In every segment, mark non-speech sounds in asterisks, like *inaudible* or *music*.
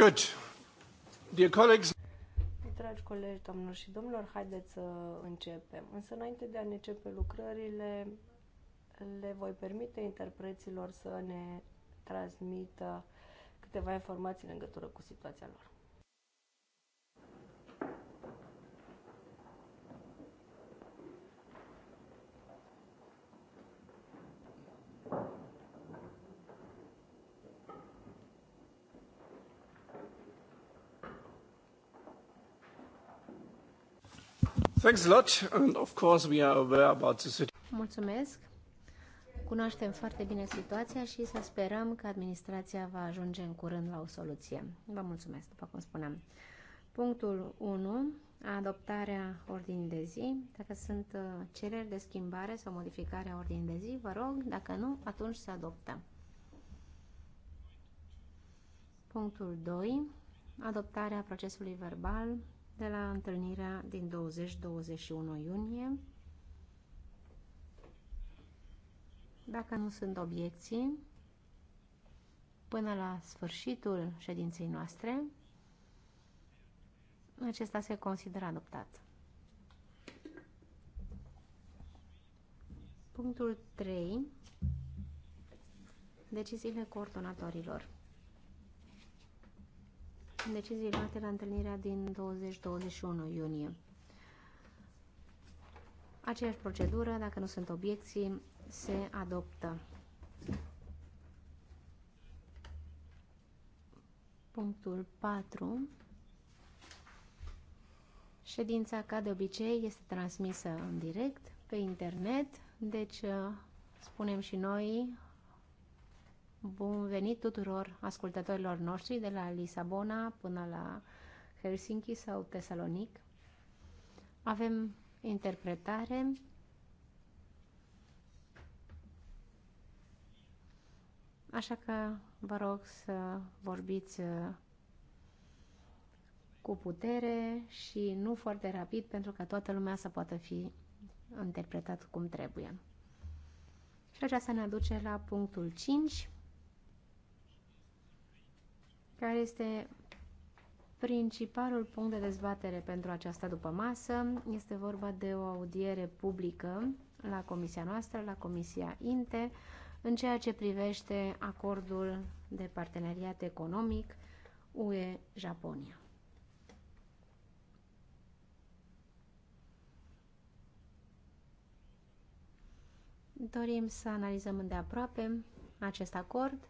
Good. Dear colleagues... Dragi colegi, domnilor și domnilor, haideți să începem. Însă înainte de a ne începe lucrările, le voi permite interpreților să ne transmită câteva informații în legătură cu situația lor. Thanks a lot and of course we are aware about the situation. Mulțumesc. Cunoaștem foarte bine situația și să sperăm că administrația va ajunge în curând la o soluție. Vă mulțumesc, după cum spuneam. Punctul 1. Adoptarea ordinii de zi. Dacă sunt uh, cereri de schimbare sau modificare a ordinii de zi, vă rog, dacă nu, atunci se adoptă. Punctul 2. Adoptarea procesului verbal de la întâlnirea din 20-21 iunie. Dacă nu sunt obiecții, până la sfârșitul ședinței noastre, acesta se consideră adoptat. Punctul 3. Deciziile coordonatorilor. Decizii luate la întâlnirea din 20-21 iunie. Aceeași procedură, dacă nu sunt obiecții, se adoptă. Punctul 4. Ședința, ca de obicei, este transmisă în direct pe internet, deci spunem și noi bun venit tuturor ascultătorilor noștri de la Lisabona până la Helsinki sau Tesalonic. Avem interpretare. Așa că vă rog să vorbiți uh, cu putere și nu foarte rapid pentru ca toată lumea să poată fi interpretat cum trebuie. Și aceasta ne aduce la punctul 5 care este principalul punct de dezbatere pentru această după masă. Este vorba de o audiere publică la comisia noastră, la comisia INTE, în ceea ce privește acordul de parteneriat economic UE-Japonia. Dorim să analizăm îndeaproape acest acord,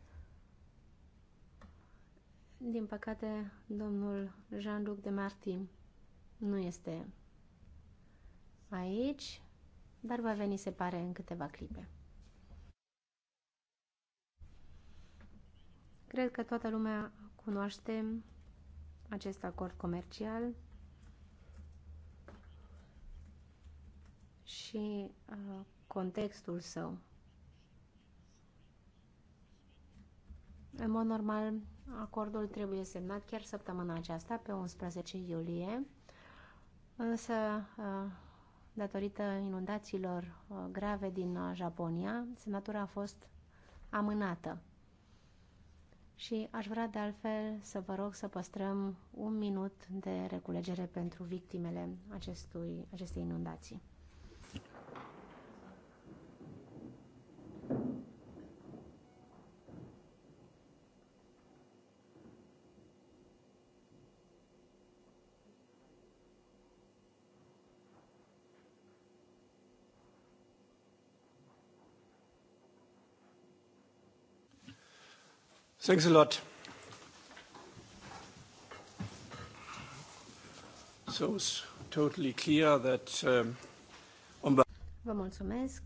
din păcate, domnul Jean-Luc de Martin nu este aici, dar va veni, se pare, în câteva clipe. Cred că toată lumea cunoaște acest acord comercial și uh, contextul său. În mod normal, Acordul trebuie semnat chiar săptămâna aceasta, pe 11 iulie, însă uh, datorită inundațiilor uh, grave din uh, Japonia, semnatura a fost amânată. Și aș vrea de altfel să vă rog să păstrăm un minut de reculegere pentru victimele acestui, acestei inundații. Thanks a lot. So it's totally clear that um, Vă mulțumesc.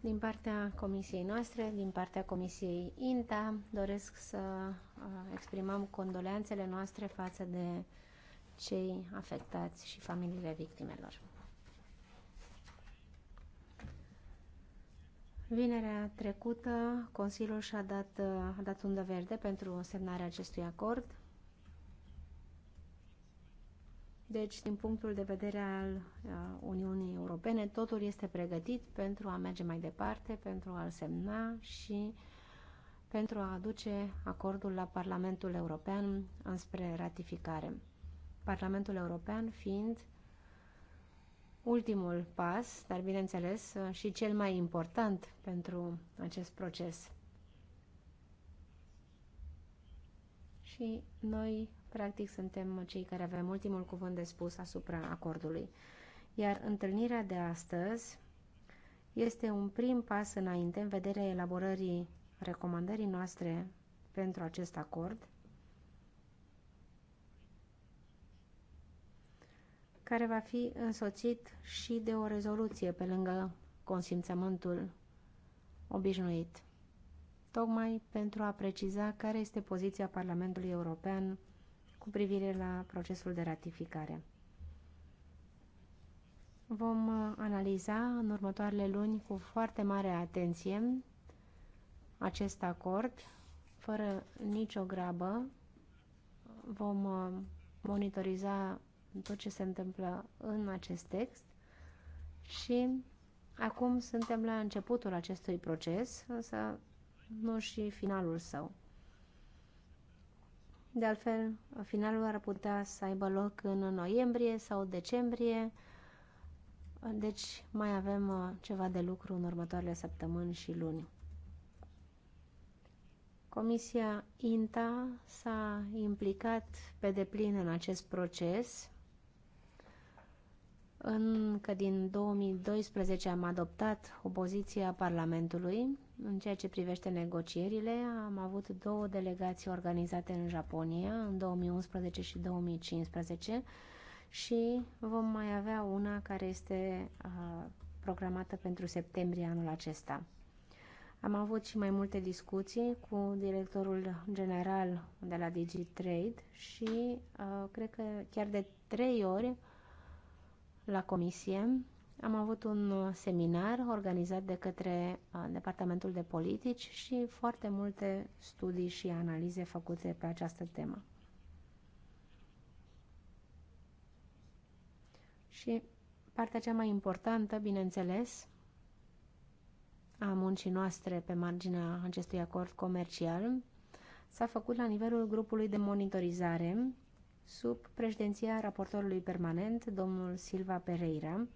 Din partea comisiei noastre, din partea comisiei INTA, doresc să uh, exprimăm condoleanțele noastre față de cei afectați și familiile victimelor. Vinerea trecută, Consiliul și-a dat, a dat undă verde pentru semnarea acestui acord. Deci, din punctul de vedere al Uniunii Europene, totul este pregătit pentru a merge mai departe, pentru a-l semna și pentru a aduce acordul la Parlamentul European înspre ratificare. Parlamentul European fiind ultimul pas, dar bineînțeles și cel mai important pentru acest proces. Și noi, practic, suntem cei care avem ultimul cuvânt de spus asupra acordului. Iar întâlnirea de astăzi este un prim pas înainte în vederea elaborării recomandării noastre pentru acest acord care va fi însoțit și de o rezoluție pe lângă consimțământul obișnuit, tocmai pentru a preciza care este poziția Parlamentului European cu privire la procesul de ratificare. Vom uh, analiza în următoarele luni cu foarte mare atenție acest acord, fără nicio grabă. Vom uh, monitoriza tot ce se întâmplă în acest text și acum suntem la începutul acestui proces, însă nu și finalul său. De altfel, finalul ar putea să aibă loc în noiembrie sau decembrie, deci mai avem uh, ceva de lucru în următoarele săptămâni și luni. Comisia INTA s-a implicat pe deplin în acest proces încă din 2012 am adoptat o poziție a Parlamentului în ceea ce privește negocierile. Am avut două delegații organizate în Japonia în 2011 și 2015 și vom mai avea una care este programată pentru septembrie anul acesta. Am avut și mai multe discuții cu directorul general de la DigiTrade și uh, cred că chiar de trei ori la comisie am avut un uh, seminar organizat de către uh, Departamentul de Politici și foarte multe studii și analize făcute pe această temă. Și partea cea mai importantă, bineînțeles, a muncii noastre pe marginea acestui acord comercial s-a făcut la nivelul grupului de monitorizare sub președinția raportorului permanent, domnul Silva Pereira.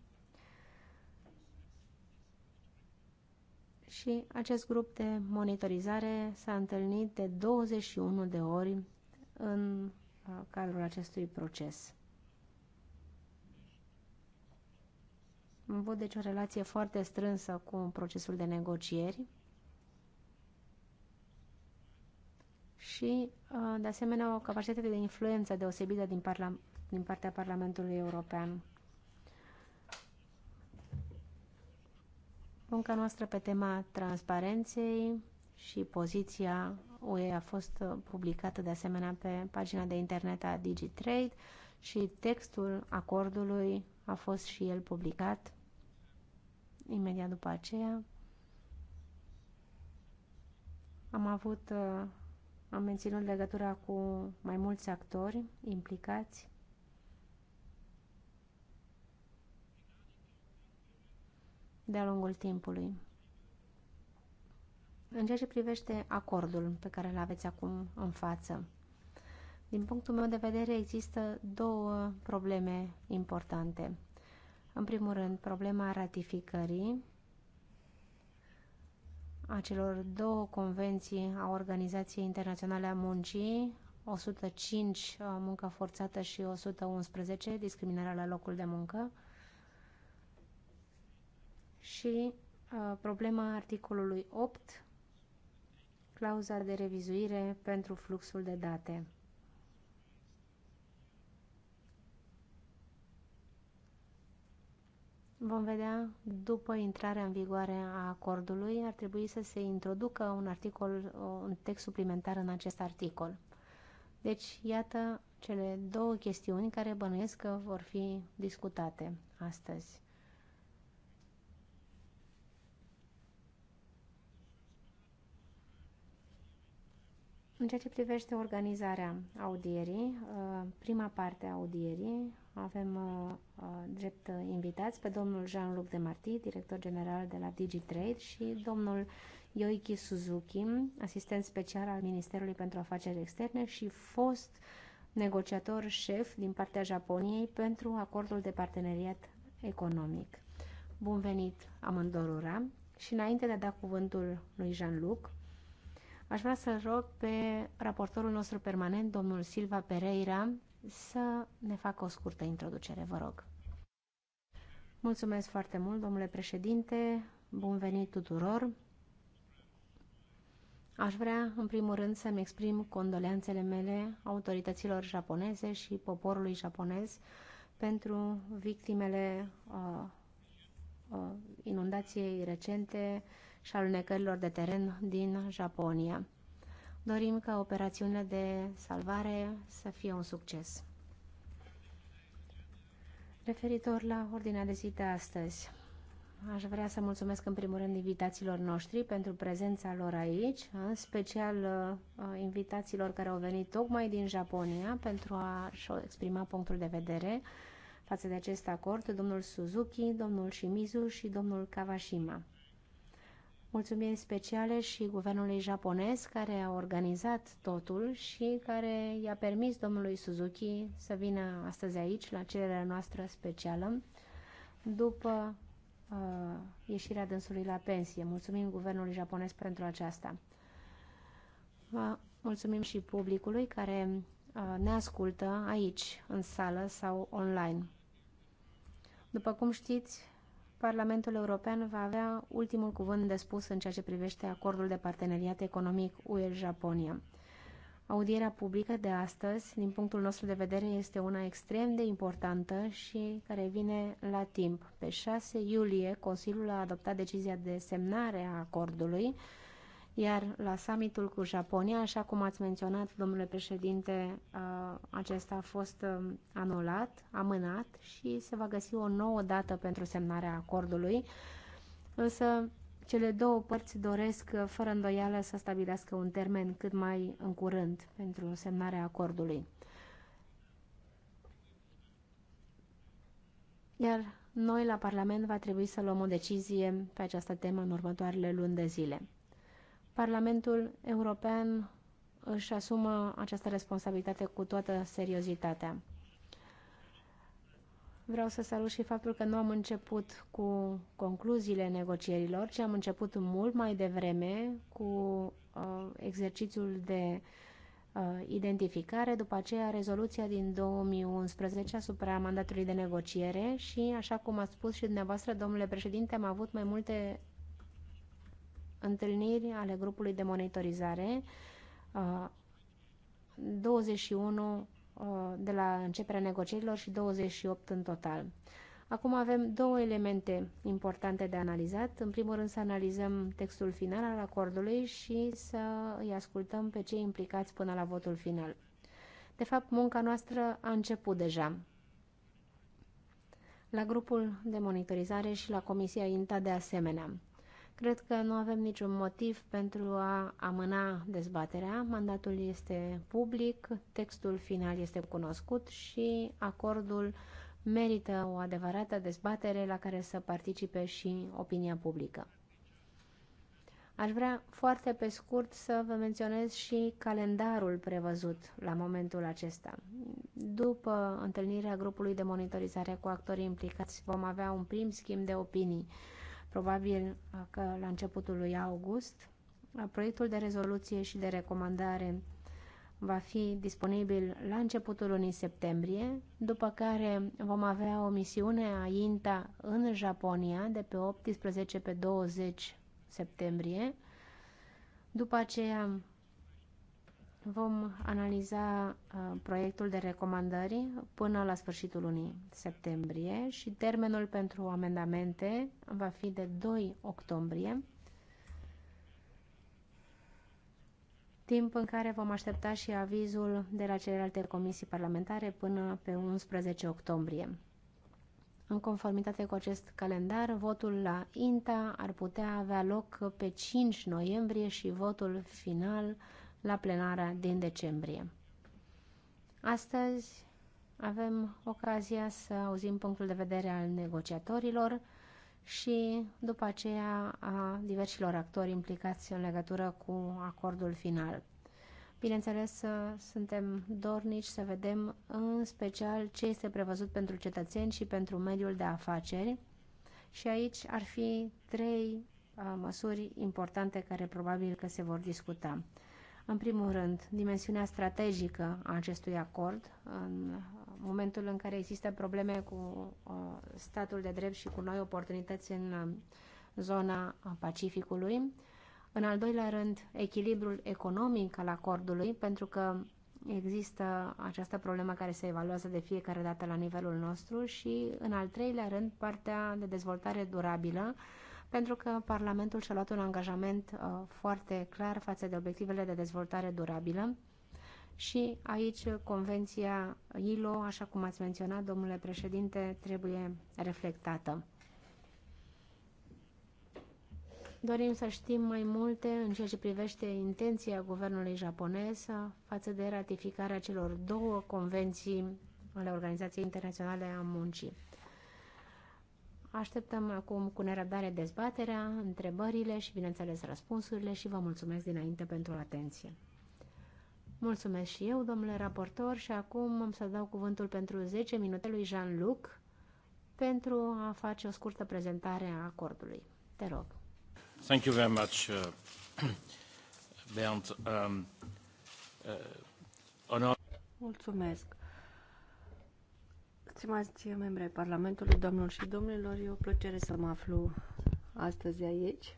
Și acest grup de monitorizare s-a întâlnit de 21 de ori în uh, cadrul acestui proces. Am avut deci o relație foarte strânsă cu procesul de negocieri și, uh, de asemenea, o capacitate de influență deosebită din, parla din partea Parlamentului European. Munca noastră pe tema transparenței și poziția UE a fost uh, publicată de asemenea pe pagina de internet a DigiTrade și textul acordului a fost și el publicat imediat după aceea. Am avut uh, am menținut legătura cu mai mulți actori implicați. de-a lungul timpului. În ceea ce privește acordul pe care îl aveți acum în față, din punctul meu de vedere există două probleme importante. În primul rând, problema ratificării a celor două convenții a Organizației Internaționale a Muncii, 105 uh, muncă forțată și 111 discriminarea la locul de muncă și a, uh, problema articolului 8 clauza de revizuire pentru fluxul de date. Vom vedea după intrarea în vigoare a acordului, ar trebui să se introducă un articol, un text suplimentar în acest articol. Deci, iată cele două chestiuni care bănuiesc că vor fi discutate astăzi. În ceea ce privește organizarea audierii, uh, prima parte a audierii, avem uh, uh, drept invitați pe domnul Jean-Luc Marti, director general de la DigiTrade și domnul Yoiki Suzuki, asistent special al Ministerului pentru Afaceri Externe și fost negociator șef din partea Japoniei pentru acordul de parteneriat economic. Bun venit amândorora și înainte de a da cuvântul lui Jean-Luc, Aș vrea să rog pe raportorul nostru permanent, domnul Silva Pereira, să ne facă o scurtă introducere, vă rog. Mulțumesc foarte mult, domnule președinte, bun venit tuturor. Aș vrea, în primul rând, să-mi exprim condoleanțele mele autorităților japoneze și poporului japonez pentru victimele uh, uh, inundației recente uh, și alunecărilor de teren din Japonia. Dorim ca operațiunea de salvare să fie un succes. Referitor la ordinea de zi de astăzi, aș vrea să mulțumesc în primul rând invitațiilor noștri pentru prezența lor aici, în special uh, invitațiilor care au venit tocmai din Japonia pentru a-și exprima punctul de vedere față de acest acord, domnul Suzuki, domnul Shimizu și domnul Kawashima mulțumiri speciale și guvernului japonez care a organizat totul și care i-a permis domnului Suzuki să vină astăzi aici la cererea noastră specială după uh, ieșirea dânsului la pensie. Mulțumim guvernului japonez pentru aceasta. Uh, mulțumim și publicului care uh, ne ascultă aici, în sală sau online. După cum știți, Parlamentul European va avea ultimul cuvânt de spus în ceea ce privește acordul de parteneriat economic UE-Japonia. Audierea publică de astăzi, din punctul nostru de vedere, este una extrem de importantă și care vine la timp. Pe 6 iulie, Consiliul a adoptat decizia de semnare a acordului, iar la summitul cu Japonia, așa cum ați menționat, domnule președinte, acesta a fost um, anulat, amânat și se va găsi o nouă dată pentru semnarea acordului. Însă cele două părți doresc, uh, fără îndoială, să stabilească un termen cât mai în curând pentru semnarea acordului. Iar noi la Parlament va trebui să luăm o decizie pe această temă în următoarele luni de zile. Parlamentul European își asumă această responsabilitate cu toată seriozitatea. Vreau să salut și faptul că nu am început cu concluziile negocierilor, ci am început mult mai devreme cu uh, exercițiul de uh, identificare, după aceea rezoluția din 2011 asupra mandatului de negociere și, așa cum a spus și dumneavoastră, domnule președinte, am avut mai multe întâlniri ale grupului de monitorizare, 21 uh, uh, de la începerea negocierilor și 28 în total. Acum avem două elemente importante de analizat. În primul rând să analizăm textul final al acordului și să îi ascultăm pe cei implicați până la votul final. De fapt, munca noastră a început deja. La grupul de monitorizare și la Comisia INTA de asemenea. Cred că nu avem niciun motiv pentru a amâna dezbaterea. Mandatul este public, textul final este cunoscut și acordul merită o adevărată dezbatere la care să participe și opinia publică. Aș vrea foarte pe scurt să vă menționez și calendarul prevăzut la momentul acesta. După întâlnirea grupului de monitorizare cu actorii implicați, vom avea un prim schimb de opinii probabil uh, că la începutul lui august. Uh, proiectul de rezoluție și de recomandare va fi disponibil la începutul lunii septembrie, după care vom avea o misiune a INTA în Japonia de pe 18 pe 20 septembrie. După aceea Vom analiza uh, proiectul de recomandări până la sfârșitul lunii septembrie și termenul pentru amendamente va fi de 2 octombrie, timp în care vom aștepta și avizul de la celelalte comisii parlamentare până pe 11 octombrie. În conformitate cu acest calendar, votul la INTA ar putea avea loc pe 5 noiembrie și votul final la plenara din decembrie. Astăzi avem ocazia să auzim punctul de vedere al negociatorilor și după aceea a diversilor actori implicați în legătură cu acordul final. Bineînțeles, suntem dornici să vedem în special ce este prevăzut pentru cetățeni și pentru mediul de afaceri și aici ar fi trei uh, măsuri importante care probabil că se vor discuta. În primul rând, dimensiunea strategică a acestui acord, în momentul în care există probleme cu uh, statul de drept și cu noi oportunități în um, zona Pacificului. În al doilea rând, echilibrul economic al acordului, pentru că există această problemă care se evaluează de fiecare dată la nivelul nostru și, în al treilea rând, partea de dezvoltare durabilă, pentru că Parlamentul și-a luat un angajament uh, foarte clar față de obiectivele de dezvoltare durabilă și aici uh, Convenția ILO, așa cum ați menționat, domnule președinte, trebuie reflectată. Dorim să știm mai multe în ceea ce privește intenția guvernului japonez uh, față de ratificarea celor două convenții ale Organizației Internaționale a Muncii. Așteptăm acum cu nerăbdare dezbaterea, întrebările și, bineînțeles, răspunsurile și vă mulțumesc dinainte pentru atenție. Mulțumesc și eu, domnule raportor, și acum am să dau cuvântul pentru 10 minute lui Jean-Luc pentru a face o scurtă prezentare a acordului. Te rog. Thank you very much, uh, Bernd. Um, uh, Mulțumesc. Stimați membri ai Parlamentului, domnul și domnilor, e o plăcere să mă aflu astăzi aici.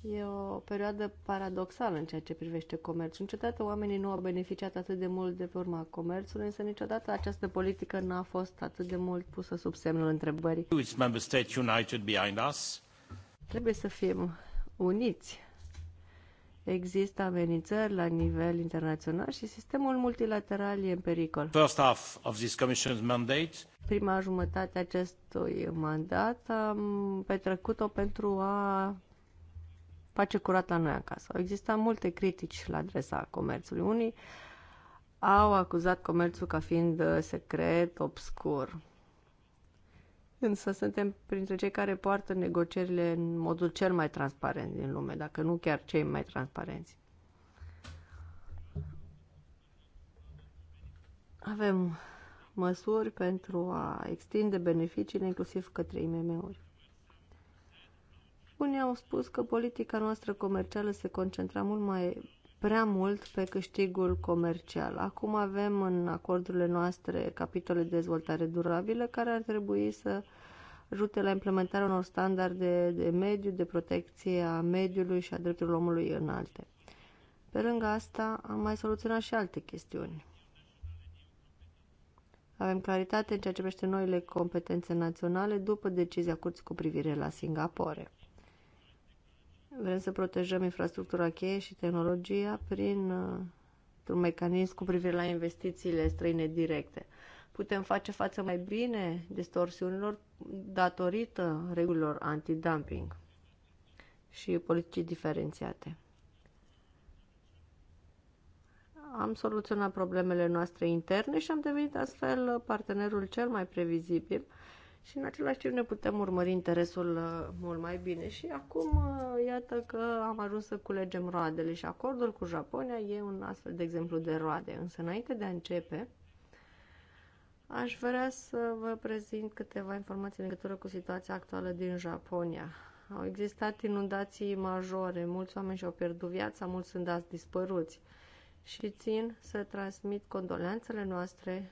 E o perioadă paradoxală în ceea ce privește comerțul. Niciodată oamenii nu au beneficiat atât de mult de pe urma comerțului, însă niciodată această politică nu a fost atât de mult pusă sub semnul întrebării. Trebuie să fim uniți există amenințări la nivel internațional și sistemul multilateral e în pericol. First half of this commission's mandate. Prima jumătate a acestui mandat am petrecut-o pentru a face curat la noi acasă. Au existat multe critici la adresa comerțului. Unii au acuzat comerțul ca fiind secret, obscur. Însă suntem printre cei care poartă negocierile în modul cel mai transparent din lume, dacă nu chiar cei mai transparenți. Avem măsuri pentru a extinde beneficiile inclusiv către IMM-uri. Unii au spus că politica noastră comercială se concentra mult mai prea mult pe câștigul comercial. Acum avem în acordurile noastre capitole de dezvoltare durabilă care ar trebui să ajute la implementarea unor standarde de mediu, de protecție a mediului și a drepturilor omului înalte. Pe lângă asta, am mai soluționat și alte chestiuni. Avem claritate în ceea ce privește noile competențe naționale după decizia curții cu privire la Singapore. Vrem să protejăm infrastructura cheie și tehnologia prin uh, un mecanism cu privire la investițiile străine directe. Putem face față mai bine distorsiunilor datorită regulilor antidumping și politicii diferențiate. Am soluționat problemele noastre interne și am devenit astfel partenerul cel mai previzibil – și în același timp ne putem urmări interesul uh, mult mai bine. Și acum, uh, iată că am ajuns să culegem roadele și acordul cu Japonia e un astfel de exemplu de roade. Însă, înainte de a începe, aș vrea să vă prezint câteva informații în legătură cu situația actuală din Japonia. Au existat inundații majore, mulți oameni și-au pierdut viața, mulți sunt dați dispăruți și țin să transmit condoleanțele noastre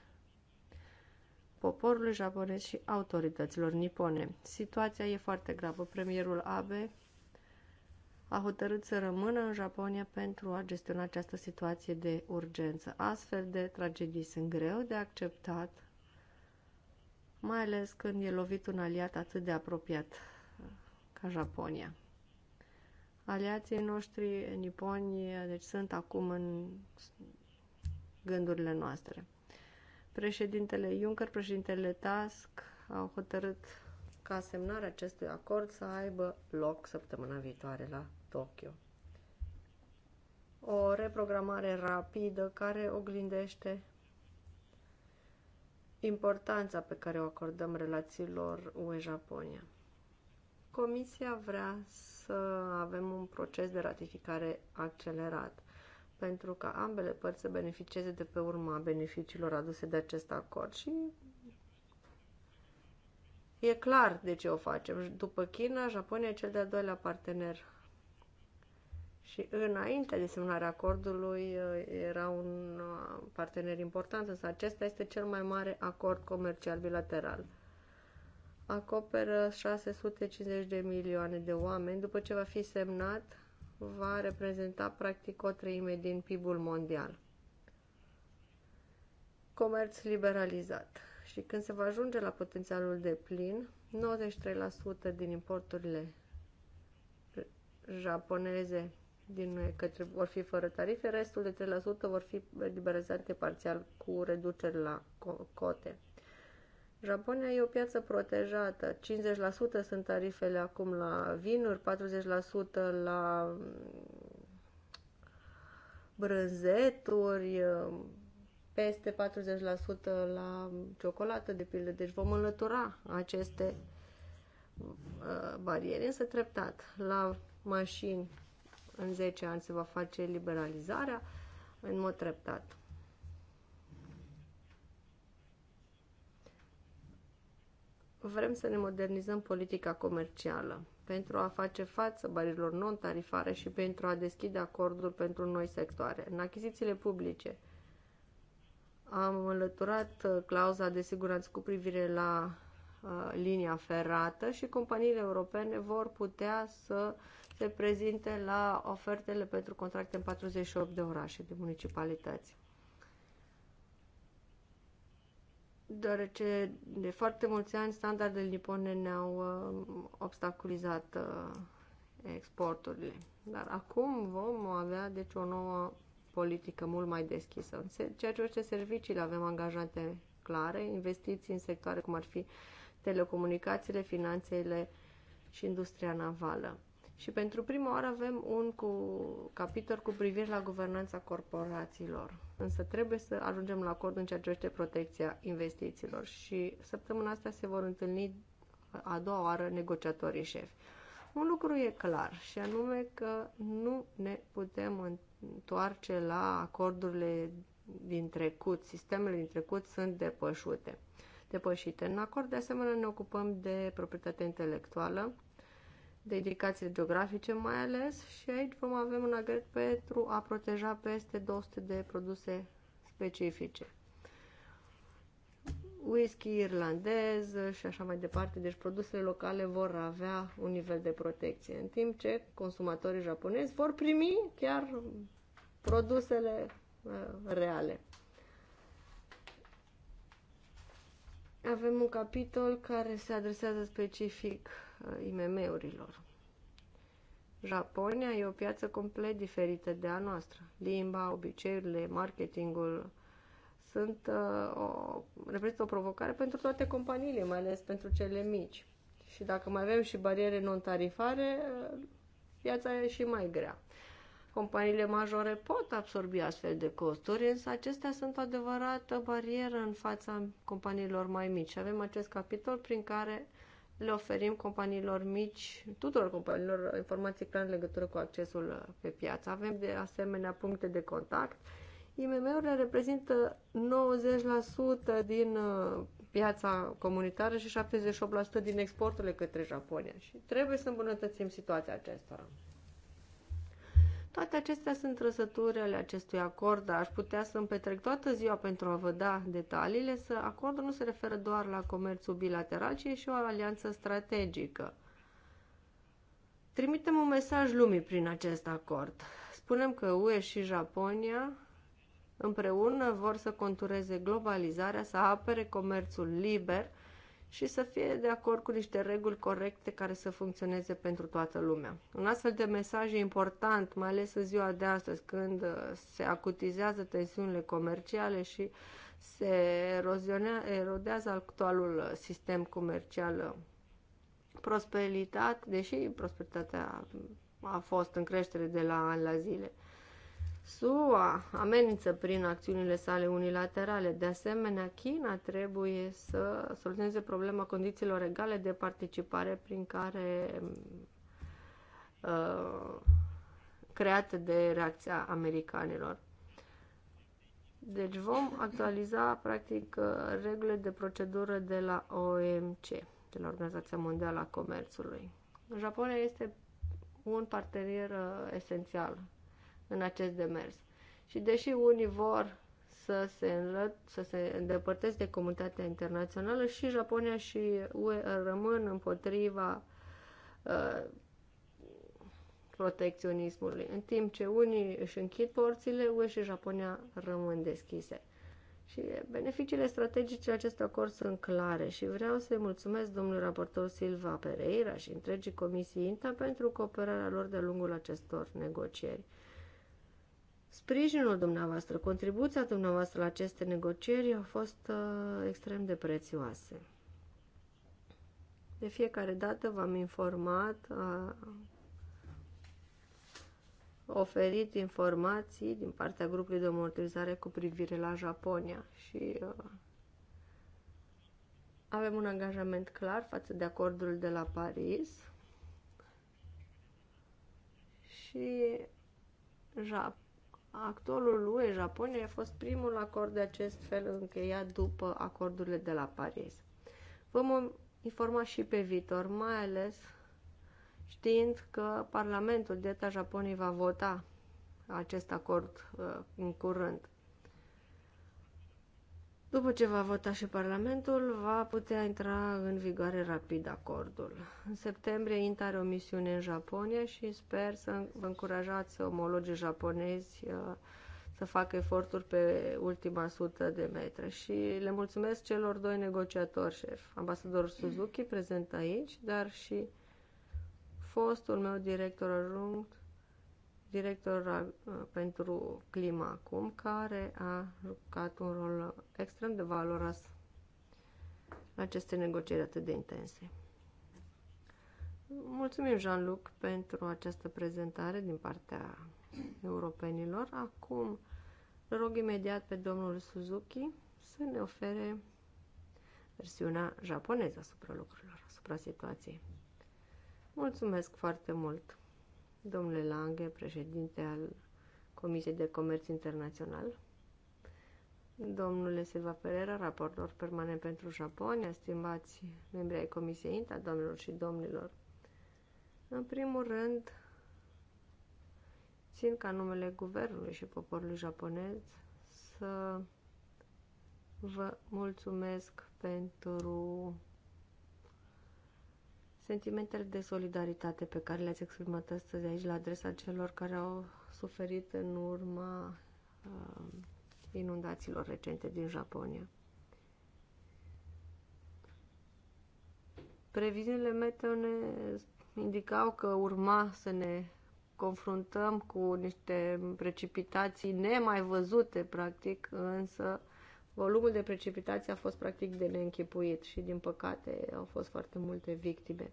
poporului japonez și autorităților nipone. Situația e foarte gravă. Premierul Abe a hotărât să rămână în Japonia pentru a gestiona această situație de urgență. Astfel de tragedii sunt greu de acceptat, mai ales când e lovit un aliat atât de apropiat uh, ca Japonia. Aliații noștri niponi uh, deci, sunt acum în gândurile noastre. Președintele Juncker, președintele Tusk au hotărât ca semnarea acestui acord să aibă loc săptămâna viitoare la Tokyo. O reprogramare rapidă care oglindește importanța pe care o acordăm relațiilor UE-Japonia. Comisia vrea să avem un proces de ratificare accelerat pentru ca ambele părți să beneficieze de pe urma beneficiilor aduse de acest acord și e clar de ce o facem. După China, Japonia e cel de-al doilea partener și înainte de semnarea acordului eh, era un eh, partener important, însă acesta este cel mai mare acord comercial bilateral. Acoperă 650 de milioane de oameni după ce va fi semnat va reprezenta practic o treime din PIB-ul mondial. Comerț liberalizat. Și când se va ajunge la potențialul de plin, 93% din importurile japoneze din noi către, vor fi fără tarife, restul de 3% vor fi liberalizate parțial cu reduceri la cote. Japonia e o piață protejată. 50% sunt tarifele acum la vinuri, 40% la mm, brânzeturi, mm, peste 40% la ciocolată, de pildă. Deci vom înlătura aceste mm, bariere, însă treptat. La mașini, în 10 ani se va face liberalizarea în mod treptat. vrem să ne modernizăm politica comercială pentru a face față barilor non-tarifare și pentru a deschide acorduri pentru noi sectoare. În achizițiile publice am înlăturat uh, clauza de siguranță cu privire la uh, linia ferată și companiile europene vor putea să se prezinte la ofertele pentru contracte în 48 de orașe de municipalități. deoarece de foarte mulți ani standardele nipone ne-au uh, obstaculizat uh, exporturile. Dar acum vom avea deci o nouă politică mult mai deschisă. ceea ce orice serviciile avem angajate clare, investiții în sectoare cum ar fi telecomunicațiile, finanțele și industria navală. Și pentru prima oară avem un cu, capitol cu privire la guvernanța corporațiilor. Însă trebuie să ajungem la acord în ceea ce privește protecția investițiilor și săptămâna asta se vor întâlni a doua oară negociatorii șefi. Un lucru e clar și anume că nu ne putem întoarce la acordurile din trecut. Sistemele din trecut sunt depășute. Depășite. În acord, de asemenea, ne ocupăm de proprietatea intelectuală, de indicații geografice mai ales și aici vom avea un agret pentru a proteja peste 200 de produse specifice. Whisky irlandez și așa mai departe, deci produsele locale vor avea un nivel de protecție, în timp ce consumatorii japonezi vor primi chiar produsele uh, reale. Avem un capitol care se adresează specific uh, IMM-urilor. Japonia e o piață complet diferită de a noastră. Limba, obiceiurile, marketingul sunt uh, o, reprezintă o provocare pentru toate companiile, mai ales pentru cele mici. Și dacă mai avem și bariere non-tarifare, uh, piața e și mai grea. Companiile majore pot absorbi astfel de costuri, însă acestea sunt o adevărată barieră în fața companiilor mai mici. Avem acest capitol prin care le oferim companiilor mici, tuturor companiilor, informații clare în legătură cu accesul pe piață. Avem de asemenea puncte de contact. IMM-urile reprezintă 90% din uh, piața comunitară și 78% din exporturile către Japonia și trebuie să îmbunătățim situația acestora. Toate acestea sunt trăsături ale acestui acord, dar aș putea să îmi petrec toată ziua pentru a vă da detaliile, să acordul nu se referă doar la comerțul bilateral, ci e și o alianță strategică. Trimitem un mesaj lumii prin acest acord. Spunem că UE și Japonia împreună vor să contureze globalizarea, să apere comerțul liber și să fie de acord cu niște reguli corecte care să funcționeze pentru toată lumea. Un astfel de mesaj e important, mai ales în ziua de astăzi, când uh, se acutizează tensiunile comerciale și se erodează actualul uh, sistem comercial uh. prosperitate, deși prosperitatea mm, a fost în creștere de la an la zile. SUA amenință prin acțiunile sale unilaterale. De asemenea, China trebuie să soluționeze problema condițiilor egale de participare prin care uh, create de reacția americanilor. Deci vom actualiza, practic, uh, regulile de procedură de la OMC, de la Organizația Mondială a Comerțului. Japonia este un partener uh, esențial în acest demers. Și deși unii vor să se, înlăt, să se îndepărteze de comunitatea internațională și Japonia și UE rămân împotriva uh, protecționismului, în timp ce unii își închid porțile, UE și Japonia rămân deschise. Și beneficiile strategice acestui acord sunt clare și vreau să-i mulțumesc domnului raportor Silva Pereira și întregii comisii INTA pentru cooperarea lor de-a lungul acestor negocieri. Sprijinul dumneavoastră, contribuția dumneavoastră la aceste negocieri au fost uh, extrem de prețioase. De fiecare dată v-am informat, uh, oferit informații din partea grupului de amortizare cu privire la Japonia și uh, avem un angajament clar față de acordul de la Paris și Japonia Actualul UE Japonia a fost primul acord de acest fel încheiat după acordurile de la Paris. Vom informa și pe viitor, mai ales știind că Parlamentul de Japoniei va vota acest acord uh, în curând. După ce va vota și Parlamentul, va putea intra în vigoare rapid acordul. În septembrie INTA are o misiune în Japonia și sper să vă încurajați omologii japonezi uh, să facă eforturi pe ultima sută de metri. Și le mulțumesc celor doi negociatori șef, ambasadorul Suzuki prezent aici, dar și fostul meu director ajunct, director uh, pentru clima acum, care a jucat un rol extrem de valoros în aceste negocieri atât de intense. Mulțumim, Jean-Luc, pentru această prezentare din partea europenilor. Acum rog imediat pe domnul Suzuki să ne ofere versiunea japoneză asupra lucrurilor, asupra situației. Mulțumesc foarte mult! domnule Lange, președinte al Comisiei de Comerț Internațional, domnule Silva Ferreira, raportor permanent pentru Japonia, stimați membri ai Comisiei INTA, domnilor și domnilor. În primul rând, țin ca numele guvernului și poporului japonez să vă mulțumesc pentru Sentimentele de solidaritate pe care le-ați exprimat astăzi aici la adresa celor care au suferit în urma uh, inundațiilor recente din Japonia. Previziunile meteo ne indicau că urma să ne confruntăm cu niște precipitații nemai văzute, practic, însă Volumul de precipitații a fost practic de neînchipuit și, din păcate, au fost foarte multe victime.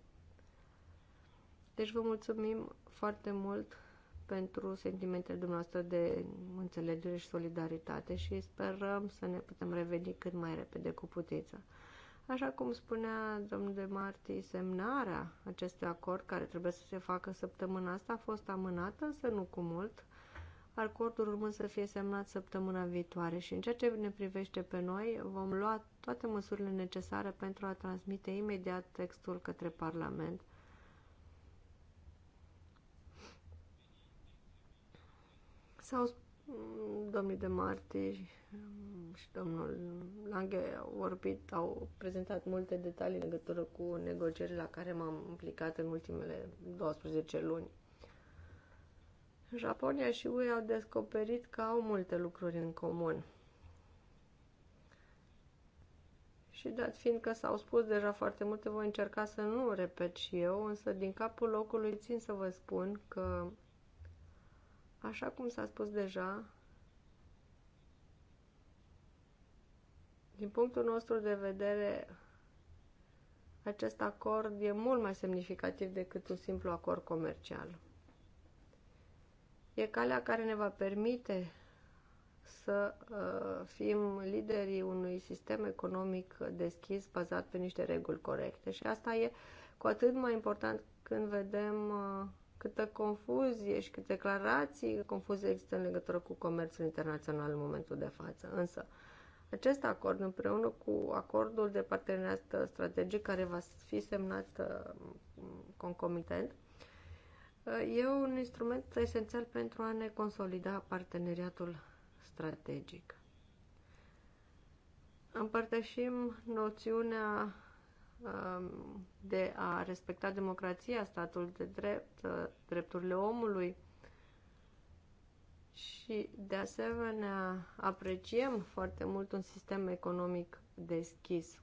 Deci vă mulțumim foarte mult pentru sentimentele dumneavoastră de înțelegere și solidaritate și sperăm să ne putem reveni cât mai repede cu putință. Așa cum spunea domnul de Marti, semnarea acestui acord care trebuie să se facă săptămâna asta a fost amânată, să nu cu mult, acordul urmând să fie semnat săptămâna viitoare și în ceea ce ne privește pe noi, vom lua toate măsurile necesare pentru a transmite imediat textul către Parlament. Sau mm, domnii de Marti și domnul Lange au vorbit, au prezentat multe detalii în legătură cu negocierile la care m-am implicat în ultimele 12 luni Japonia și UE au descoperit că au multe lucruri în comun. Și dat fiind că s-au spus deja foarte multe, voi încerca să nu repet și eu, însă din capul locului țin să vă spun că, așa cum s-a spus deja, din punctul nostru de vedere, acest acord e mult mai semnificativ decât un simplu acord comercial. E calea care ne va permite să uh, fim liderii unui sistem economic deschis bazat pe niște reguli corecte. Și asta e cu atât mai important când vedem uh, câtă confuzie și câte declarații confuzie există în legătură cu comerțul internațional în momentul de față. Însă, acest acord, împreună cu acordul de parteneriat strategic care va fi semnat uh, concomitent, e un instrument esențial pentru a ne consolida parteneriatul strategic. Împărtășim noțiunea um, de a respecta democrația, statul de drept, uh, drepturile omului și, de asemenea, apreciem foarte mult un sistem economic deschis.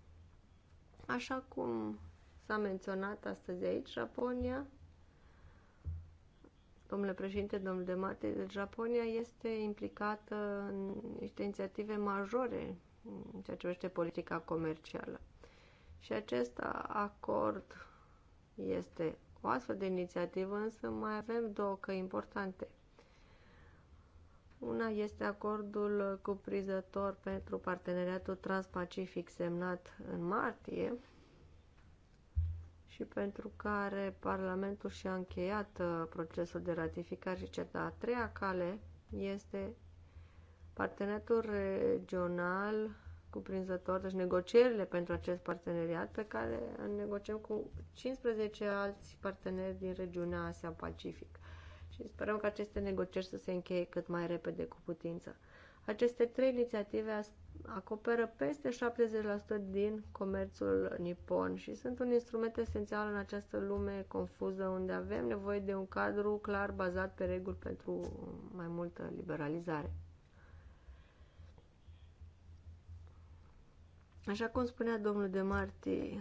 Așa cum s-a menționat astăzi aici, Japonia domnule președinte, domnule Demate, Japonia este implicată în niște inițiative majore în ceea ce privește politica comercială. Și acest acord este o astfel de inițiativă, însă mai avem două căi importante. Una este acordul cuprizător pentru parteneriatul transpacific semnat în martie și pentru care Parlamentul și-a încheiat uh, procesul de ratificare și cea A treia cale este parteneriatul regional cuprinzător, deci negocierile pentru acest parteneriat pe care negociem cu 15 alți parteneri din regiunea Asia-Pacific. Și sperăm că aceste negocieri să se încheie cât mai repede cu putință. Aceste trei inițiative acoperă peste 70% din comerțul nipon și sunt un instrument esențial în această lume confuză unde avem nevoie de un cadru clar bazat pe reguli pentru mai multă liberalizare. Așa cum spunea domnul de Marti,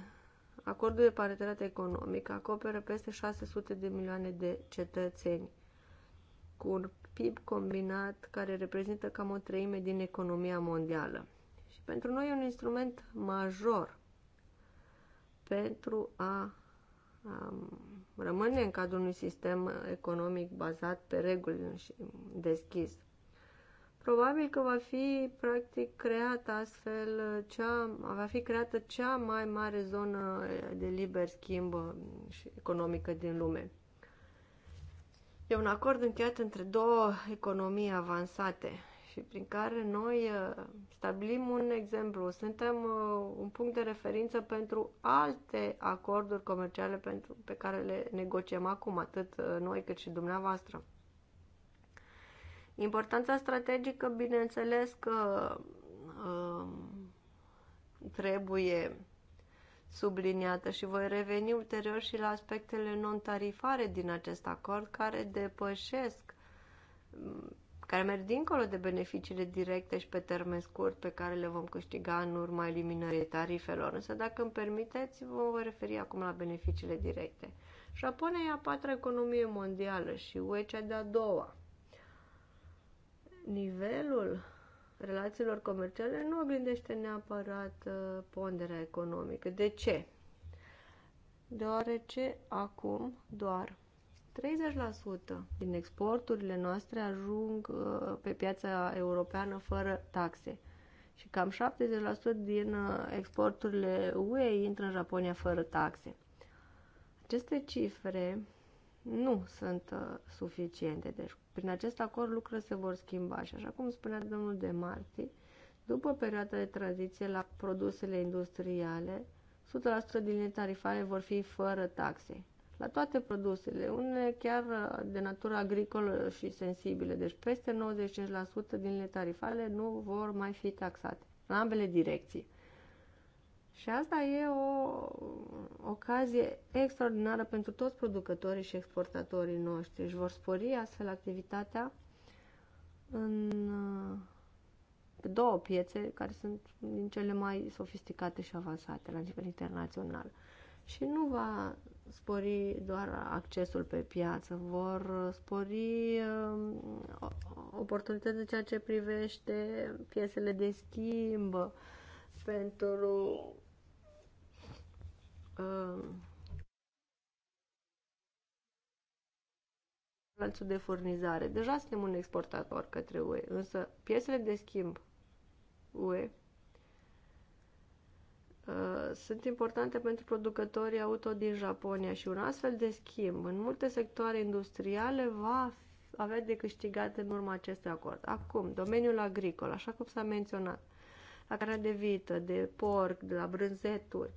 acordul de parteneriat economic acoperă peste 600 de milioane de cetățeni cu un PIB combinat care reprezintă cam o treime din economia mondială. Și pentru noi e un instrument major pentru a, a um, rămâne în cadrul unui sistem economic bazat pe reguli și deschis. Probabil că va fi practic creată astfel cea, va fi creată cea mai mare zonă de liber schimb economică din lume. E un acord încheiat între două economii avansate și prin care noi uh, stabilim un exemplu. Suntem uh, un punct de referință pentru alte acorduri comerciale pentru, pe care le negociem acum, atât uh, noi cât și dumneavoastră. Importanța strategică, bineînțeles că trebuie subliniată și voi reveni ulterior și la aspectele non-tarifare din acest acord care depășesc care merg dincolo de beneficiile directe și pe termen scurt pe care le vom câștiga în urma eliminării tarifelor. Însă, dacă îmi permiteți, vă voi referi acum la beneficiile directe. Japonia e a patra economie mondială și UE cea de-a doua. Nivelul relațiilor comerciale nu oglindește neapărat uh, ponderea economică. De ce? Deoarece acum doar 30% din exporturile noastre ajung uh, pe piața europeană fără taxe și cam 70% din uh, exporturile UE intră în Japonia fără taxe. Aceste cifre nu sunt suficiente, deci prin acest acord lucrurile se vor schimba și, așa cum spunea domnul de Marti, după perioada de tranziție la produsele industriale, 100% din tarifare vor fi fără taxe. La toate produsele, unele chiar uh, de natură agricolă și sensibile, deci peste 95% din tarifare nu vor mai fi taxate, în ambele direcții. Și asta e o ocazie extraordinară pentru toți producătorii și exportatorii noștri. Își vor spori astfel activitatea în două piețe care sunt din cele mai sofisticate și avansate la nivel internațional. Și nu va spori doar accesul pe piață, vor spori um, oportunități în ceea ce privește piesele de schimb pentru Um, lanțul de furnizare. Deja suntem un exportator către UE, însă piesele de schimb UE uh, sunt importante pentru producătorii auto din Japonia și un astfel de schimb în multe sectoare industriale va avea de câștigat în urma acestui acord. Acum, domeniul agricol, așa cum s-a menționat, la care de vită, de porc, de la brânzeturi,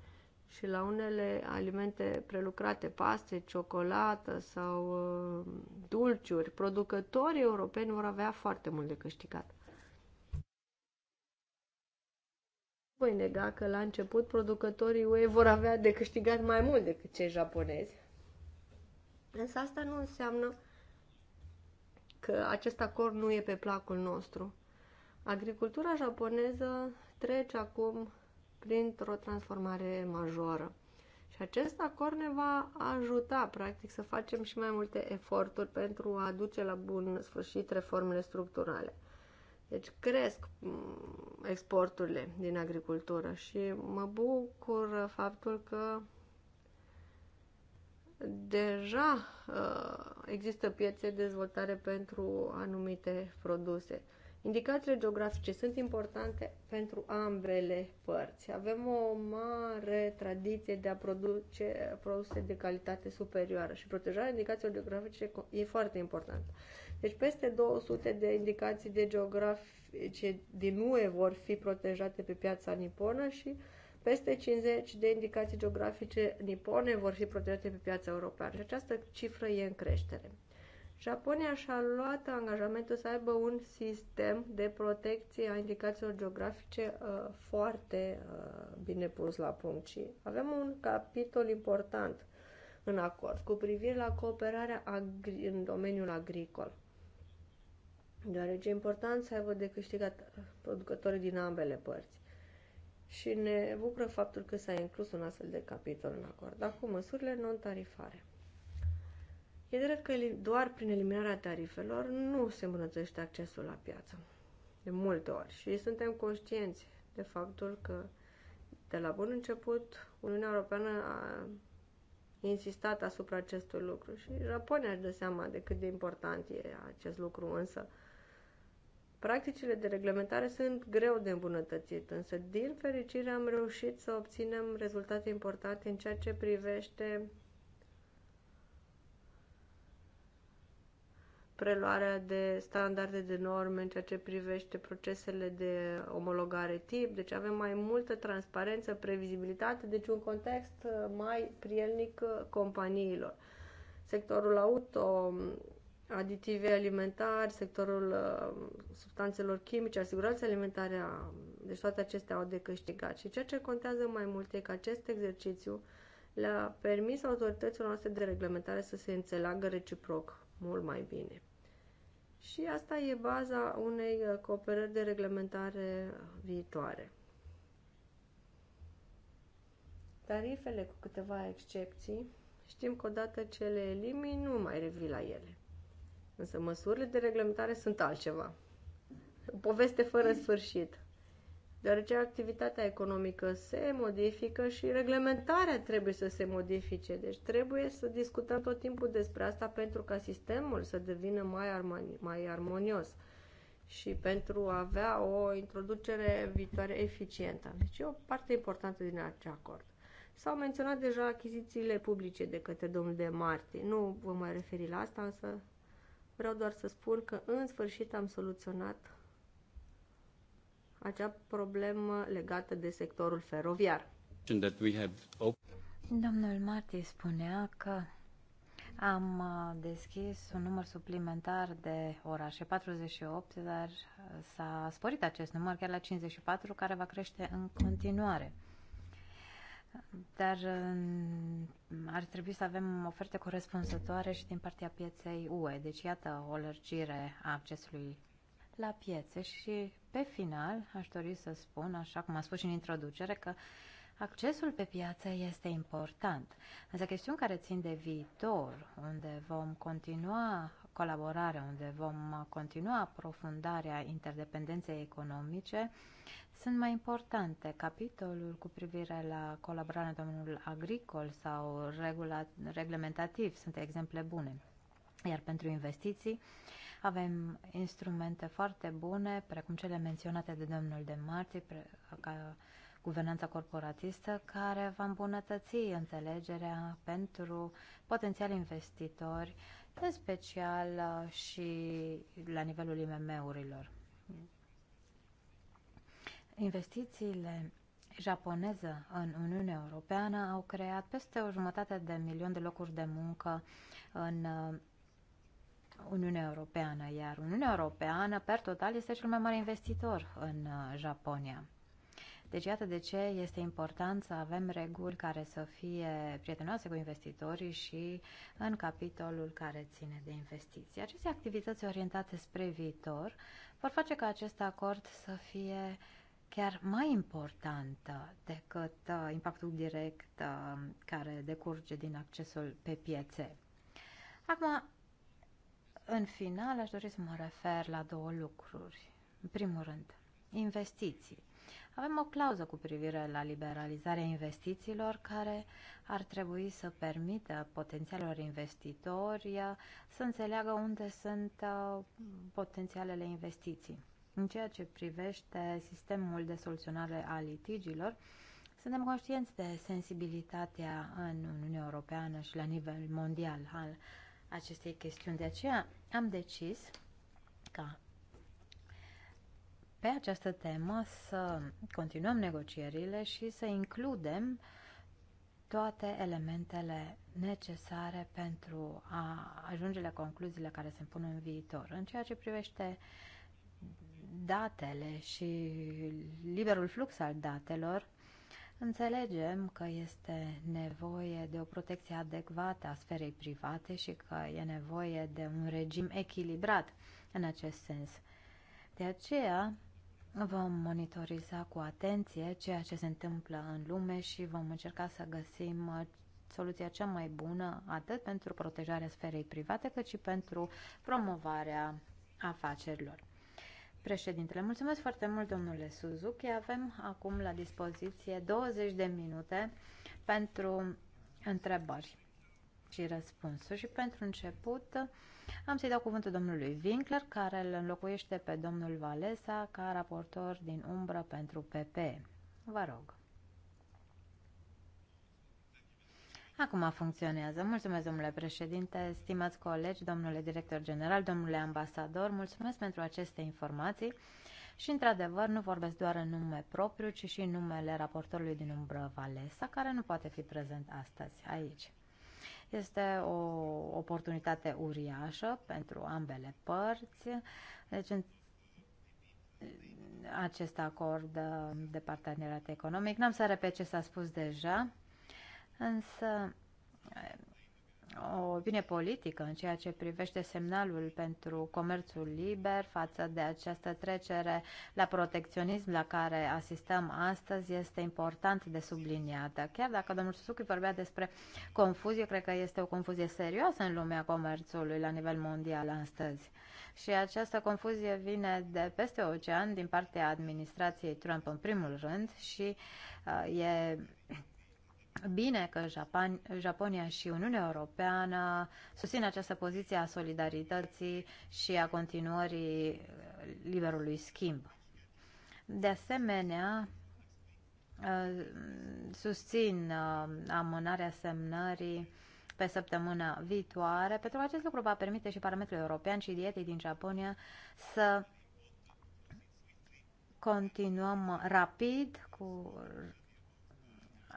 și la unele alimente prelucrate, paste, ciocolată sau uh, dulciuri, producătorii europeni vor avea foarte mult de câștigat. Voi nega că la început producătorii UE vor avea de câștigat mai mult decât cei japonezi. Însă asta nu înseamnă că acest acord nu e pe placul nostru. Agricultura japoneză trece acum printr-o transformare majoră. Și acest acord ne va ajuta, practic, să facem și mai multe eforturi pentru a duce la bun sfârșit reformele structurale. Deci cresc mm, exporturile din agricultură și mă bucur faptul că deja uh, există piețe de dezvoltare pentru anumite produse. Indicațiile geografice sunt importante pentru ambele părți. Avem o mare tradiție de a produce produse de calitate superioară și protejarea indicațiilor geografice e foarte importantă. Deci peste 200 de indicații de geografice din UE vor fi protejate pe piața niponă și peste 50 de indicații geografice nipone vor fi protejate pe piața europeană. Și această cifră e în creștere. Japonia și-a luat angajamentul să aibă un sistem de protecție a indicațiilor geografice uh, foarte uh, bine pus la punct și avem un capitol important în acord cu privire la cooperarea agri- în domeniul agricol. Deoarece e important să aibă de câștigat uh, producătorii din ambele părți. Și ne bucură faptul că s-a inclus un astfel de capitol în acord. Acum, măsurile non-tarifare. E drept că doar prin eliminarea tarifelor nu se îmbunătățește accesul la piață. De multe ori. Și suntem conștienți de faptul că de la bun început Uniunea Europeană a insistat asupra acestui lucru și Japonia își dă seama de cât de important e acest lucru, însă practicile de reglementare sunt greu de îmbunătățit, însă din fericire am reușit să obținem rezultate importante în ceea ce privește preluarea de standarde de norme în ceea ce privește procesele de omologare tip, deci avem mai multă transparență, previzibilitate, deci un context uh, mai prielnic uh, companiilor. Sectorul auto, um, aditive alimentari, sectorul uh, substanțelor chimice, asigurații alimentare, deci toate acestea au de câștigat. Și ceea ce contează mai mult e că acest exercițiu le-a permis autorităților noastre de reglementare să se înțeleagă reciproc mult mai bine. Și asta e baza unei uh, cooperări de reglementare viitoare. Tarifele, cu câteva excepții, știm că odată ce le elimini, nu mai revii la ele. Însă măsurile de reglementare sunt altceva. O Poveste fără sfârșit deoarece activitatea economică se modifică și reglementarea trebuie să se modifice. Deci trebuie să discutăm tot timpul despre asta pentru ca sistemul să devină mai, armoni- mai armonios și pentru a avea o introducere viitoare eficientă. Deci e o parte importantă din acest acord. S-au menționat deja achizițiile publice de către domnul de Marti. Nu vă mai referi la asta, însă vreau doar să spun că în sfârșit am soluționat acea problemă legată de sectorul feroviar. Domnul Marti spunea că am uh, deschis un număr suplimentar de orașe, 48, dar uh, s-a sporit acest număr chiar la 54, care va crește în continuare. Dar ar trebui să avem oferte corespunzătoare și din partea pieței UE. Deci, iată o lărgire a accesului la piețe și pe final, aș dori să spun, așa cum am spus și în introducere, că accesul pe piață este important. Însă chestiuni care țin de viitor, unde vom continua colaborarea, unde vom continua aprofundarea interdependenței economice, sunt mai importante. Capitolul cu privire la colaborarea în domeniul agricol sau regula, reglementativ sunt exemple bune. Iar pentru investiții, avem instrumente foarte bune, precum cele menționate de domnul de Marti, ca guvernanța corporatistă, care va îmbunătăți înțelegerea pentru potențiali investitori, în special uh, și la nivelul IMM-urilor. Investițiile japoneză în Uniunea Europeană au creat peste o jumătate de milion de locuri de muncă în uh, Uniunea Europeană, iar Uniunea Europeană, per total, este cel mai mare investitor în uh, Japonia. Deci iată de ce este important să avem reguli care să fie prietenoase cu investitorii și în capitolul care ține de investiții. Aceste activități orientate spre viitor vor face ca acest acord să fie chiar mai important uh, decât uh, impactul direct care decurge din accesul pe piețe. Acum, în final, aș dori să mă refer la două lucruri. În primul rând, investiții. Avem o clauză cu privire la liberalizarea investițiilor care ar trebui să permită potențialilor investitori uh, să înțeleagă unde sunt uh, potențialele investiții. În ceea ce privește sistemul de soluționare a litigilor, suntem conștienți de sensibilitatea în Uniunea Europeană și la nivel mondial al acestei chestiuni. De aceea am decis ca pe această temă să continuăm negocierile și să includem toate elementele necesare pentru a ajunge la concluziile care se pun în viitor. În ceea ce privește datele și liberul flux al datelor, Înțelegem că este nevoie de o protecție adecvată a sferei private și că e nevoie de un regim echilibrat în acest sens. De aceea vom monitoriza cu atenție ceea ce se întâmplă în lume și vom încerca să găsim uh, soluția cea mai bună atât pentru protejarea sferei private cât și pentru promovarea afacerilor. Președintele, mulțumesc foarte mult, domnule Suzuki. Avem acum la dispoziție 20 de minute pentru întrebări și răspunsuri. Și pentru început am să-i dau cuvântul domnului Winkler, care îl înlocuiește pe domnul Valesa ca raportor din umbră pentru PP. Vă rog. Acum funcționează. Mulțumesc, domnule președinte, stimați colegi, domnule director general, domnule ambasador, mulțumesc pentru aceste informații și, într-adevăr, nu vorbesc doar în nume propriu, ci și în numele raportorului din umbră Valesa, care nu poate fi prezent astăzi aici. Este o oportunitate uriașă pentru ambele părți. Deci, acest acord de parteneriat economic. N-am să repet ce s-a spus deja. Însă, o opinie politică în ceea ce privește semnalul pentru comerțul liber față de această trecere la protecționism la care asistăm astăzi este important de subliniată. Chiar dacă domnul Suzuki vorbea despre confuzie, cred că este o confuzie serioasă în lumea comerțului la nivel mondial astăzi. Și această confuzie vine de peste ocean din partea administrației Trump în primul rând și uh, e bine că Japan, Japonia și Uniunea Europeană susțin această poziție a solidarității și a continuării uh, liberului schimb. De asemenea, uh, susțin uh, amânarea semnării pe săptămâna viitoare, pentru că acest lucru va permite și parametrul european și dietei din Japonia să continuăm rapid cu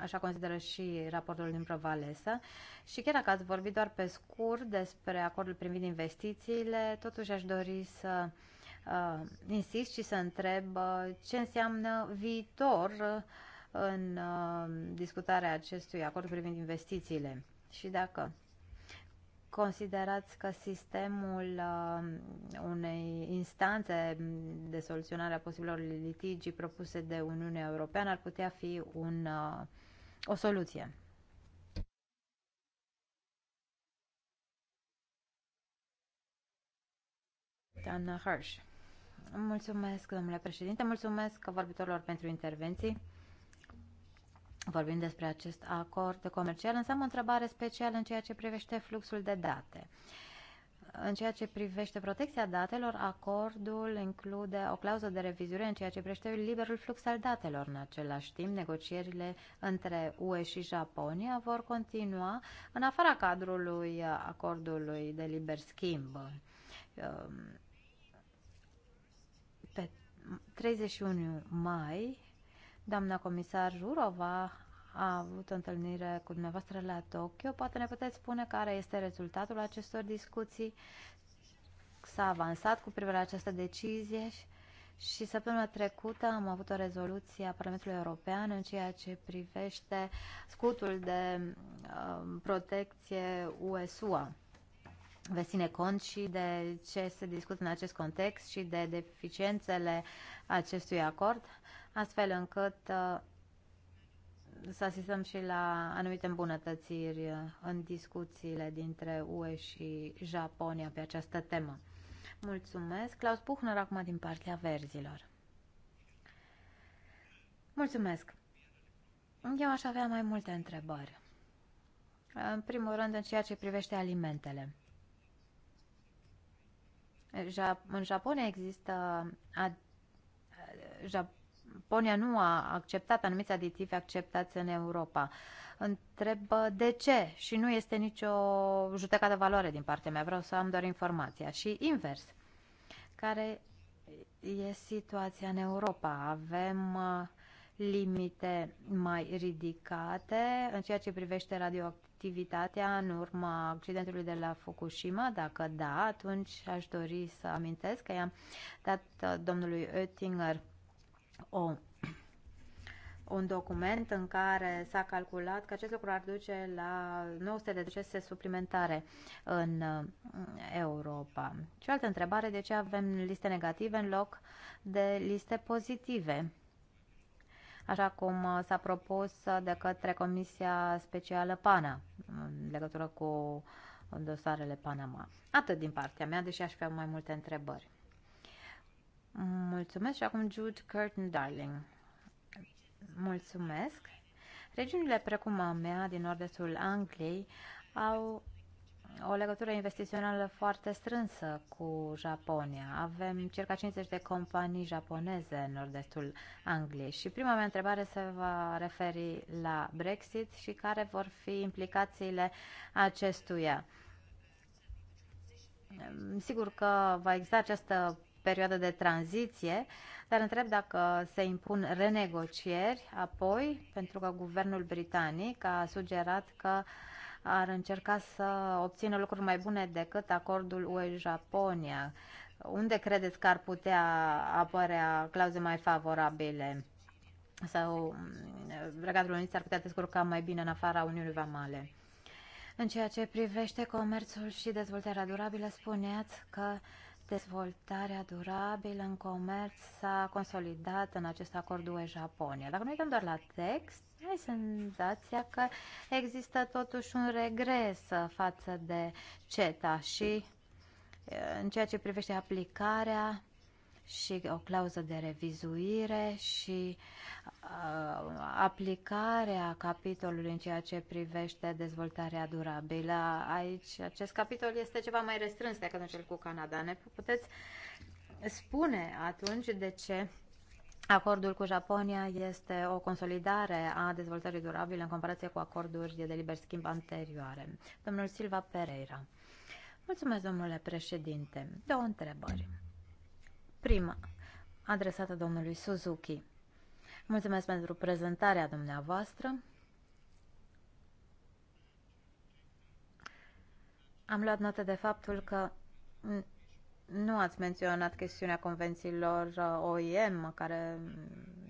așa consideră și raportul din Provalesa. Și chiar dacă ați vorbit doar pe scurt despre acordul privind investițiile, totuși aș dori să uh, insist și să întreb uh, ce înseamnă viitor uh, în uh, discutarea acestui acord privind investițiile și dacă considerați că sistemul uh, unei instanțe de soluționare a posibilor litigii propuse de Uniunea Europeană ar putea fi un uh, o soluție. Doamna Hirsch. Mulțumesc, domnule președinte, mulțumesc vorbitorilor pentru intervenții. Vorbim despre acest acord comercial, însă am o întrebare specială în ceea ce privește fluxul de date. Uh, în ceea ce privește protecția datelor, acordul include o clauză de revizuire în ceea ce privește liberul flux al datelor. În același timp, negocierile între UE și Japonia vor continua în afara cadrului acordului de liber schimb. Um, pe 31 mai, doamna comisar Jurova a avut o întâlnire cu dumneavoastră la Tokyo. Poate ne puteți spune care este rezultatul acestor discuții? S-a avansat cu privire la această decizie și, și săptămâna trecută am avut o rezoluție a Parlamentului European în ceea ce privește scutul de um, protecție USUA. Veți ține cont și de ce se discută în acest context și de deficiențele acestui acord, astfel încât uh, să asistăm și la anumite îmbunătățiri uh, în discuțiile dintre UE și Japonia pe această temă. Mulțumesc. Claus Puchner acum din partea verzilor. Mulțumesc. Eu aș avea mai multe întrebări. În primul rând, în ceea ce privește alimentele. În Japonia există Jap Ponia nu a acceptat anumiți aditivi acceptați în Europa. Întreb de ce și nu este nicio judecată valoare din partea mea. Vreau să am doar informația. Și invers, care e situația în Europa? Avem uh, limite mai ridicate în ceea ce privește radioactivitatea în urma accidentului de la Fukushima? Dacă da, atunci aș dori să amintesc că i-am dat uh, domnului Oettinger o, un document în care s-a calculat că acest lucru ar duce la 900 de decese suplimentare în uh, Europa. Și altă întrebare, de ce avem liste negative în loc de liste pozitive? așa cum uh, s-a propus uh, de către Comisia Specială PANA în legătură cu dosarele Panama. Atât din partea mea, deși aș avea mai multe întrebări. Mulțumesc și acum Jude Curtin Darling. Mulțumesc. Regiunile precum a mea din nord-estul Angliei au o legătură investițională foarte strânsă cu Japonia. Avem circa 50 de companii japoneze în nord-estul Angliei și prima mea întrebare se va referi la Brexit și care vor fi implicațiile acestuia. Sigur că va exista această perioadă de tranziție, dar întreb dacă se impun renegocieri apoi, pentru că guvernul britanic a sugerat că ar încerca să obțină lucruri mai bune decât acordul UE-Japonia. Unde credeți că ar putea apărea clauze mai favorabile? Sau mm, Regatul Unit ar putea descurca mai bine în afara Uniunii Vamale? În ceea ce privește comerțul și dezvoltarea durabilă, spuneați că uh, dezvoltarea durabilă în comerț s-a consolidat în acest acord UE-Japonia. Dacă nu uităm doar la text, ai senzația că există totuși un regres față de CETA și eh, în ceea ce privește aplicarea și o clauză de revizuire și uh, aplicarea capitolului în ceea ce privește dezvoltarea durabilă. Aici, acest capitol este ceva mai restrâns decât în cel cu Canada. Ne puteți spune atunci de ce Acordul cu Japonia este o consolidare a dezvoltării durabile în comparație cu acorduri de liber schimb anterioare. Domnul Silva Pereira. Mulțumesc, domnule președinte. Două întrebări. Prima, adresată domnului Suzuki. Mulțumesc pentru prezentarea dumneavoastră. Am luat notă de faptul că nu ați menționat chestiunea convențiilor uh, OIM, care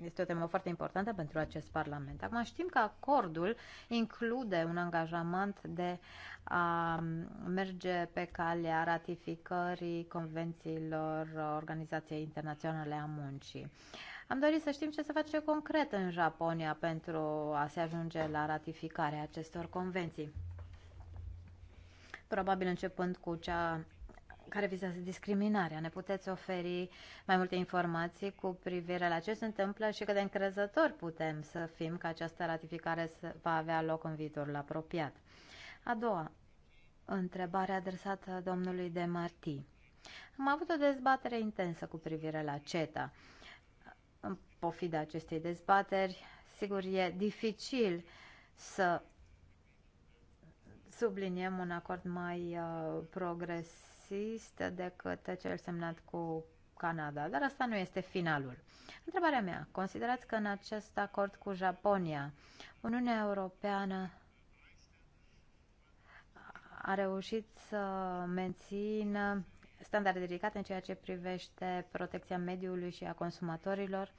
este o temă foarte importantă pentru acest Parlament. Acum știm că acordul include un angajament de a merge pe calea ratificării convențiilor uh, Organizației Internaționale a Muncii. Am dorit să știm ce se face concret în Japonia pentru a se ajunge la ratificarea acestor convenții. Probabil începând cu cea care vizează discriminarea. Ne puteți oferi mai multe informații cu privire la ce se întâmplă și cât de încrezători putem să fim că această ratificare va avea loc în viitorul apropiat. A doua întrebare adresată domnului de Marti. Am avut o dezbatere intensă cu privire la CETA. În pofida acestei dezbateri, sigur, e dificil să subliniem un acord mai uh, progresiv rasist decât cel semnat cu Canada, dar asta nu este finalul. Întrebarea mea, considerați că în acest acord cu Japonia, Uniunea Europeană a reușit să mențină standarde ridicate în ceea ce privește protecția mediului și a consumatorilor.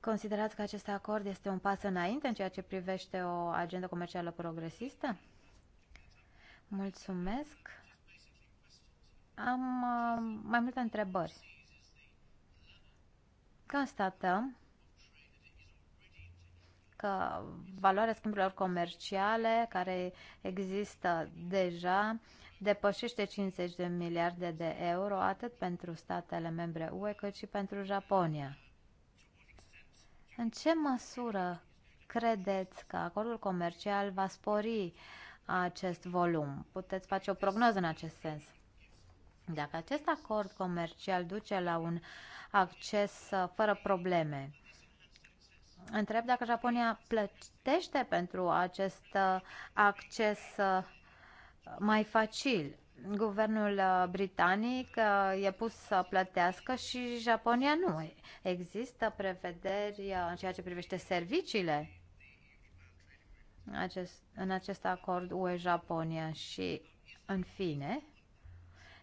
Considerați că acest acord este un pas înainte în ceea ce privește o agendă comercială progresistă? Mulțumesc! Am uh, mai multe întrebări. Constatăm că valoarea schimburilor comerciale care există deja depășește 50 de miliarde de euro atât pentru statele membre UE cât și pentru Japonia. În ce măsură credeți că acordul comercial va spori acest volum? Puteți face o prognoză în acest sens? Dacă acest acord comercial duce la un acces uh, fără probleme, întreb dacă Japonia plătește pentru acest uh, acces uh, mai facil. Guvernul britanic e pus să plătească și Japonia nu. Există prevederi în ceea ce privește serviciile acest, în acest acord UE-Japonia și, în fine,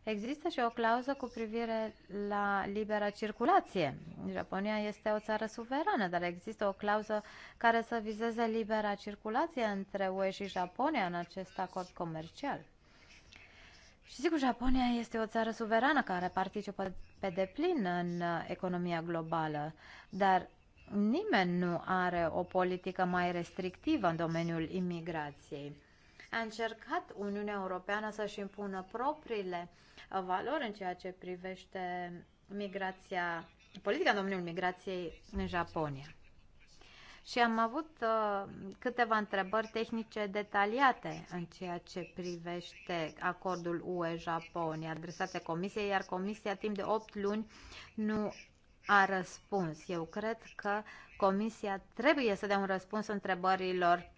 Există și o clauză cu privire la libera circulație. Japonia este o țară suverană, dar există o clauză care să vizeze libera circulație între UE și Japonia în acest acord comercial. Și sigur, Japonia este o țară suverană care participă pe deplin în uh, economia globală, dar nimeni nu are o politică mai restrictivă în domeniul imigrației. A încercat Uniunea Europeană să-și impună propriile valori în ceea ce privește migrația, politica în domeniul migrației în Japonia. Și am avut uh, câteva întrebări tehnice detaliate în ceea ce privește acordul UE-Japonia adresate Comisiei, iar Comisia timp de 8 luni nu a răspuns. Eu cred că Comisia trebuie să dea un răspuns întrebărilor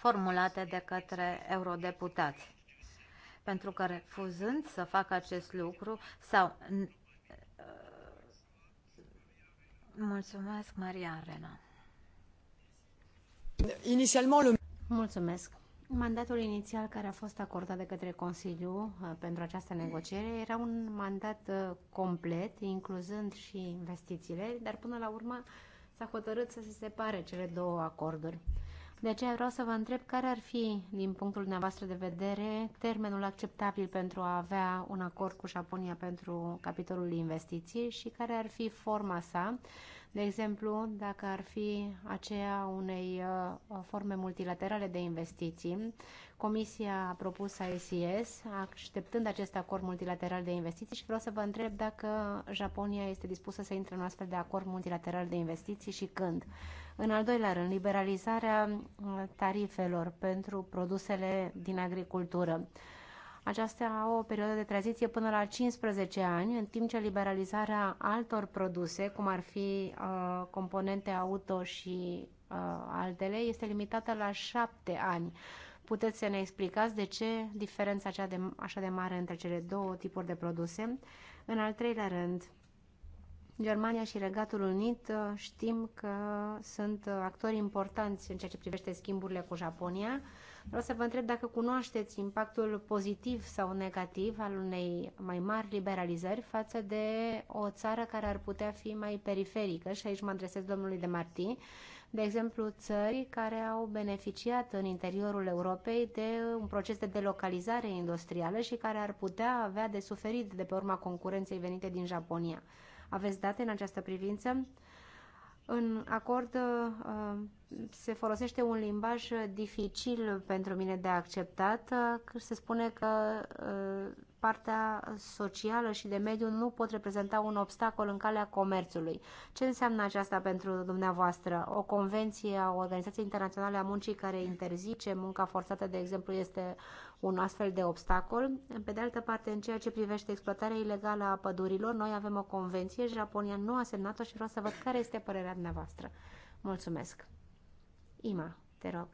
formulate de către eurodeputați pentru că refuzând să facă acest lucru sau uh, Mulțumesc, Maria Arena. Inițialmente... Mulțumesc. Mandatul inițial care a fost acordat de către Consiliu uh, pentru această negociere era un mandat uh, complet, incluzând și investițiile, dar până la urmă s-a hotărât să se separe cele două acorduri. De aceea vreau să vă întreb care ar fi, din punctul dumneavoastră de vedere, termenul acceptabil pentru a avea un acord cu Japonia pentru capitolul investiții și care ar fi forma sa, de exemplu, dacă ar fi aceea unei uh, forme multilaterale de investiții. Comisia a propus ICS, așteptând acest acord multilateral de investiții și vreau să vă întreb dacă Japonia este dispusă să intre în astfel de acord multilateral de investiții și când. În al doilea rând, liberalizarea uh, tarifelor pentru produsele din agricultură. Aceasta au o perioadă de tranziție până la 15 ani, în timp ce liberalizarea altor produse, cum ar fi uh, componente auto și uh, altele, este limitată la 7 ani. Puteți să ne explicați de ce diferența acea de, așa de mare între cele două tipuri de produse? În al treilea rând, Germania și Regatul Unit uh, știm că sunt uh, actori importanți în ceea ce privește schimburile cu Japonia. Vreau să vă întreb dacă cunoașteți impactul pozitiv sau negativ al unei mai mari liberalizări față de o țară care ar putea fi mai periferică, și aici mă adresez domnului de Marti, de exemplu țări care au beneficiat în interiorul Europei de un proces de delocalizare industrială și care ar putea avea de suferit de pe urma concurenței venite din Japonia. Aveți date în această privință? În acord uh, se folosește un limbaj dificil pentru mine de acceptat. Uh, se spune că uh, partea socială și de mediu nu pot reprezenta un obstacol în calea comerțului. Ce înseamnă aceasta pentru dumneavoastră? O convenție a Organizației Internaționale a Muncii care interzice munca forțată, de exemplu, este un astfel de obstacol. Pe de altă parte, în ceea ce privește exploatarea ilegală a pădurilor, noi avem o convenție, Japonia nu a semnat-o și vreau să văd care este părerea dumneavoastră. Mulțumesc. Ima, te rog.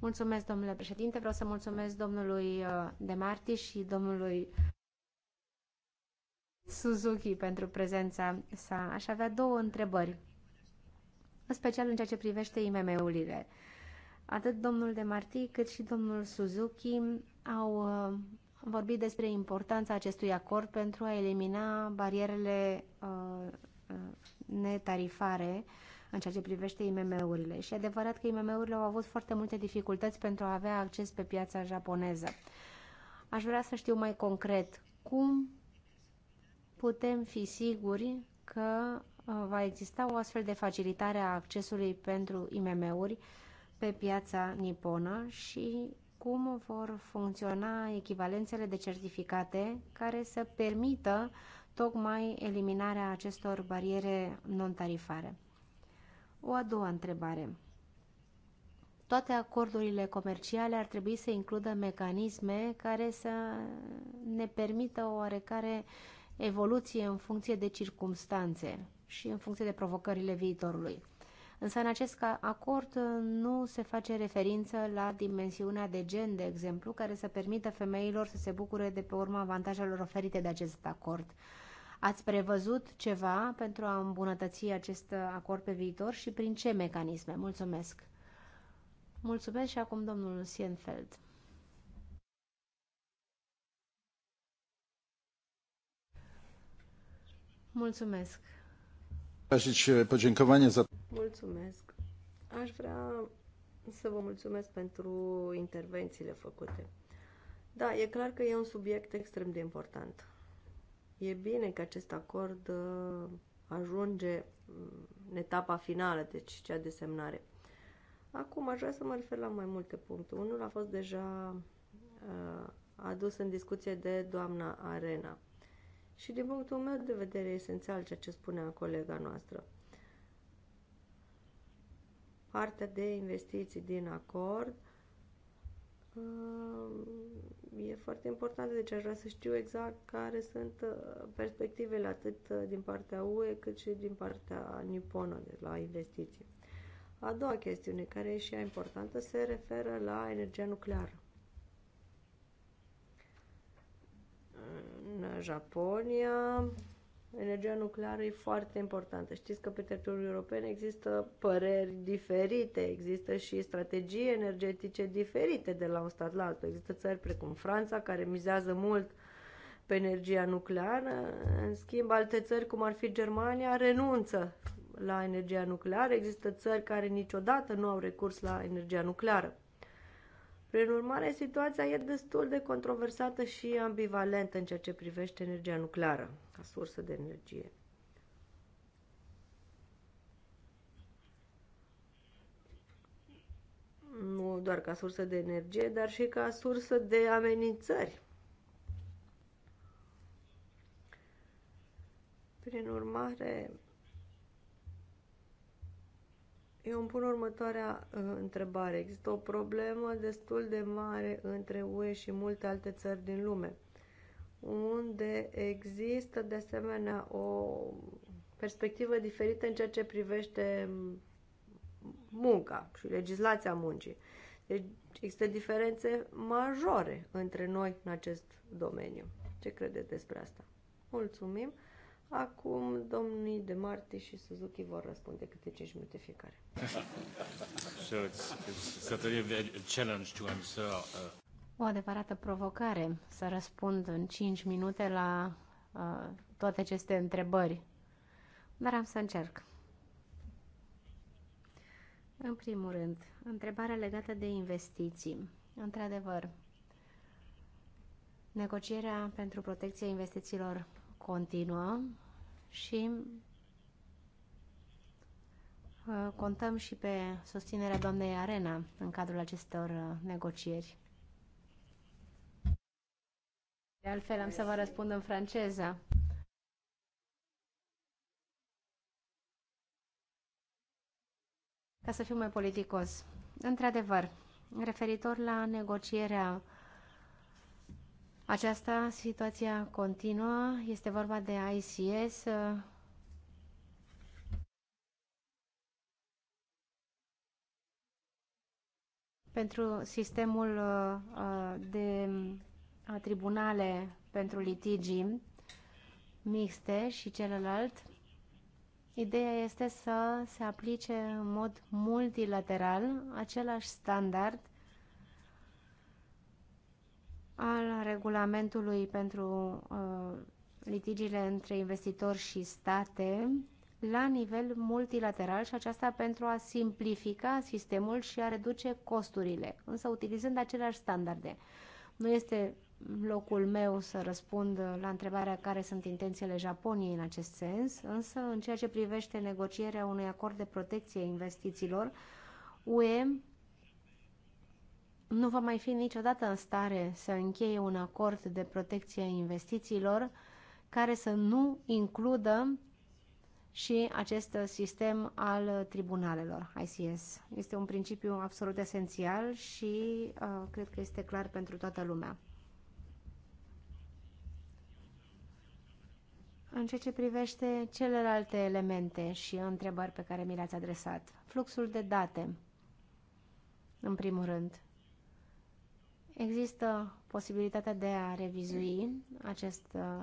Mulțumesc, domnule președinte. Vreau să mulțumesc domnului uh, Marti și domnului Suzuki pentru prezența sa. Aș avea două întrebări, în special în ceea ce privește IMM-urile. Atât domnul de Marti cât și domnul Suzuki au uh, vorbit despre importanța acestui acord pentru a elimina barierele uh, uh, netarifare în ceea ce privește IMM-urile. Și e adevărat că IMM-urile au avut foarte multe dificultăți pentru a avea acces pe piața japoneză. Aș vrea să știu mai concret cum putem fi siguri că va exista o astfel de facilitare a accesului pentru IMM-uri pe piața niponă și cum vor funcționa echivalențele de certificate care să permită tocmai eliminarea acestor bariere non-tarifare. O a doua întrebare. Toate acordurile comerciale ar trebui să includă mecanisme care să ne permită o oarecare evoluție în funcție de circumstanțe și în funcție de provocările viitorului. Însă în acest acord uh, nu se face referință la dimensiunea de gen, de exemplu, care să permită femeilor să se bucure de pe urma avantajelor oferite de acest acord. Ați prevăzut ceva pentru a îmbunătăți acest uh, acord pe viitor și prin ce mecanisme? Mulțumesc! Mulțumesc și acum domnul Sienfeld. Mulțumesc, Mulțumesc. Aș vrea să vă mulțumesc pentru intervențiile făcute. Da, e clar că e un subiect extrem de important. E bine că acest acord ajunge mm, în etapa finală, deci cea de semnare. Acum aș vrea să mă refer la mai multe puncte. Unul a fost deja adus în discuție de doamna Arena. Și din punctul meu de vedere e esențial ceea ce spunea colega noastră. Partea de investiții din acord uh, e foarte importantă, deci aș vrea să știu exact care sunt uh, perspectivele atât uh, din partea UE cât și din partea niponă de la investiții. A doua chestiune, care e și ea importantă, se referă la energia nucleară. Japonia, energia nucleară e foarte importantă. Știți că pe teritoriul european există păreri diferite, există și strategii energetice diferite de la un stat la altul. Există țări precum Franța care mizează mult pe energia nucleară, în schimb alte țări cum ar fi Germania renunță la energia nucleară. Există țări care niciodată nu au recurs la energia nucleară. Prin urmare, situația e destul de controversată și ambivalentă în ceea ce privește energia nucleară ca sursă de energie. Nu doar ca sursă de energie, dar și ca sursă de amenințări. Prin urmare, eu îmi pun următoarea uh, întrebare. Există o problemă destul de mare între UE și multe alte țări din lume, unde există de asemenea o perspectivă diferită în ceea ce privește munca și legislația muncii. Deci există diferențe majore între noi în acest domeniu. Ce credeți despre asta? Mulțumim! Acum domnii de Marte și Suzuki vor răspunde câte 5 minute fiecare. *laughs* so it's, it's certainly a challenge to answer. Uh... O adevărată provocare să răspund în 5 minute la uh, toate aceste întrebări. Dar am să încerc. În primul rând, întrebarea legată de investiții. Într-adevăr, negocierea pentru protecția investițiilor continuăm și uh, contăm și pe susținerea doamnei Arena în cadrul acestor uh, negocieri. De altfel, am să vă răspund în franceză. Ca să fiu mai politicos. Într-adevăr, referitor la negocierea aceasta, situația continuă, este vorba de ICS, pentru sistemul uh, de uh, tribunale pentru litigi mixte și celălalt. Ideea este să se aplice în mod multilateral același standard al regulamentului pentru uh, litigiile între investitori și state la nivel multilateral și aceasta pentru a simplifica sistemul și a reduce costurile, însă utilizând aceleași standarde. Nu este locul meu să răspund la întrebarea care sunt intențiile Japoniei în acest sens, însă în ceea ce privește negocierea unui acord de protecție a investițiilor, UE nu va mai fi niciodată în stare să încheie un acord de protecție a investițiilor care să nu includă și acest sistem al tribunalelor ICS. Este un principiu absolut esențial și uh, cred că este clar pentru toată lumea. În ceea ce privește celelalte elemente și întrebări pe care mi le-ați adresat, fluxul de date, în primul rând. Există posibilitatea de a revizui acest uh,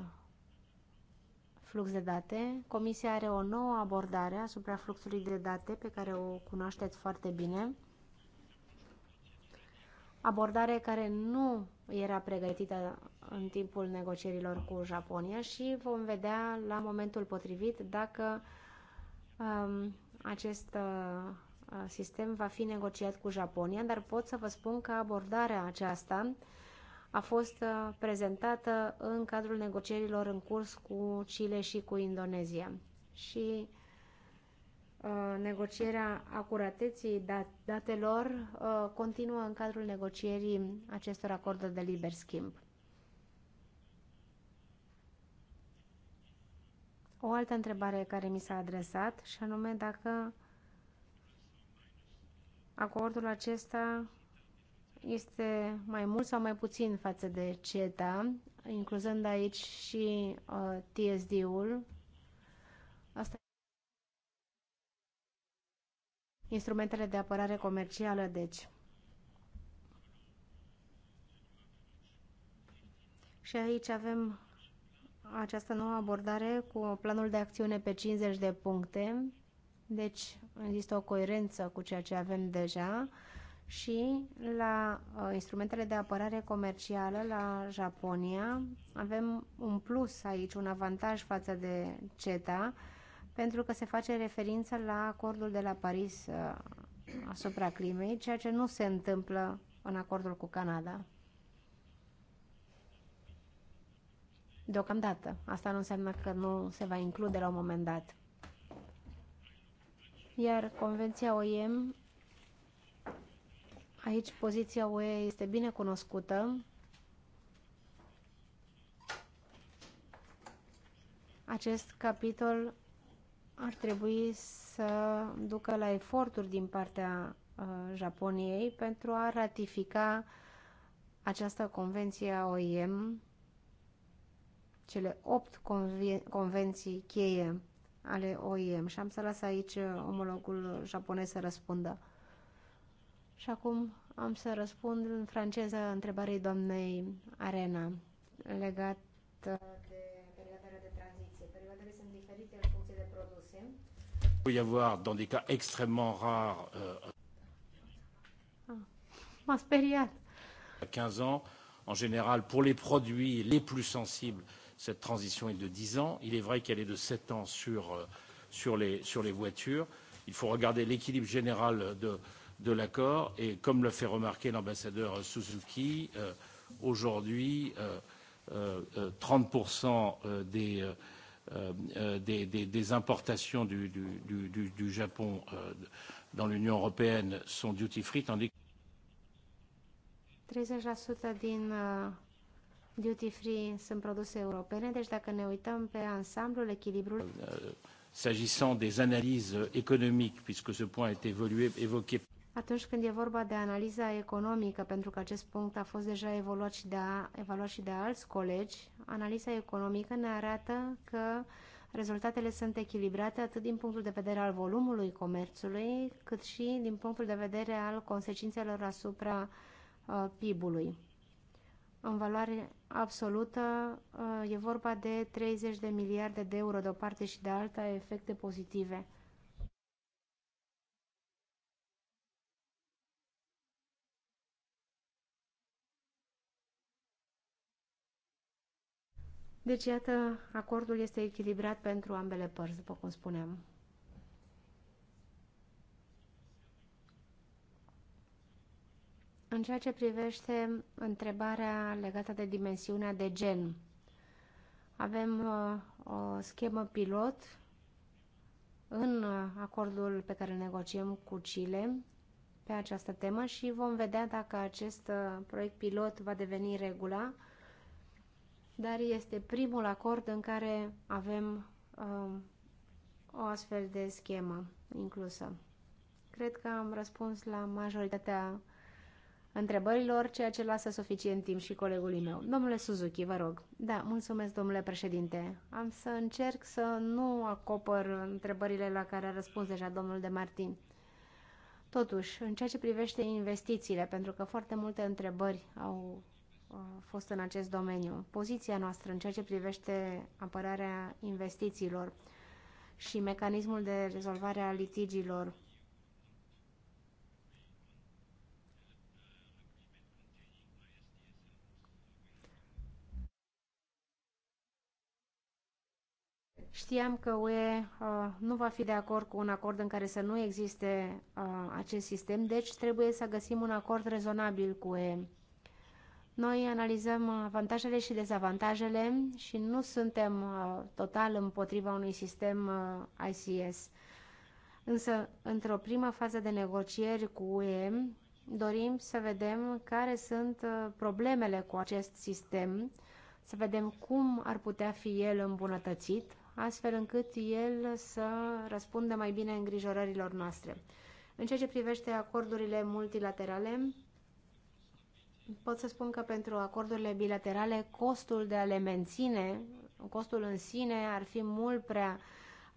flux de date. Comisia are o nouă abordare asupra fluxului de date pe care o cunoașteți foarte bine. Abordare care nu era pregătită în timpul negocierilor cu Japonia și vom vedea la momentul potrivit dacă um, acest uh, sistem va fi negociat cu Japonia, dar pot să vă spun că abordarea aceasta a fost prezentată în cadrul negocierilor în curs cu Chile și cu Indonezia. Și negocierea acurateții datelor continuă în cadrul negocierii acestor acorduri de liber schimb. O altă întrebare care mi s-a adresat și anume dacă Acordul acesta este mai mult sau mai puțin față de CETA, incluzând aici și uh, TSD-ul. Asta instrumentele de apărare comercială, deci. Și aici avem această nouă abordare cu planul de acțiune pe 50 de puncte deci există o coerență cu ceea ce avem deja și la uh, instrumentele de apărare comercială la Japonia avem un plus aici, un avantaj față de CETA pentru că se face referință la acordul de la Paris uh, asupra climei, ceea ce nu se întâmplă în acordul cu Canada. Deocamdată. Asta nu înseamnă că nu se va include la un moment dat. Iar Convenția OIM, aici poziția UE este bine cunoscută. Acest capitol ar trebui să ducă la eforturi din partea uh, Japoniei pentru a ratifica această convenție a OIM, cele opt convenții cheie ale OIM și am să las aici uh, omologul japonez să răspundă. Și acum am să răspund în franceză întrebării doamnei Arena legat de perioadele de tranziție. Perioadele sunt diferite în funcție de produse. Peut avoir dans des cas extrêmement rares euh... M-a speriat. 15 euh, ans, en général, pour les produits les plus sensibles, Cette transition est de 10 ans. Il est vrai qu'elle est de 7 ans sur, euh, sur, les, sur les voitures. Il faut regarder l'équilibre général de, de l'accord. Et comme l'a fait remarquer l'ambassadeur Suzuki, euh, aujourd'hui, euh, euh, 30% euh, euh, des, euh, des, des, des importations du, du, du, du Japon euh, dans l'Union européenne sont duty free, tandis que 30% din duty free sunt produse europene, deci dacă ne uităm pe ansamblul echilibrul euh, S'agissant des analyses économiques, puisque ce point a évolué, évoqué. Atunci când e vorba de analiza economică, pentru că acest punct a fost deja evaluat și de, a, evaluat și de alți colegi, analiza economică ne arată că rezultatele sunt echilibrate atât din punctul de vedere al volumului comerțului, cât și din punctul de vedere al consecințelor asupra uh, PIB-ului. În valoare absolută uh, e vorba de 30 de miliarde de euro de o parte și de alta efecte pozitive. Deci, iată, acordul este echilibrat pentru ambele părți, după cum spuneam. În ceea ce privește întrebarea legată de dimensiunea de gen, avem uh, o schemă pilot în acordul pe care negociem cu Chile pe această temă și vom vedea dacă acest uh, proiect pilot va deveni regula, dar este primul acord în care avem uh, o astfel de schemă inclusă. Cred că am răspuns la majoritatea întrebărilor, ceea ce lasă suficient timp și colegului meu. Domnule Suzuki, vă rog. Da, mulțumesc, domnule președinte. Am să încerc să nu acopăr întrebările la care a răspuns deja domnul de Martin. Totuși, în ceea ce privește investițiile, pentru că foarte multe întrebări au uh, fost în acest domeniu, poziția noastră în ceea ce privește apărarea investițiilor și mecanismul de rezolvare a litigiilor Știam că UE uh, nu va fi de acord cu un acord în care să nu existe uh, acest sistem, deci trebuie să găsim un acord rezonabil cu UE. Noi analizăm avantajele și dezavantajele și nu suntem uh, total împotriva unui sistem uh, ICS. Însă, într-o primă fază de negocieri cu UE, dorim să vedem care sunt uh, problemele cu acest sistem, să vedem cum ar putea fi el îmbunătățit astfel încât el să răspundă mai bine îngrijorărilor noastre. În ceea ce privește acordurile multilaterale, pot să spun că pentru acordurile bilaterale costul de a le menține, costul în sine ar fi mult prea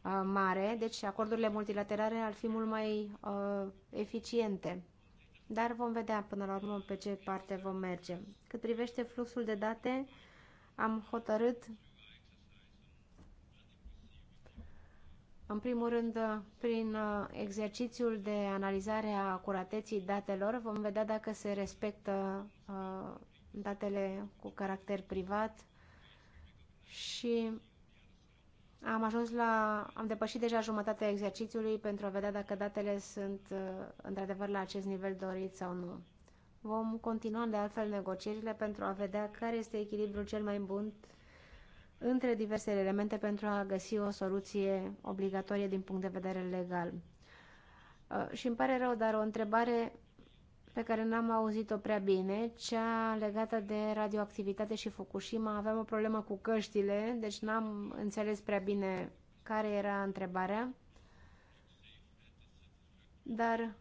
uh, mare, deci acordurile multilaterale ar fi mult mai uh, eficiente. Dar vom vedea până la urmă pe ce parte vom merge. Cât privește fluxul de date, am hotărât În primul rând, prin uh, exercițiul de analizare a curateții datelor, vom vedea dacă se respectă uh, datele cu caracter privat și am ajuns la, am depășit deja jumătatea exercițiului pentru a vedea dacă datele sunt uh, într-adevăr la acest nivel dorit sau nu. Vom continua de altfel negocierile pentru a vedea care este echilibrul cel mai bun între diversele elemente pentru a găsi o soluție obligatorie din punct de vedere legal. Uh, și îmi pare rău, dar o întrebare pe care n-am auzit-o prea bine, cea legată de radioactivitate și Fukushima. Aveam o problemă cu căștile, deci n-am înțeles prea bine care era întrebarea. Dar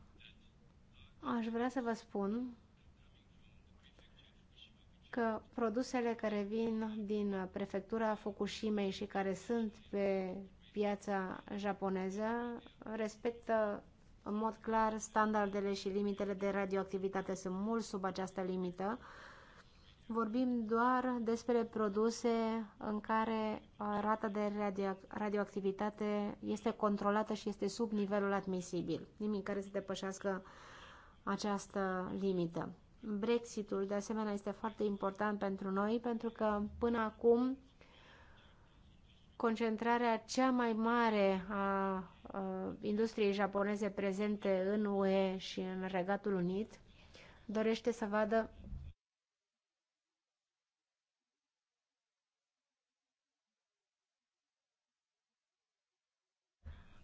aș vrea să vă spun că produsele care vin din prefectura Fukushimei și care sunt pe piața japoneză respectă în mod clar standardele și limitele de radioactivitate sunt mult sub această limită. Vorbim doar despre produse în care uh, rata de radio radioactivitate este controlată și este sub nivelul admisibil, nimic care să depășească această limită. Brexitul, de asemenea, este foarte important pentru noi, pentru că până acum concentrarea cea mai mare a, a industriei japoneze prezente în UE și în Regatul Unit dorește să vadă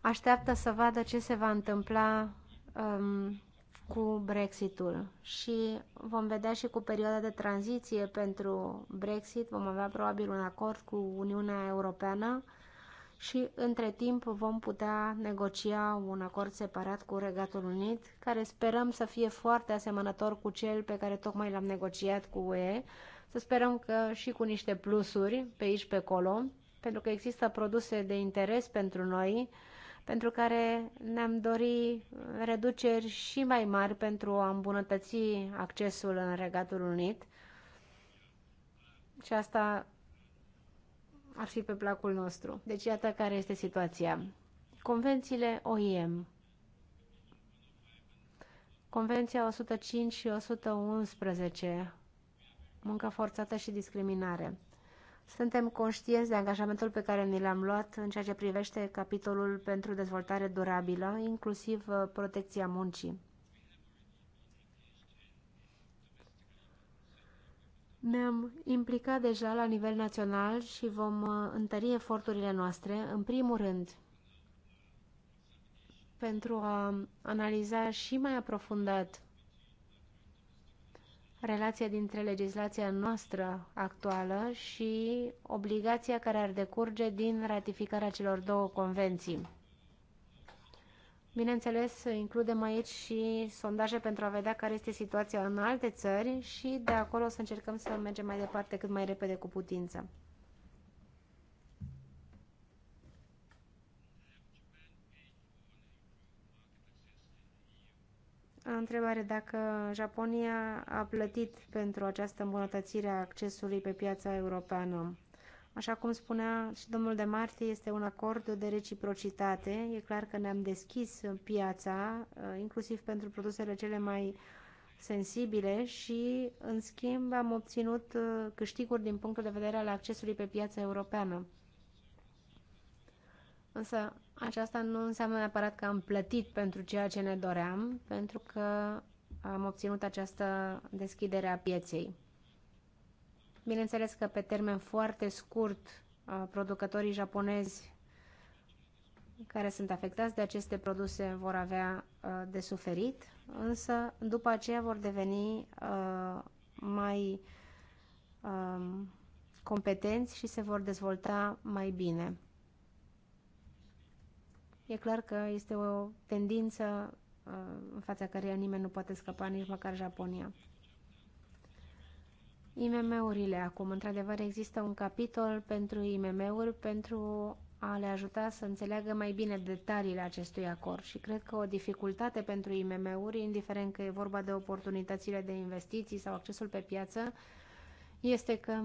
așteaptă să vadă ce se va întâmpla um, cu Brexitul și vom vedea și cu perioada de tranziție pentru Brexit, vom avea probabil un acord cu Uniunea Europeană și între timp vom putea negocia un acord separat cu Regatul Unit, care sperăm să fie foarte asemănător cu cel pe care tocmai l-am negociat cu UE, să sperăm că și cu niște plusuri pe aici pe acolo, pentru că există produse de interes pentru noi, pentru care ne-am dori reduceri și mai mari pentru a îmbunătăți accesul în Regatul Unit. Și asta ar fi pe placul nostru. Deci iată care este situația. Convențiile OIM. Convenția 105 și 111. Muncă forțată și discriminare. Suntem conștienți de angajamentul pe care ni l-am luat în ceea ce privește capitolul pentru dezvoltare durabilă, inclusiv uh, protecția muncii. Ne-am implicat deja la nivel național și vom uh, întări eforturile noastre, în primul rând, pentru a analiza și mai aprofundat relația dintre legislația noastră actuală și obligația care ar decurge din ratificarea celor două convenții. Bineînțeles, includem aici și sondaje pentru a vedea care este situația în alte țări și de acolo o să încercăm să mergem mai departe cât mai repede cu putință. întrebare dacă Japonia a plătit pentru această îmbunătățire a accesului pe piața europeană. Așa cum spunea și domnul de Marti, este un acord de reciprocitate. E clar că ne-am deschis piața, uh, inclusiv pentru produsele cele mai sensibile și, în schimb, am obținut uh, câștiguri din punctul de vedere al accesului pe piața europeană. Însă aceasta nu înseamnă neapărat că am plătit pentru ceea ce ne doream, pentru că am obținut această deschidere a pieței. Bineînțeles că pe termen foarte scurt, producătorii japonezi care sunt afectați de aceste produse vor avea de suferit, însă după aceea vor deveni mai competenți și se vor dezvolta mai bine. E clar că este o tendință uh, în fața căreia nimeni nu poate scăpa, nici măcar Japonia. IMM-urile acum. Într-adevăr, există un capitol pentru IMM-uri pentru a le ajuta să înțeleagă mai bine detaliile acestui acord și cred că o dificultate pentru IMM-uri, indiferent că e vorba de oportunitățile de investiții sau accesul pe piață, este că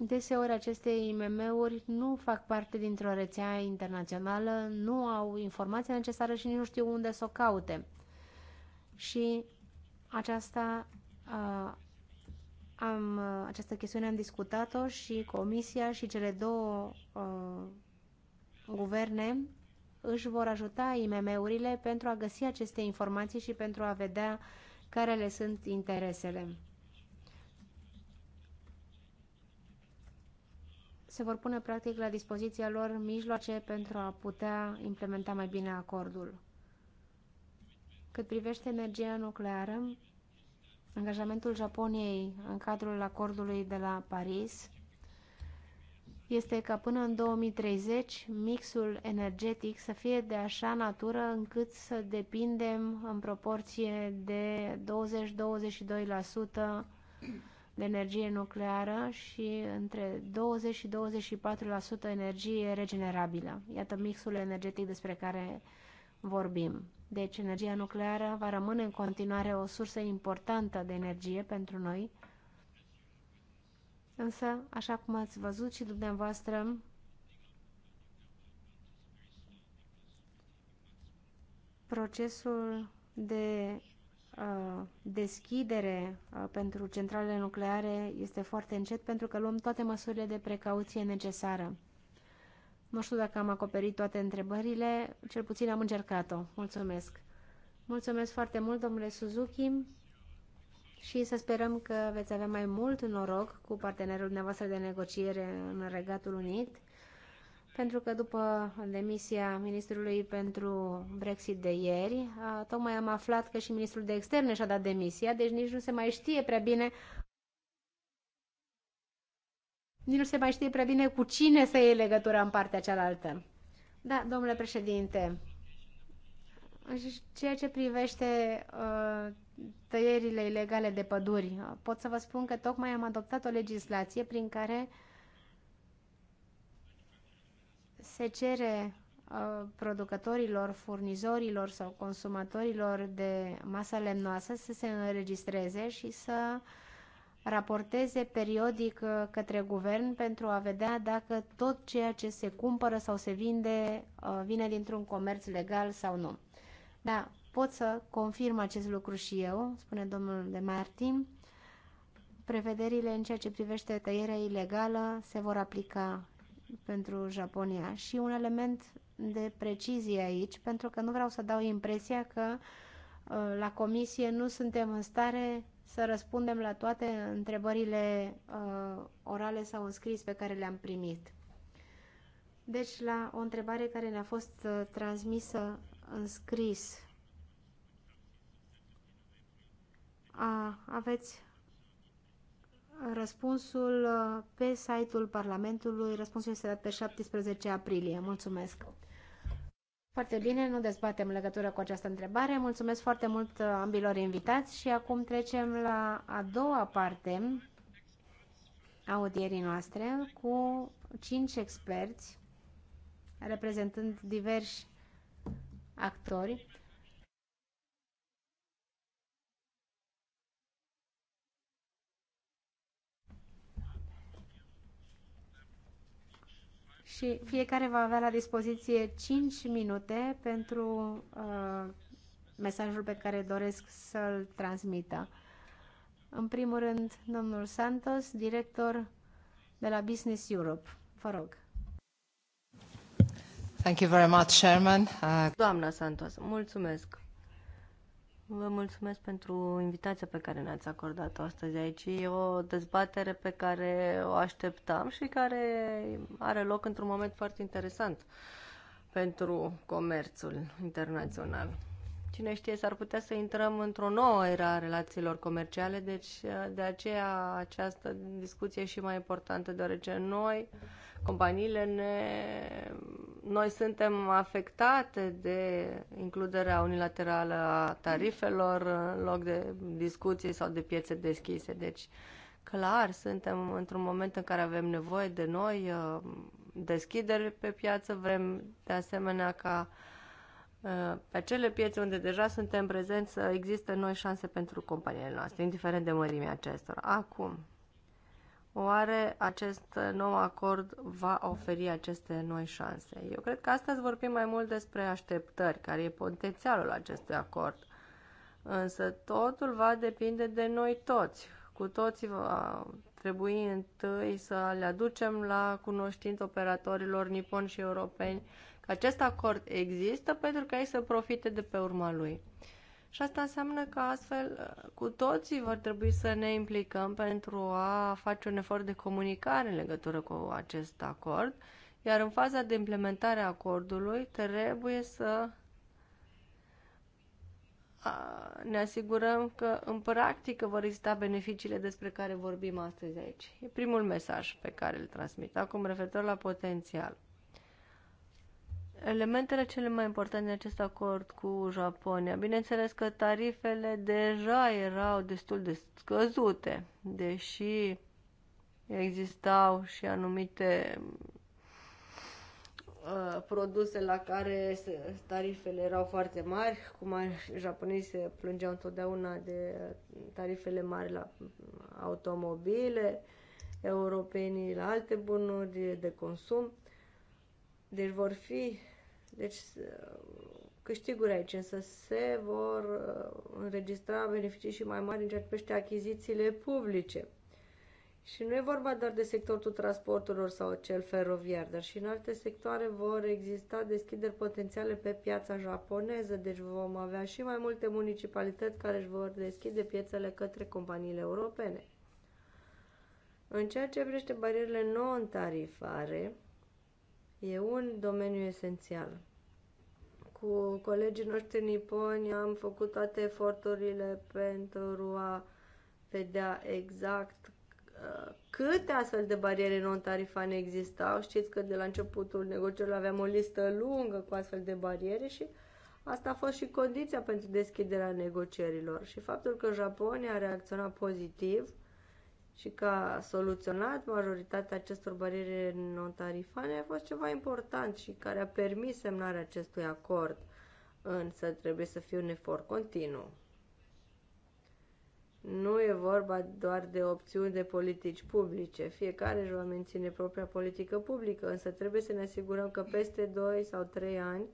Deseori aceste IMM-uri nu fac parte dintr-o rețea internațională, nu au informația necesară și nici nu știu unde să o caute. Și aceasta uh, am, această chestiune am discutat-o și Comisia și cele două uh, guverne își vor ajuta IMM-urile pentru a găsi aceste informații și pentru a vedea care le sunt interesele. se vor pune practic la dispoziția lor mijloace pentru a putea implementa mai bine acordul. Cât privește energia nucleară, angajamentul Japoniei în cadrul acordului de la Paris este ca până în 2030 mixul energetic să fie de așa natură încât să depindem în proporție de 20-22% de energie nucleară și între 20 și 24% energie regenerabilă. Iată mixul energetic despre care vorbim. Deci energia nucleară va rămâne în continuare o sursă importantă de energie pentru noi, însă, așa cum ați văzut și dumneavoastră, procesul de deschidere pentru centralele nucleare este foarte încet pentru că luăm toate măsurile de precauție necesară. Nu știu dacă am acoperit toate întrebările, cel puțin am încercat-o. Mulțumesc! Mulțumesc foarte mult, domnule Suzuki, și să sperăm că veți avea mai mult noroc cu partenerul dumneavoastră de negociere în Regatul Unit pentru că după demisia ministrului pentru Brexit de ieri, tocmai am aflat că și ministrul de externe și-a dat demisia, deci nici nu se mai știe prea bine nici nu se mai știe prea bine cu cine să iei legătura în partea cealaltă. Da, domnule președinte, ceea ce privește uh, tăierile ilegale de păduri, pot să vă spun că tocmai am adoptat o legislație prin care uh, se cere uh, producătorilor, furnizorilor sau consumatorilor de masă lemnoasă să se înregistreze și să raporteze periodic uh, către guvern pentru a vedea dacă tot ceea ce se cumpără sau se vinde uh, vine dintr-un comerț legal sau nu. Da, pot să confirm acest lucru și eu, spune domnul de Martin. Prevederile în ceea ce privește tăierea ilegală se vor aplica pentru Japonia și un element de precizie aici, pentru că nu vreau să dau impresia că uh, la comisie nu suntem în stare să răspundem la toate întrebările uh, orale sau înscris pe care le-am primit. Deci, la o întrebare care ne-a fost uh, transmisă în scris, a, aveți Răspunsul uh, pe site-ul Parlamentului, răspunsul este dat pe 17 aprilie. Mulțumesc! Foarte bine, nu dezbatem legătură cu această întrebare. Mulțumesc foarte mult uh, ambilor invitați și acum trecem la a doua parte a audierii noastre cu cinci experți reprezentând diversi actori și fiecare va avea la dispoziție 5 minute pentru uh, mesajul pe care doresc să-l transmită. În primul rând, domnul Santos, director de la Business Europe. Vă rog. Thank you very much, Chairman. Uh... Doamna Santos, mulțumesc. Vă mulțumesc pentru invitația pe care ne-ați acordat-o astăzi aici. E o dezbatere pe care o așteptam și care are loc într-un moment foarte interesant pentru comerțul internațional. Cine știe, s-ar putea să intrăm într-o nouă era a relațiilor comerciale, deci uh, de aceea această discuție e și mai importantă, deoarece noi, companiile, ne... noi suntem afectate de includerea unilaterală a tarifelor în loc de discuții sau de piețe deschise. Deci, clar, suntem într-un moment în care avem nevoie de noi uh, deschideri pe piață, vrem de asemenea ca Uh, pe acele piețe unde deja suntem prezenți să uh, există noi șanse pentru companiile noastre, indiferent de mărimea acestora. Acum, oare acest nou acord va oferi aceste noi șanse? Eu cred că astăzi vorbim mai mult despre așteptări, care e potențialul acestui acord. Însă totul va depinde de noi toți. Cu toții va trebui întâi să le aducem la cunoștință operatorilor niponi și europeni acest acord există pentru că ei să profite de pe urma lui. Și asta înseamnă că astfel cu toții vor trebui să ne implicăm pentru a face un efort de comunicare în legătură cu acest acord, iar în faza de implementare a acordului trebuie să ne asigurăm că în practică vor exista beneficiile despre care vorbim astăzi aici. E primul mesaj pe care îl transmit. Acum referitor la potențial elementele cele mai importante în acest acord cu Japonia. Bineînțeles că tarifele deja erau destul de scăzute, deși existau și anumite uh, produse la care tarifele erau foarte mari, cum japonezii se plângeau întotdeauna de tarifele mari la automobile, europenii la alte bunuri de consum. Deci vor fi deci, uh, câștiguri aici, însă se vor uh, înregistra beneficii și mai mari în ceea ce privește achizițiile publice. Și nu e vorba doar de sectorul transporturilor sau cel feroviar, dar și în alte sectoare vor exista deschideri potențiale pe piața japoneză, deci vom avea și mai multe municipalități care își vor deschide piețele către companiile europene. În ceea ce privește barierele non-tarifare, E un domeniu esențial. Cu colegii noștri niponi am făcut toate eforturile pentru a vedea exact uh, câte astfel de bariere non-tarifane existau. Știți că de la începutul negocierilor aveam o listă lungă cu astfel de bariere și asta a fost și condiția pentru deschiderea negocierilor. Și faptul că Japonia a reacționat pozitiv și că a soluționat majoritatea acestor bariere non-tarifare a fost ceva important și care a permis semnarea acestui acord, însă trebuie să fie un efort continuu. Nu e vorba doar de opțiuni de politici publice. Fiecare își va menține propria politică publică, însă trebuie să ne asigurăm că peste 2 sau 3 ani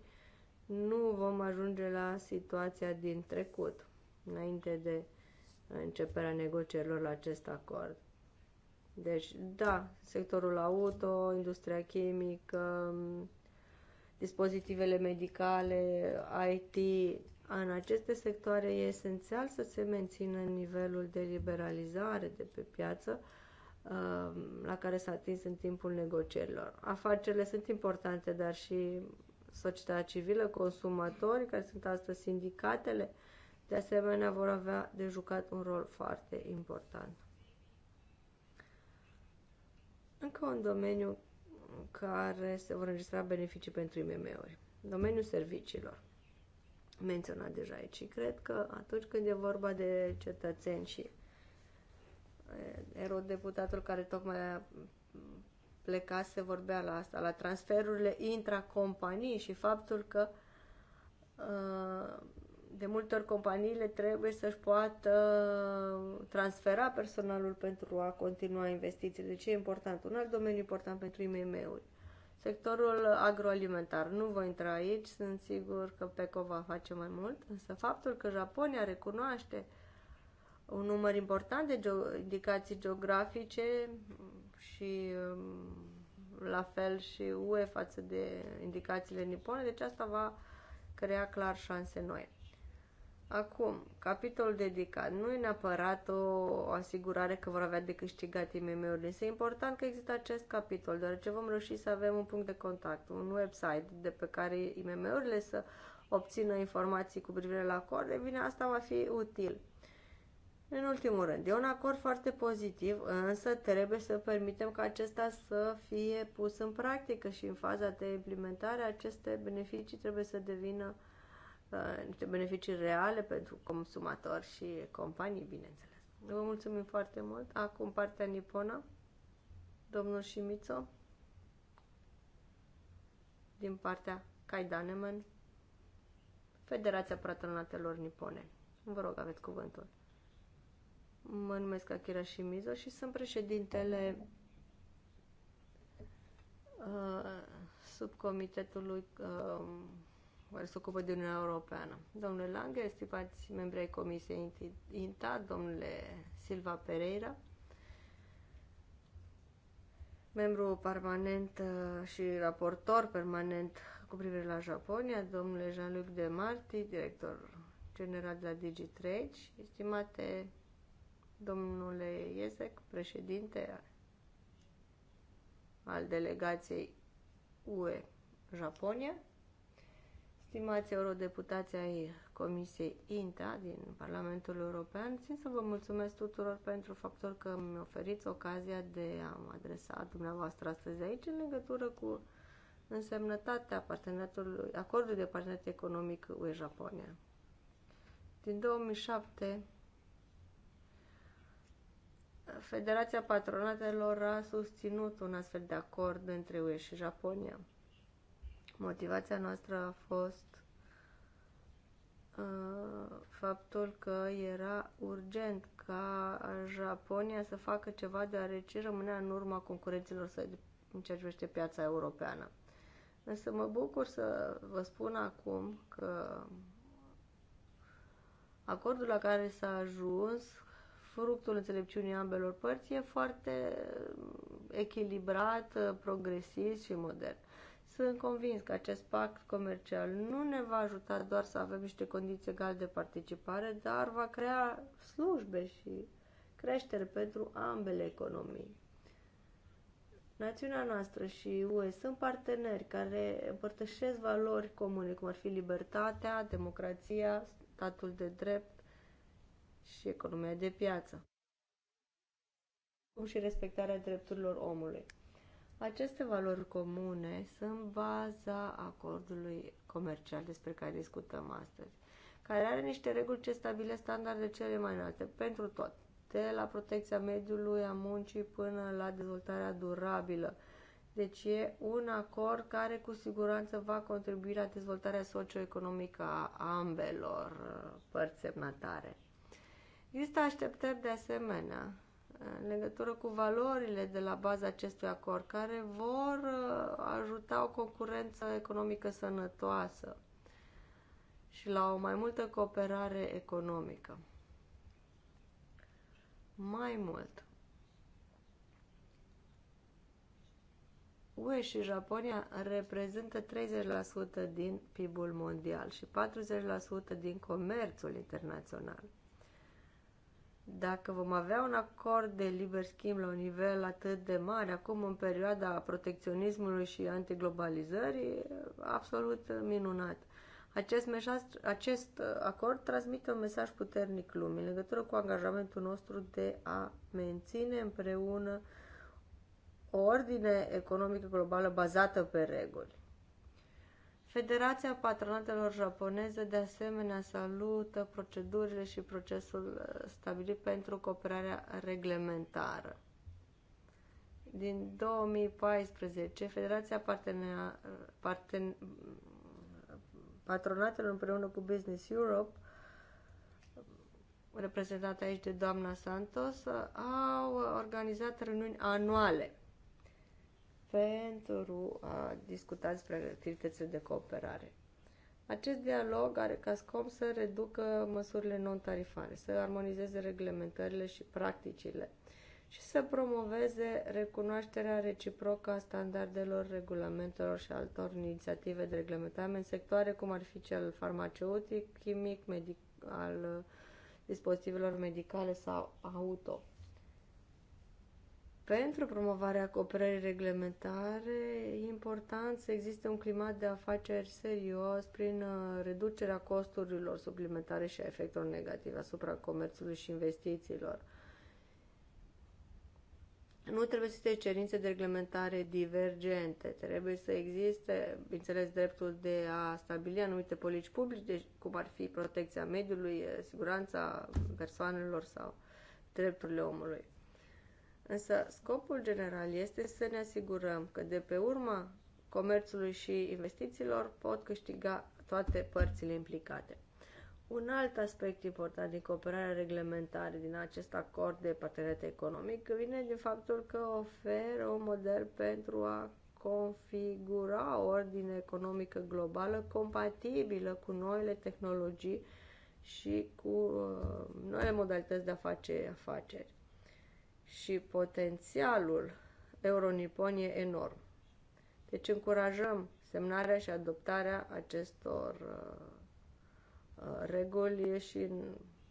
nu vom ajunge la situația din trecut, înainte de începerea negocierilor la acest acord. Deci, da, sectorul auto, industria chimică, dispozitivele medicale, IT, în aceste sectoare e esențial să se mențină nivelul de liberalizare de pe piață um, la care s-a atins în timpul negocierilor. Afacerile sunt importante, dar și societatea civilă, consumatorii, care sunt astăzi sindicatele, de asemenea vor avea de jucat un rol foarte important. Încă un domeniu care se vor înregistra beneficii pentru IMM-uri. Domeniul serviciilor, menționat deja aici. Și cred că atunci când e vorba de cetățeni și eh, deputatul care tocmai pleca se vorbea la asta, la transferurile companii și faptul că uh, de multe ori companiile trebuie să-și poată transfera personalul pentru a continua investițiile. ce deci e important. Un alt domeniu important pentru IMM-uri. Sectorul agroalimentar. Nu voi intra aici, sunt sigur că PECO va face mai mult, însă faptul că Japonia recunoaște un număr important de ge- indicații geografice și um, la fel și UE față de indicațiile nipone, deci asta va crea clar șanse noi. Acum, capitolul dedicat nu e neapărat o asigurare că vor avea de câștigat IMM-urile. Este important că există acest capitol, deoarece vom reuși să avem un punct de contact, un website de pe care IMM-urile să obțină informații cu privire la acord, e bine, asta va fi util. În ultimul rând, e un acord foarte pozitiv, însă trebuie să permitem ca acesta să fie pus în practică și în faza de implementare aceste beneficii trebuie să devină uh, Uh, niște beneficii reale pentru consumatori și companii, bineînțeles. Vă mulțumim foarte mult. Acum partea nipona, domnul Shimizu, din partea Kaidaneman, Federația Patronatelor Nipone. Vă rog, aveți cuvântul. Mă numesc Akira Shimizo și sunt președintele uh, subcomitetului uh, care se ocupă de Uniunea Europeană. Domnule Lange, stimați membri ai Comisiei INTA, domnule Silva Pereira, membru permanent uh, și raportor permanent cu privire la Japonia, domnule Jean-Luc de Marti, director general de la DigiTrade 3 estimate domnule Iesec, președinte al delegației UE Japonia, Stimați eurodeputații ai Comisiei INTA din Parlamentul European, țin să vă mulțumesc tuturor pentru faptul că mi oferiți ocazia de a mă adresa dumneavoastră astăzi aici în legătură cu însemnătatea acordului de parteneriat economic UE-Japonia. Din 2007, Federația Patronatelor a susținut un astfel de acord între UE și Japonia. Motivația noastră a fost uh, faptul că era urgent ca Japonia să facă ceva deoarece rămânea în urma concurenților să în ce piața europeană. Însă mă bucur să vă spun acum că acordul la care s-a ajuns, fructul înțelepciunii ambelor părți, e foarte uh, echilibrat, uh, progresist și modern. Sunt convins că acest pact comercial nu ne va ajuta doar să avem niște condiții egale de participare, dar va crea slujbe și creștere pentru ambele economii. Națiunea noastră și UE sunt parteneri care împărtășesc valori comune, cum ar fi libertatea, democrația, statul de drept și economia de piață, cum și respectarea drepturilor omului. Aceste valori comune sunt baza acordului comercial despre care discutăm astăzi, care are niște reguli ce stabilesc standarde cele mai înalte pentru tot, de la protecția mediului, a muncii până la dezvoltarea durabilă. Deci e un acord care cu siguranță va contribui la dezvoltarea socioeconomică a ambelor părți semnatare. Există așteptări de asemenea în legătură cu valorile de la baza acestui acord, care vor uh, ajuta o concurență economică sănătoasă și la o mai multă cooperare economică. Mai mult, UE și Japonia reprezintă 30% din PIB-ul mondial și 40% din comerțul internațional. Dacă vom avea un acord de liber schimb la un nivel atât de mare, acum în perioada protecționismului și antiglobalizării, absolut minunat. Acest, mesaj, acest uh, acord transmite un mesaj puternic lumii în legătură cu angajamentul nostru de a menține împreună o ordine economică globală bazată pe reguli. Federația Patronatelor Japoneze de asemenea salută procedurile și procesul uh, stabilit pentru cooperarea reglementară. Din 2014, Federația Patronatelor împreună cu Business Europe reprezentată aici de doamna Santos, au organizat reuniuni anuale pentru a discuta despre activitățile de cooperare. Acest dialog are ca scop să reducă măsurile non-tarifare, să armonizeze reglementările și practicile și să promoveze recunoașterea reciprocă a standardelor, regulamentelor și altor inițiative de reglementare în sectoare cum ar fi cel farmaceutic, chimic, medic, al uh, dispozitivelor medicale sau auto. Pentru promovarea cooperării reglementare, e important să existe un climat de afaceri serios prin uh, reducerea costurilor suplimentare și a efectelor negative asupra comerțului și investițiilor. Nu trebuie să existe cerințe de reglementare divergente, trebuie să existe, bineînțeles, dreptul de a stabili anumite politici publice, deci cum ar fi protecția mediului, siguranța persoanelor sau drepturile omului. Însă scopul general este să ne asigurăm că de pe urma comerțului și investițiilor pot câștiga toate părțile implicate. Un alt aspect important din cooperarea reglementară din acest acord de parteneriat economic vine din faptul că oferă un model pentru a configura o ordine economică globală compatibilă cu noile tehnologii și cu uh, noile modalități de a face afaceri și potențialul euronipon e enorm. Deci încurajăm semnarea și adoptarea acestor uh, uh, reguli și în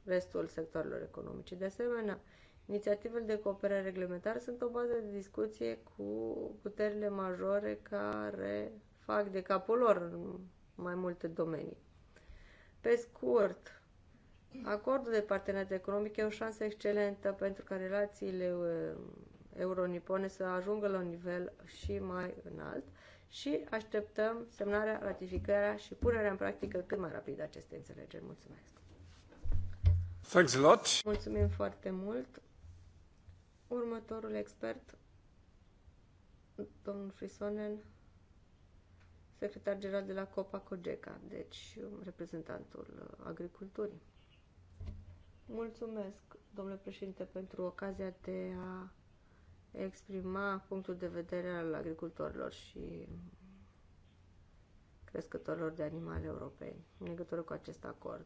restul sectorilor economice. De asemenea, inițiativele de cooperare reglementară sunt o bază de discuție cu puterile majore care fac de capul lor în mai multe domenii. Pe scurt, Acordul de parteneriat economic e o șansă excelentă pentru ca relațiile uh, euronipone să ajungă la un nivel și mai înalt și așteptăm semnarea, ratificarea și punerea în practică cât mai rapid acestei înțelegeri. Mulțumesc! Thanks a lot. Mulțumim foarte mult! Următorul expert, domnul Frisonen, secretar general de la Copa Cogeca, deci um, reprezentantul uh, agriculturii. Mulțumesc, domnule președinte, pentru ocazia de a exprima punctul de vedere al agricultorilor și crescătorilor de animale europeni în legătură cu acest acord.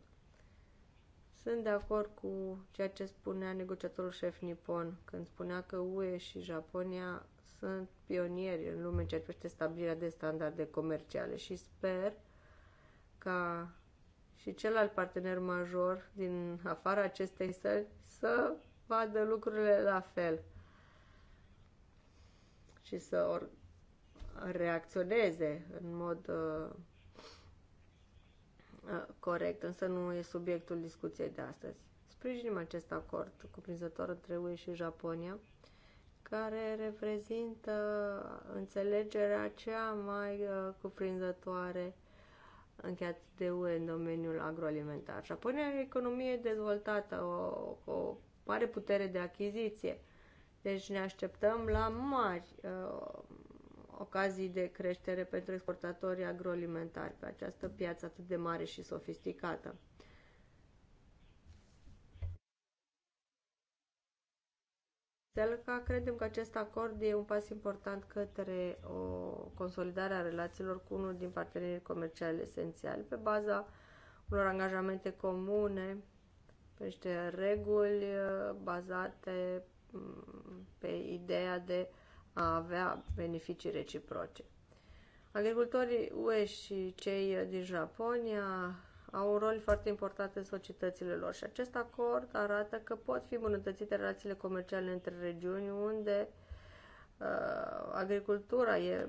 Sunt de acord cu ceea ce spunea negociatorul șef nipon când spunea că UE și Japonia sunt pionieri în lume în ceea ce privește stabilirea de standarde comerciale și sper ca și celălalt partener major din afara acestei țări să vadă lucrurile la fel și să reacționeze în mod uh, uh, corect, însă nu e subiectul discuției de astăzi. Sprijinim acest acord cuprinzător între UE și Japonia, care reprezintă înțelegerea cea mai uh, cuprinzătoare încheiat de UE în domeniul agroalimentar. Japonia are o economie dezvoltată, o, o mare putere de achiziție. Deci ne așteptăm la mari uh, ocazii de creștere pentru exportatorii agroalimentari pe această piață atât de mare și sofisticată. Stelca, credem că acest acord e un pas important către o consolidare a relațiilor cu unul din partenerii comerciali esențiali, pe baza unor angajamente comune, pe niște reguli uh, bazate mm, pe ideea de a avea beneficii reciproce. Agricultorii UE și cei din Japonia au un rol foarte important în societățile lor și acest acord arată că pot fi îmbunătățite relațiile comerciale între regiuni unde uh, agricultura e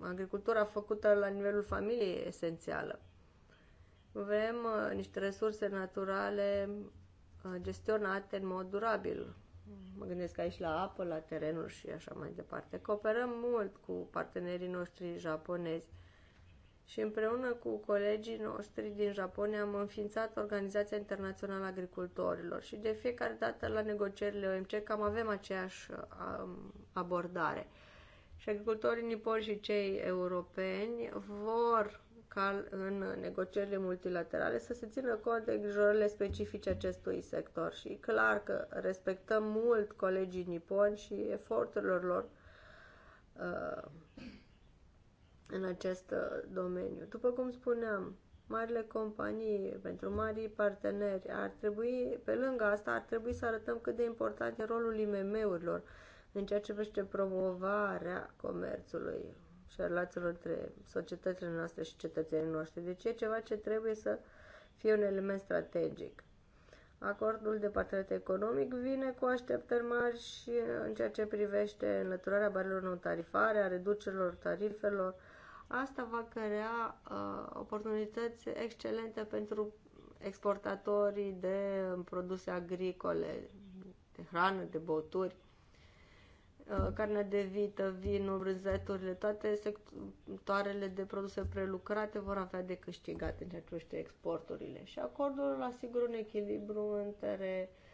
agricultura făcută la nivelul familiei e esențială. Vrem uh, niște resurse naturale uh, gestionate în mod durabil. Mă gândesc aici la apă, la terenuri și așa mai departe. Cooperăm mult cu partenerii noștri japonezi și împreună cu colegii noștri din Japonia am înființat Organizația Internațională a Agricultorilor și de fiecare dată la negocierile OMC cam avem aceeași um, abordare. Și agricultorii niponi și cei europeni vor ca în negocierile multilaterale să se țină cont de îngrijorările specifice acestui sector și clar că respectăm mult colegii niponi și eforturilor lor uh, în acest uh, domeniu. După cum spuneam, marile companii, pentru marii parteneri, ar trebui, pe lângă asta, ar trebui să arătăm cât de important e rolul IMM-urilor în ceea ce privește promovarea comerțului și a relațiilor între societățile noastre și cetățenii noștri. Deci e ceva ce trebuie să fie un element strategic. Acordul de parteneriat economic vine cu așteptări mari și uh, în ceea ce privește înlăturarea barelor non tarifare, a reducerilor tarifelor, Asta va crea uh, oportunități excelente pentru exportatorii de produse agricole, de hrană, de băuturi, uh, carne de vită, vinul, brânzeturile, toate sectoarele de produse prelucrate vor avea de câștigat în ceea ce exporturile. Și acordul asigură un echilibru între uh,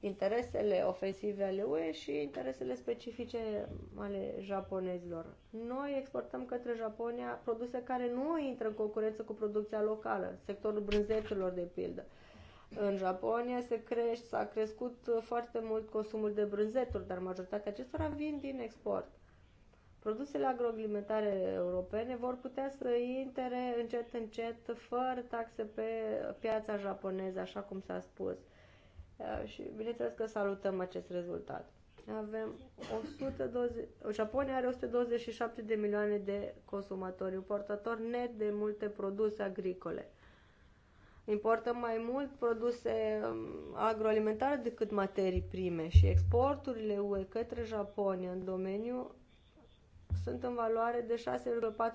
interesele ofensive ale UE și interesele specifice ale japonezilor. Noi exportăm către Japonia produse care nu intră în concurență cu producția locală, sectorul brânzetelor de pildă. În Japonia se crește, s-a crescut foarte mult consumul de brânzeturi, dar majoritatea acestora vin din export. Produsele agroalimentare europene vor putea să intere încet încet fără taxe pe piața japoneză, așa cum s-a spus. Eh, și bineînțeles că salutăm acest rezultat. Avem 120, Japonia are 127 de milioane de consumatori, importatori net de multe produse agricole. Importăm mai mult produse mm, agroalimentare decât materii prime și exporturile UE către Japonia în domeniu sunt în valoare de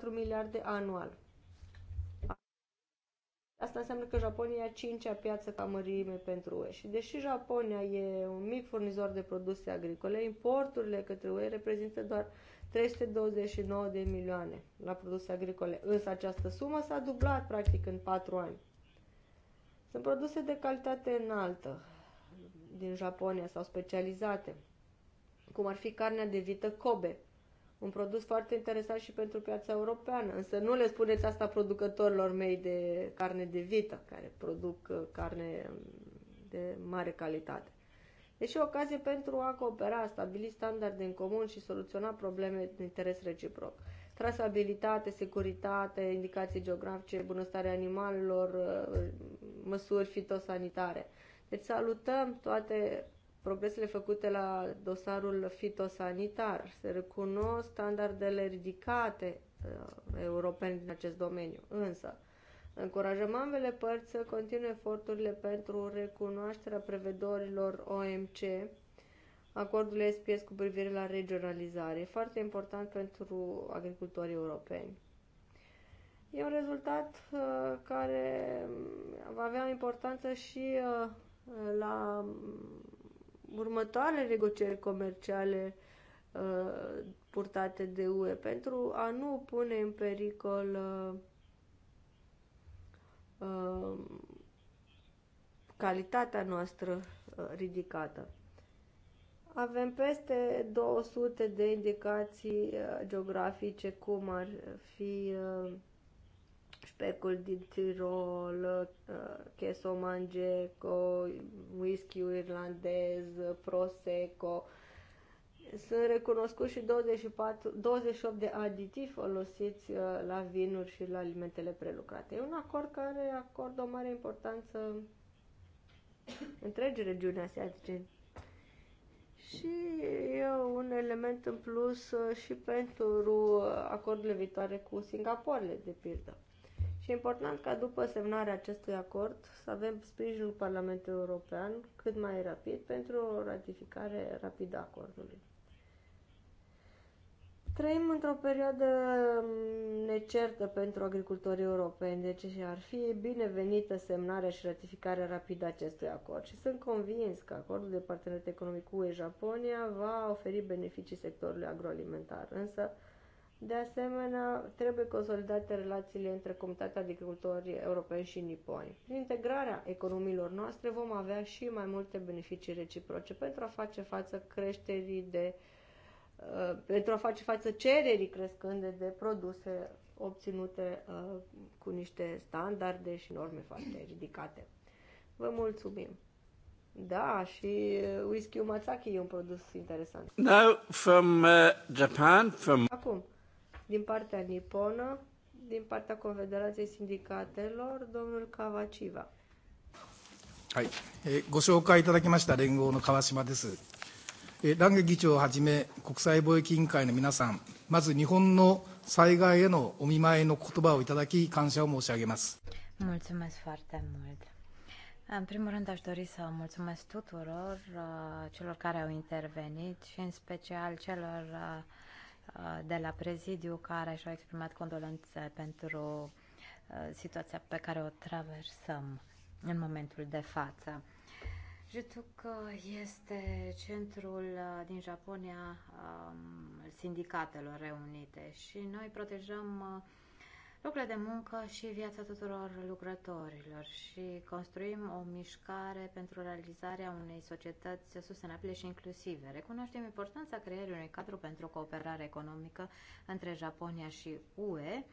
6,4 miliarde anual. Asta înseamnă că Japonia e a cincea piață ca mărime pentru UE și deși Japonia e un mic furnizor de produse agricole, importurile către UE reprezintă doar 329 de milioane la produse agricole, însă această sumă s-a dublat practic în 4 ani. Sunt produse de calitate înaltă din Japonia sau specializate, cum ar fi carnea de vită Kobe, un produs foarte interesant și pentru piața europeană. Însă nu le spuneți asta producătorilor mei de carne de vită, care produc uh, carne um, de mare calitate. Deci și o ocazie pentru a coopera, a stabili standarde în comun și soluționa probleme de interes reciproc. Trasabilitate, securitate, indicații geografice, bunăstare animalelor, uh, măsuri fitosanitare. Deci salutăm toate progresele făcute la dosarul fitosanitar. Se recunosc standardele ridicate uh, europene din acest domeniu. Însă, încurajăm ambele părți să continue eforturile pentru recunoașterea prevederilor OMC, acordul SPS cu privire la regionalizare. E foarte important pentru agricultorii europeni. E un rezultat uh, care va avea importanță și uh, la următoarele negocieri comerciale uh, purtate de UE pentru a nu pune în pericol uh, uh, calitatea noastră uh, ridicată. Avem peste 200 de indicații uh, geografice cum ar fi uh, specul din Tirol, cheso uh, mangeco, whisky irlandez, prosecco. Sunt recunoscut și 24, 28 de aditivi folosiți uh, la vinuri și la alimentele prelucrate. E un acord care acordă o mare importanță întregi regiuni asiatice. Și e un element în plus uh, și pentru acordurile viitoare cu Singaporele, de pildă. Și e important ca după semnarea acestui acord să avem sprijinul Parlamentului European cât mai rapid pentru o ratificare rapidă a acordului. Trăim într-o perioadă mm, necertă pentru agricultorii europeni, deci ar fi binevenită semnarea și ratificarea rapidă a acestui acord și sunt convins că acordul de parteneriat economic UE-Japonia va oferi beneficii sectorului agroalimentar, însă de asemenea, trebuie consolidate relațiile între Comunitatea Agricultori Europeni și Niponi. Prin integrarea economiilor noastre vom avea și mai multe beneficii reciproce pentru a face față creșterii de uh, pentru a face față cererii crescânde de produse obținute uh, cu niște standarde și norme foarte ridicate. Vă mulțumim! Da, și uh, whisky-ul Matsaki e un produs interesant. Now from uh, Japan, from... Acum, din partea niponă, din partea Confederației Sindicatelor, domnul Cavaciva. Hai. foarte mult. În primul rând aș dori să mulțumesc tuturor uh, celor care au intervenit și în special celor uh, Uh, de la prezidiu care și-au exprimat condolențe pentru uh, situația pe care o traversăm în momentul de față. Jutuc uh, este centrul din Japonia al um, sindicatelor reunite și noi protejăm uh, locurile de muncă și viața tuturor lucrătorilor și construim o mișcare pentru realizarea unei societăți sustenabile și inclusive. Recunoaștem importanța creării unui cadru pentru cooperare economică între Japonia și UE,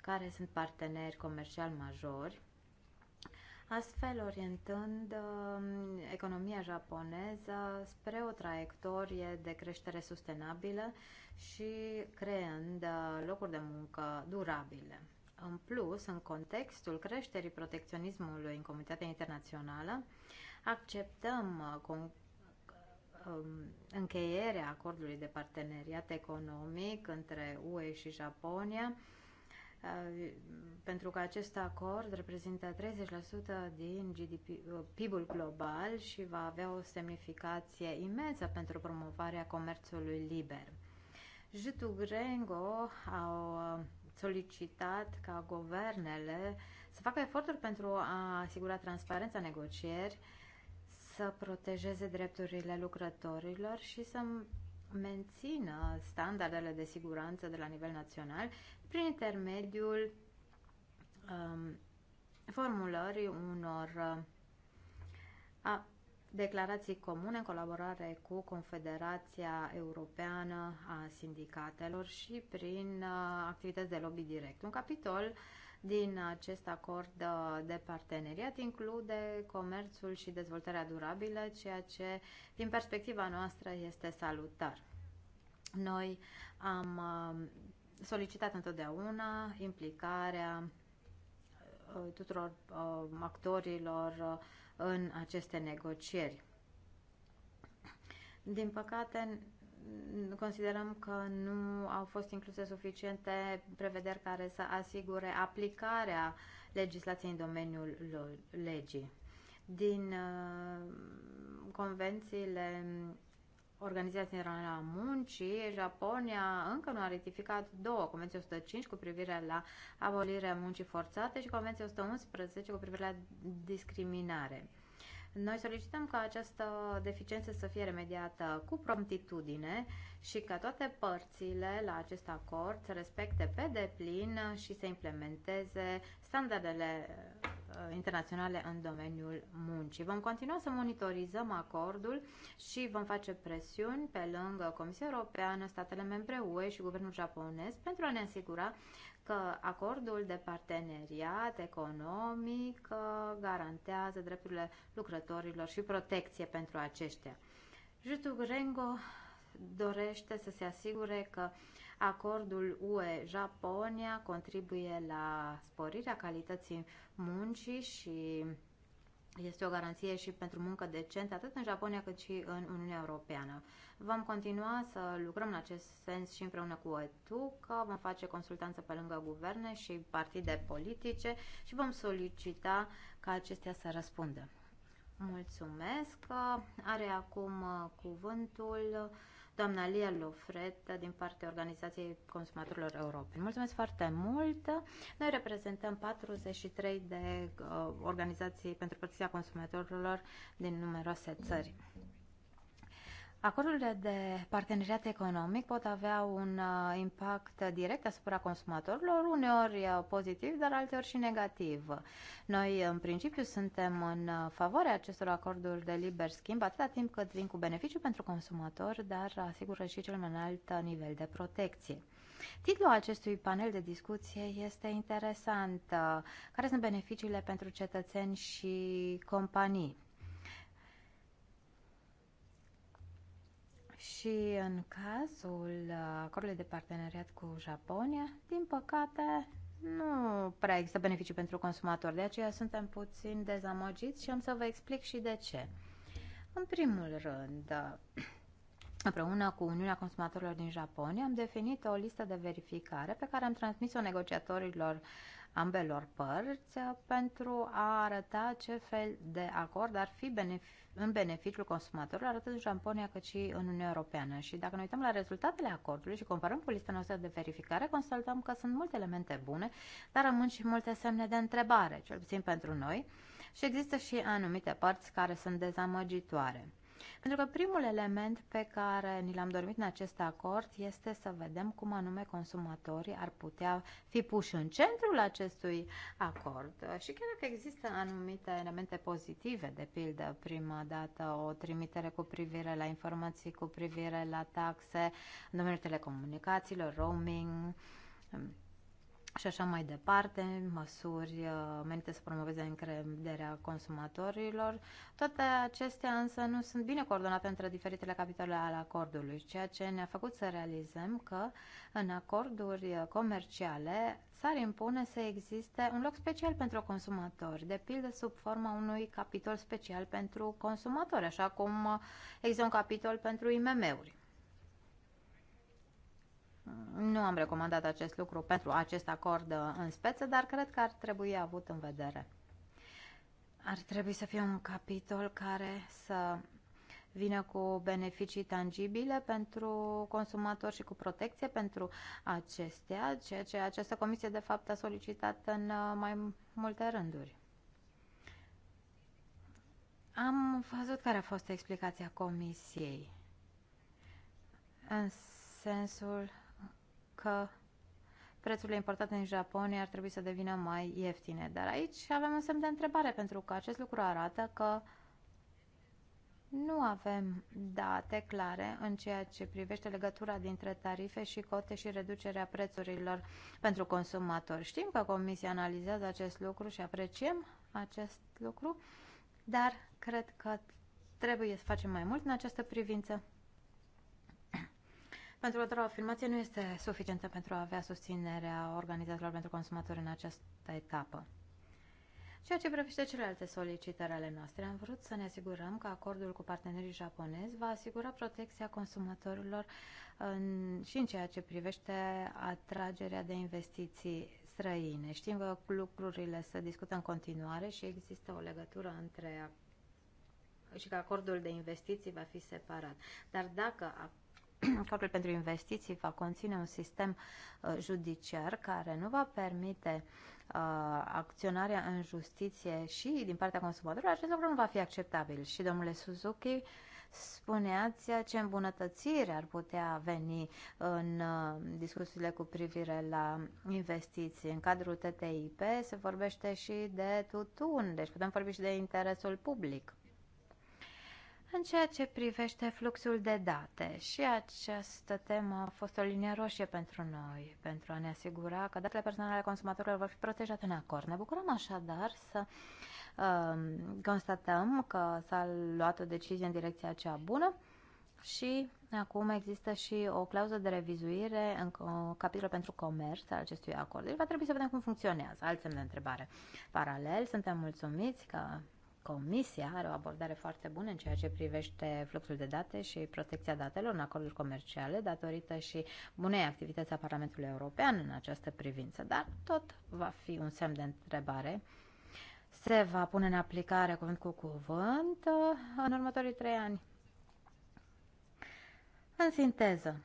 care sunt parteneri comerciali majori astfel orientând um, economia japoneză spre o traiectorie de creștere sustenabilă și creând uh, locuri de muncă durabile. În plus, în contextul creșterii protecționismului în comunitatea internațională, acceptăm uh, um, încheierea acordului de parteneriat economic între UE și Japonia, pentru că acest acord reprezintă 30% din PIB-ul uh, global și va avea o semnificație imensă pentru promovarea comerțului liber. Jitu Grengo au uh, solicitat ca guvernele să facă eforturi pentru a asigura transparența negocieri, să protejeze drepturile lucrătorilor și să mențină standardele de siguranță de la nivel național prin intermediul um, formulării unor uh, a, declarații comune în colaborare cu Confederația Europeană a Sindicatelor și prin uh, activități de lobby direct. Un capitol uh, din acest acord uh, de parteneriat include comerțul și dezvoltarea durabilă, ceea ce, din perspectiva noastră, este salutar. Noi am uh, solicitat întotdeauna implicarea uh, tuturor actorilor în aceste negocieri. Din păcate, considerăm că nu au fost incluse suficiente prevederi care să asigure aplicarea legislației în domeniul legii. Din uh, convențiile Organizației Internaționale a Muncii, Japonia încă nu a ratificat două, Convenția 105 cu privire la abolirea muncii forțate și Convenția 111 cu privire la discriminare. Noi solicităm ca această deficiență să fie remediată cu promptitudine și ca toate părțile la acest acord să respecte pe deplin și să implementeze standardele uh, internaționale în domeniul muncii. Vom continua să monitorizăm acordul și vom face presiuni pe lângă Comisia Europeană, statele membre UE și guvernul japonez pentru a ne asigura că acordul de parteneriat economic uh, garantează drepturile lucrătorilor și protecție pentru aceștia. Jutu Rengo dorește să se asigure că acordul UE-Japonia contribuie la sporirea calității muncii și este o garanție și pentru muncă decentă, atât în Japonia cât și în Uniunea Europeană. Vom continua să lucrăm în acest sens și împreună cu că vom face consultanță pe lângă guverne și partide politice și vom solicita ca acestea să răspundă. Mulțumesc! Are acum uh, cuvântul doamna Lia Lofret din partea Organizației Consumatorilor Europeni. Mulțumesc foarte mult! Noi reprezentăm 43 de uh, organizații pentru protecția consumatorilor din numeroase țări. Acordurile de parteneriat economic pot avea un uh, impact direct asupra consumatorilor, uneori uh, pozitiv, dar alteori și negativ. Noi, în principiu, suntem în uh, favoarea acestor acorduri de liber schimb, atâta timp cât vin cu beneficiu pentru consumatori, dar asigură și cel mai înalt nivel de protecție. Titlul acestui panel de discuție este interesant. Care sunt beneficiile pentru cetățeni și companii? Și în cazul uh, acordului de parteneriat cu Japonia, din păcate, nu prea există beneficii pentru consumatori, de aceea suntem puțin dezamăgiți și am să vă explic și de ce. În primul rând, uh, *clears throat* împreună cu Uniunea Consumatorilor din Japonia, am definit o listă de verificare pe care am transmis-o negociatorilor uh, ambelor părți uh, pentru a arăta ce fel de acord ar fi benefic în beneficiul consumatorilor atât în Japonia cât și în Uniunea Europeană. Și dacă ne uităm la rezultatele acordului și comparăm cu lista noastră de verificare, constatăm că sunt multe elemente bune, dar rămân și multe semne de întrebare, cel puțin pentru noi, și există și anumite părți care sunt dezamăgitoare. Pentru că primul element pe care ni l-am dormit în acest acord este să vedem cum anume consumatorii ar putea fi puși în centrul acestui acord. Și chiar dacă există anumite elemente pozitive, de pildă, prima dată o trimitere cu privire la informații, cu privire la taxe în domeniul telecomunicațiilor, roaming, și așa mai departe, măsuri uh, menite să promoveze încrederea consumatorilor. Toate acestea însă nu sunt bine coordonate între diferitele capitole ale acordului, ceea ce ne-a făcut să realizăm că în acorduri comerciale s-ar impune să existe un loc special pentru consumatori, de pildă sub forma unui capitol special pentru consumatori, așa cum există un capitol pentru IMM-uri. Nu am recomandat acest lucru pentru acest acord în speță, dar cred că ar trebui avut în vedere. Ar trebui să fie un capitol care să vină cu beneficii tangibile pentru consumatori și cu protecție pentru acestea, ceea ce această comisie de fapt a solicitat în uh, mai multe rânduri. Am văzut care a fost explicația comisiei în sensul că prețurile importate în Japonia ar trebui să devină mai ieftine. Dar aici avem un semn de întrebare, pentru că acest lucru arată că nu avem date clare în ceea ce privește legătura dintre tarife și cote și reducerea prețurilor pentru consumatori. Știm că Comisia analizează acest lucru și apreciem acest lucru, dar cred că trebuie să facem mai mult în această privință. Pentru că doar afirmație nu este suficientă pentru a avea susținerea organizațiilor pentru consumatori în această etapă. Ceea ce privește celelalte solicitări ale noastre, am vrut să ne asigurăm că acordul cu partenerii japonezi va asigura protecția consumatorilor în, și în ceea ce privește atragerea de investiții străine. Știm că lucrurile se discută în continuare și există o legătură între și că acordul de investiții va fi separat. Dar dacă Acordul *clears throat* pentru investiții va conține un sistem uh, judiciar care nu va permite uh, acționarea în justiție și din partea consumatorilor. Acest lucru nu va fi acceptabil. Și domnule Suzuki, spuneați ce îmbunătățiri ar putea veni în uh, discuțiile cu privire la investiții. În cadrul TTIP se vorbește și de tutun, deci putem vorbi și de interesul public în ceea ce privește fluxul de date. Și această temă a fost o linie roșie pentru noi, pentru a ne asigura că datele personale ale consumatorilor vor fi protejate în acord. Ne bucurăm așadar să uh, constatăm că s-a luat o decizie în direcția cea bună și acum există și o clauză de revizuire în capitolul pentru comerț al acestui acord. Deci va trebui să vedem cum funcționează. Alt semn de întrebare. Paralel, suntem mulțumiți că Comisia are o abordare foarte bună în ceea ce privește fluxul de date și protecția datelor în acorduri comerciale, datorită și bunei activități a Parlamentului European în această privință, dar tot va fi un semn de întrebare. Se va pune în aplicare cuvânt cu cuvânt uh, în următorii trei ani. În sinteză,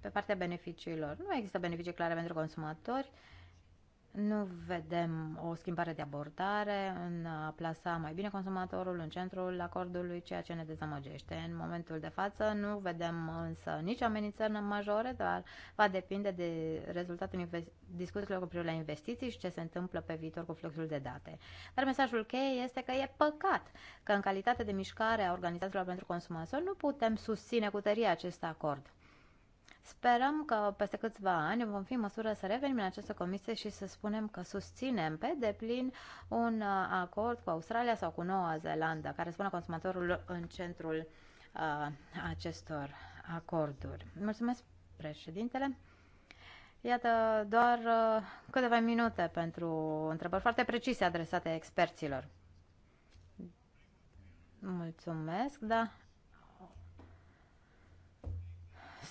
pe partea beneficiilor, nu există beneficii clare pentru consumatori, nu vedem o schimbare de abordare în a plasa mai bine consumatorul în centrul acordului, ceea ce ne dezamăgește. În momentul de față nu vedem însă nici amenințări majore, dar va depinde de rezultatul discuțiilor cu privire la investiții și ce se întâmplă pe viitor cu fluxul de date. Dar mesajul cheie este că e păcat că în calitate de mișcare a organizațiilor pentru consumatori nu putem susține cu tărie acest acord. Sperăm că peste câțiva ani vom fi în măsură să revenim în această comisie și să spunem că susținem pe deplin un uh, acord cu Australia sau cu Noua Zeelandă, care spune consumatorul în centrul uh, acestor acorduri. Mulțumesc, președintele. Iată, doar uh, câteva minute pentru întrebări foarte precise adresate experților. Mulțumesc, da.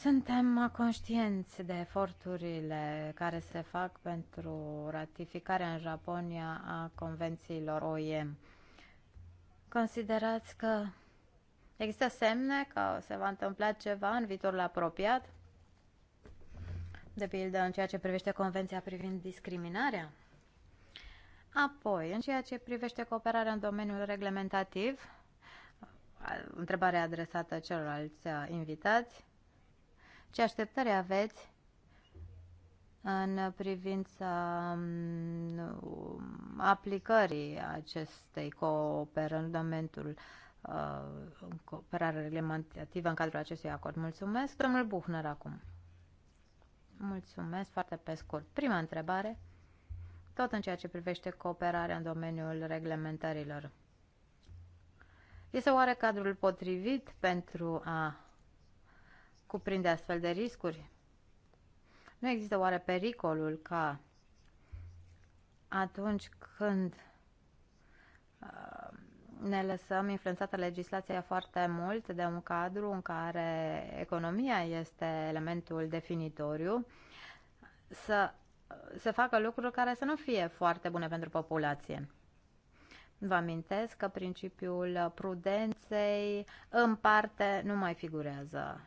Suntem conștienți de eforturile care se fac pentru ratificarea în Japonia a convențiilor OIM. Considerați că există semne că se va întâmpla ceva în viitorul apropiat? De pildă în ceea ce privește convenția privind discriminarea? Apoi, în ceea ce privește cooperarea în domeniul reglementativ, întrebare adresată celorlalți invitați, ce așteptări aveți în privința mm, aplicării acestei cooperări uh, în cooperare reglementativă în cadrul acestui acord. Mulțumesc, domnul Buchner, acum. Mulțumesc, foarte pe scurt. Prima întrebare, tot în ceea ce privește cooperarea în domeniul reglementărilor. Este oare cadrul potrivit pentru a cuprinde astfel de riscuri? Nu există oare pericolul ca atunci când uh, ne lăsăm influențată legislația foarte mult de un cadru în care economia este elementul definitoriu, să se facă lucruri care să nu fie foarte bune pentru populație. Vă amintesc că principiul prudenței în parte nu mai figurează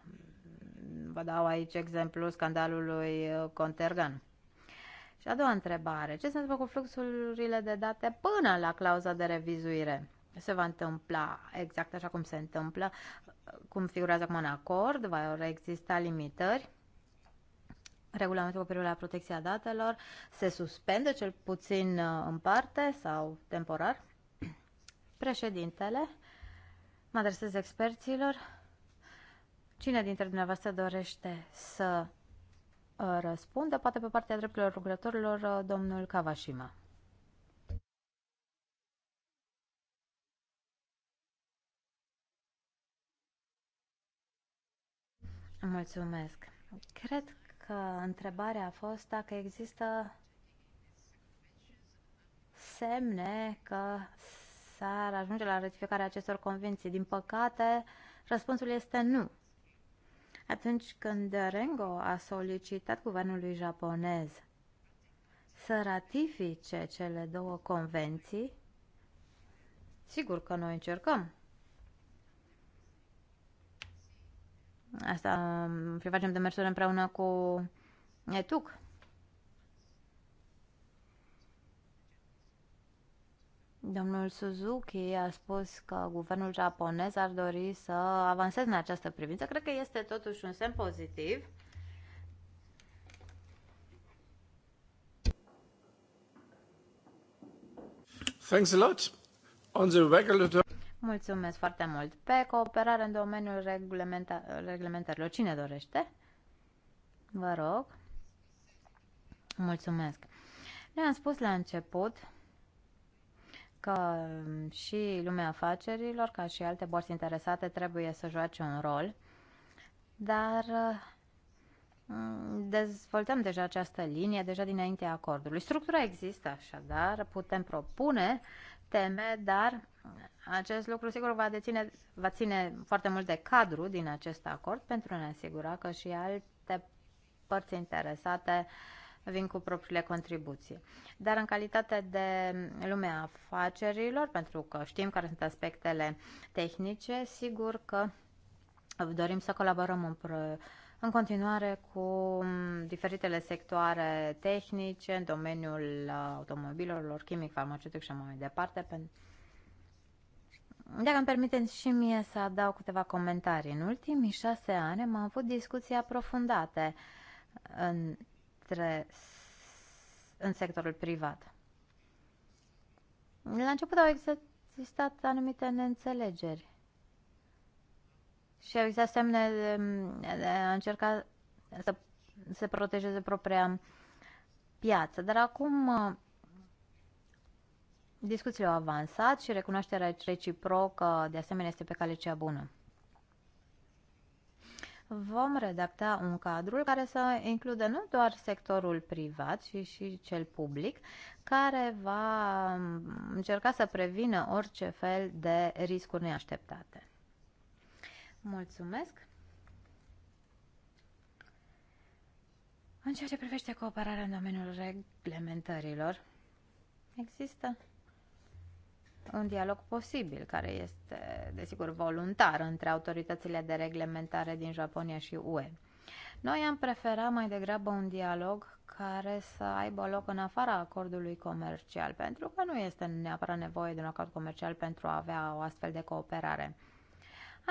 Vă dau aici exemplu scandalului uh, Contergan. Și a doua întrebare. Ce se întâmplă cu fluxurile de date până la clauza de revizuire? Se va întâmpla exact așa cum se întâmplă, uh, cum figurează acum în acord? Va exista limitări? Regulamentul cu privire la protecția datelor se suspendă cel puțin uh, în parte sau temporar? *clears throat* Președintele, mă adresez experților. Cine dintre dumneavoastră dorește să uh, răspundă? Poate pe partea drepturilor lucrătorilor, uh, domnul Kawashima. Mulțumesc. Cred că întrebarea a fost dacă există semne că s-ar ajunge la ratificarea acestor convenții. Din păcate, răspunsul este nu atunci când Rengo a solicitat guvernului japonez să ratifice cele două convenții, sigur că noi încercăm. Asta um, de mersuri împreună cu ETUC. Domnul Suzuki a spus că guvernul japonez ar dori să avanseze în această privință. Cred că este totuși un semn pozitiv. Thanks a lot. On the regulator... Mulțumesc foarte mult. Pe cooperare în domeniul reglementa- reglementărilor. Cine dorește? Vă rog. Mulțumesc. le am spus la început că mm, și lumea afacerilor, ca și alte borți interesate, trebuie să joace un rol, dar mm, dezvoltăm deja această linie deja dinaintea acordului. Structura există așadar, putem propune teme, dar acest lucru sigur va, deține, va ține foarte mult de cadru din acest acord pentru a ne asigura că și alte părți interesate uh, vin cu propriile contribuții. Dar în calitate de lumea afacerilor, pentru că știm care sunt aspectele tehnice, sigur că dorim să colaborăm în pro- în continuare cu mm, diferitele sectoare tehnice în domeniul uh, automobilelor, chimic, farmaceutic și mai departe. Dacă îmi permiteți și mie să adaug câteva comentarii. În ultimii șase ani am avut discuții aprofundate în către în sectorul privat. La început au existat anumite neînțelegeri și au existat semne de, de a încerca să se protejeze propria piață. Dar acum discuțiile au avansat și recunoașterea reciprocă de asemenea este pe cale cea bună vom redacta un cadru care să includă nu doar sectorul privat, ci și cel public, care va încerca să prevină orice fel de riscuri neașteptate. Mulțumesc! În ceea ce privește cooperarea în domeniul reglementărilor, există un dialog posibil, care este, desigur, voluntar între autoritățile de reglementare din Japonia și UE. Noi am preferat mai degrabă un dialog care să aibă loc în afara acordului comercial, pentru că nu este neapărat nevoie de un acord comercial pentru a avea o astfel de cooperare.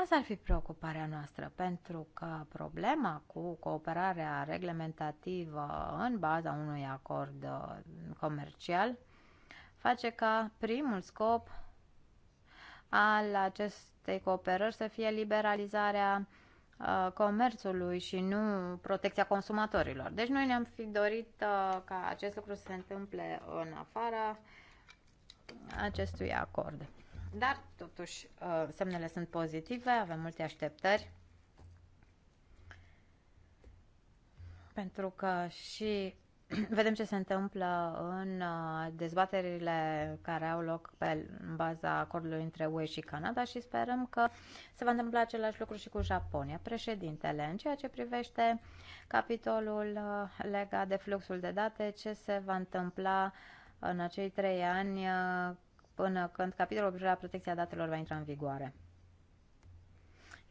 Asta ar fi preocuparea noastră, pentru că problema cu cooperarea reglementativă în baza unui acord uh, comercial face ca primul scop al acestei cooperări să fie liberalizarea uh, comerțului și nu protecția consumatorilor. Deci noi ne-am fi dorit uh, ca acest lucru să se întâmple în afara acestui acord. Dar totuși uh, semnele sunt pozitive, avem multe așteptări. Pentru că și *clears throat* vedem ce se întâmplă în uh, dezbaterile care au loc pe în baza acordului între UE și Canada și sperăm că se va întâmpla același lucru și cu Japonia. Președintele, în ceea ce privește capitolul uh, legat de fluxul de date, ce se va întâmpla în acei trei ani uh, până când capitolul privind la protecția datelor va intra în vigoare?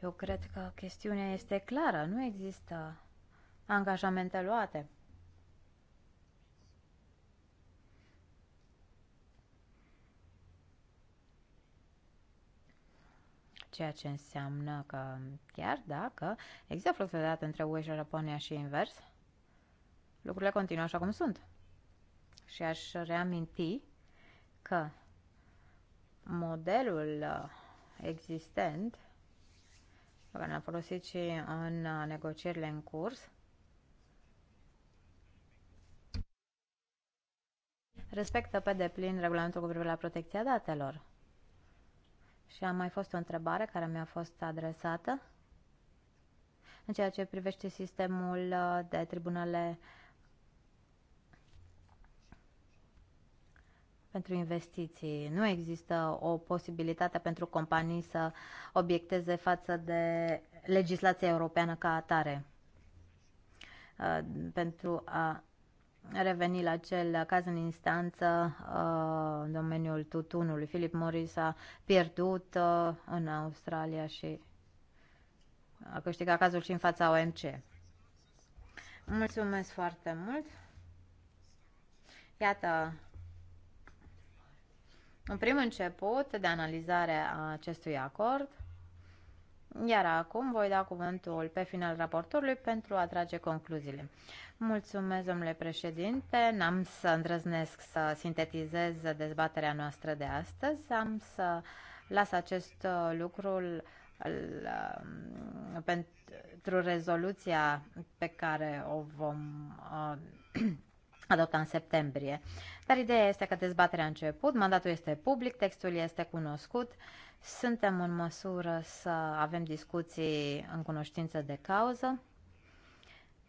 Eu cred că chestiunea este clară, nu există angajamente luate. ceea ce înseamnă că chiar dacă există fluctuatate între UE și Japonia și invers, lucrurile continuă așa cum sunt. Și aș reaminti că modelul uh, existent pe care l-am folosit și în uh, negocierile în curs respectă pe deplin regulamentul cu privire la protecția datelor. Și a mai fost o întrebare care mi-a fost adresată în ceea ce privește sistemul uh, de tribunale pentru investiții. Nu există o posibilitate pentru companii să obiecteze față de legislația europeană ca atare uh, pentru a reveni la cel caz în instanță uh, în domeniul tutunului. Philip Morris a pierdut uh, în Australia și a câștigat cazul și în fața OMC. Mulțumesc foarte mult! Iată, un prim început de analizare a acestui acord. Iar acum voi da cuvântul pe final raportorului pentru a trage concluziile. Mulțumesc, domnule președinte. N-am să îndrăznesc să sintetizez dezbaterea noastră de astăzi. Am să las acest uh, lucru um, pentru rezoluția pe care o vom uh, *clears throat* adopta în septembrie. Dar ideea este că dezbaterea a început, mandatul este public, textul este cunoscut suntem în măsură să avem discuții în cunoștință de cauză,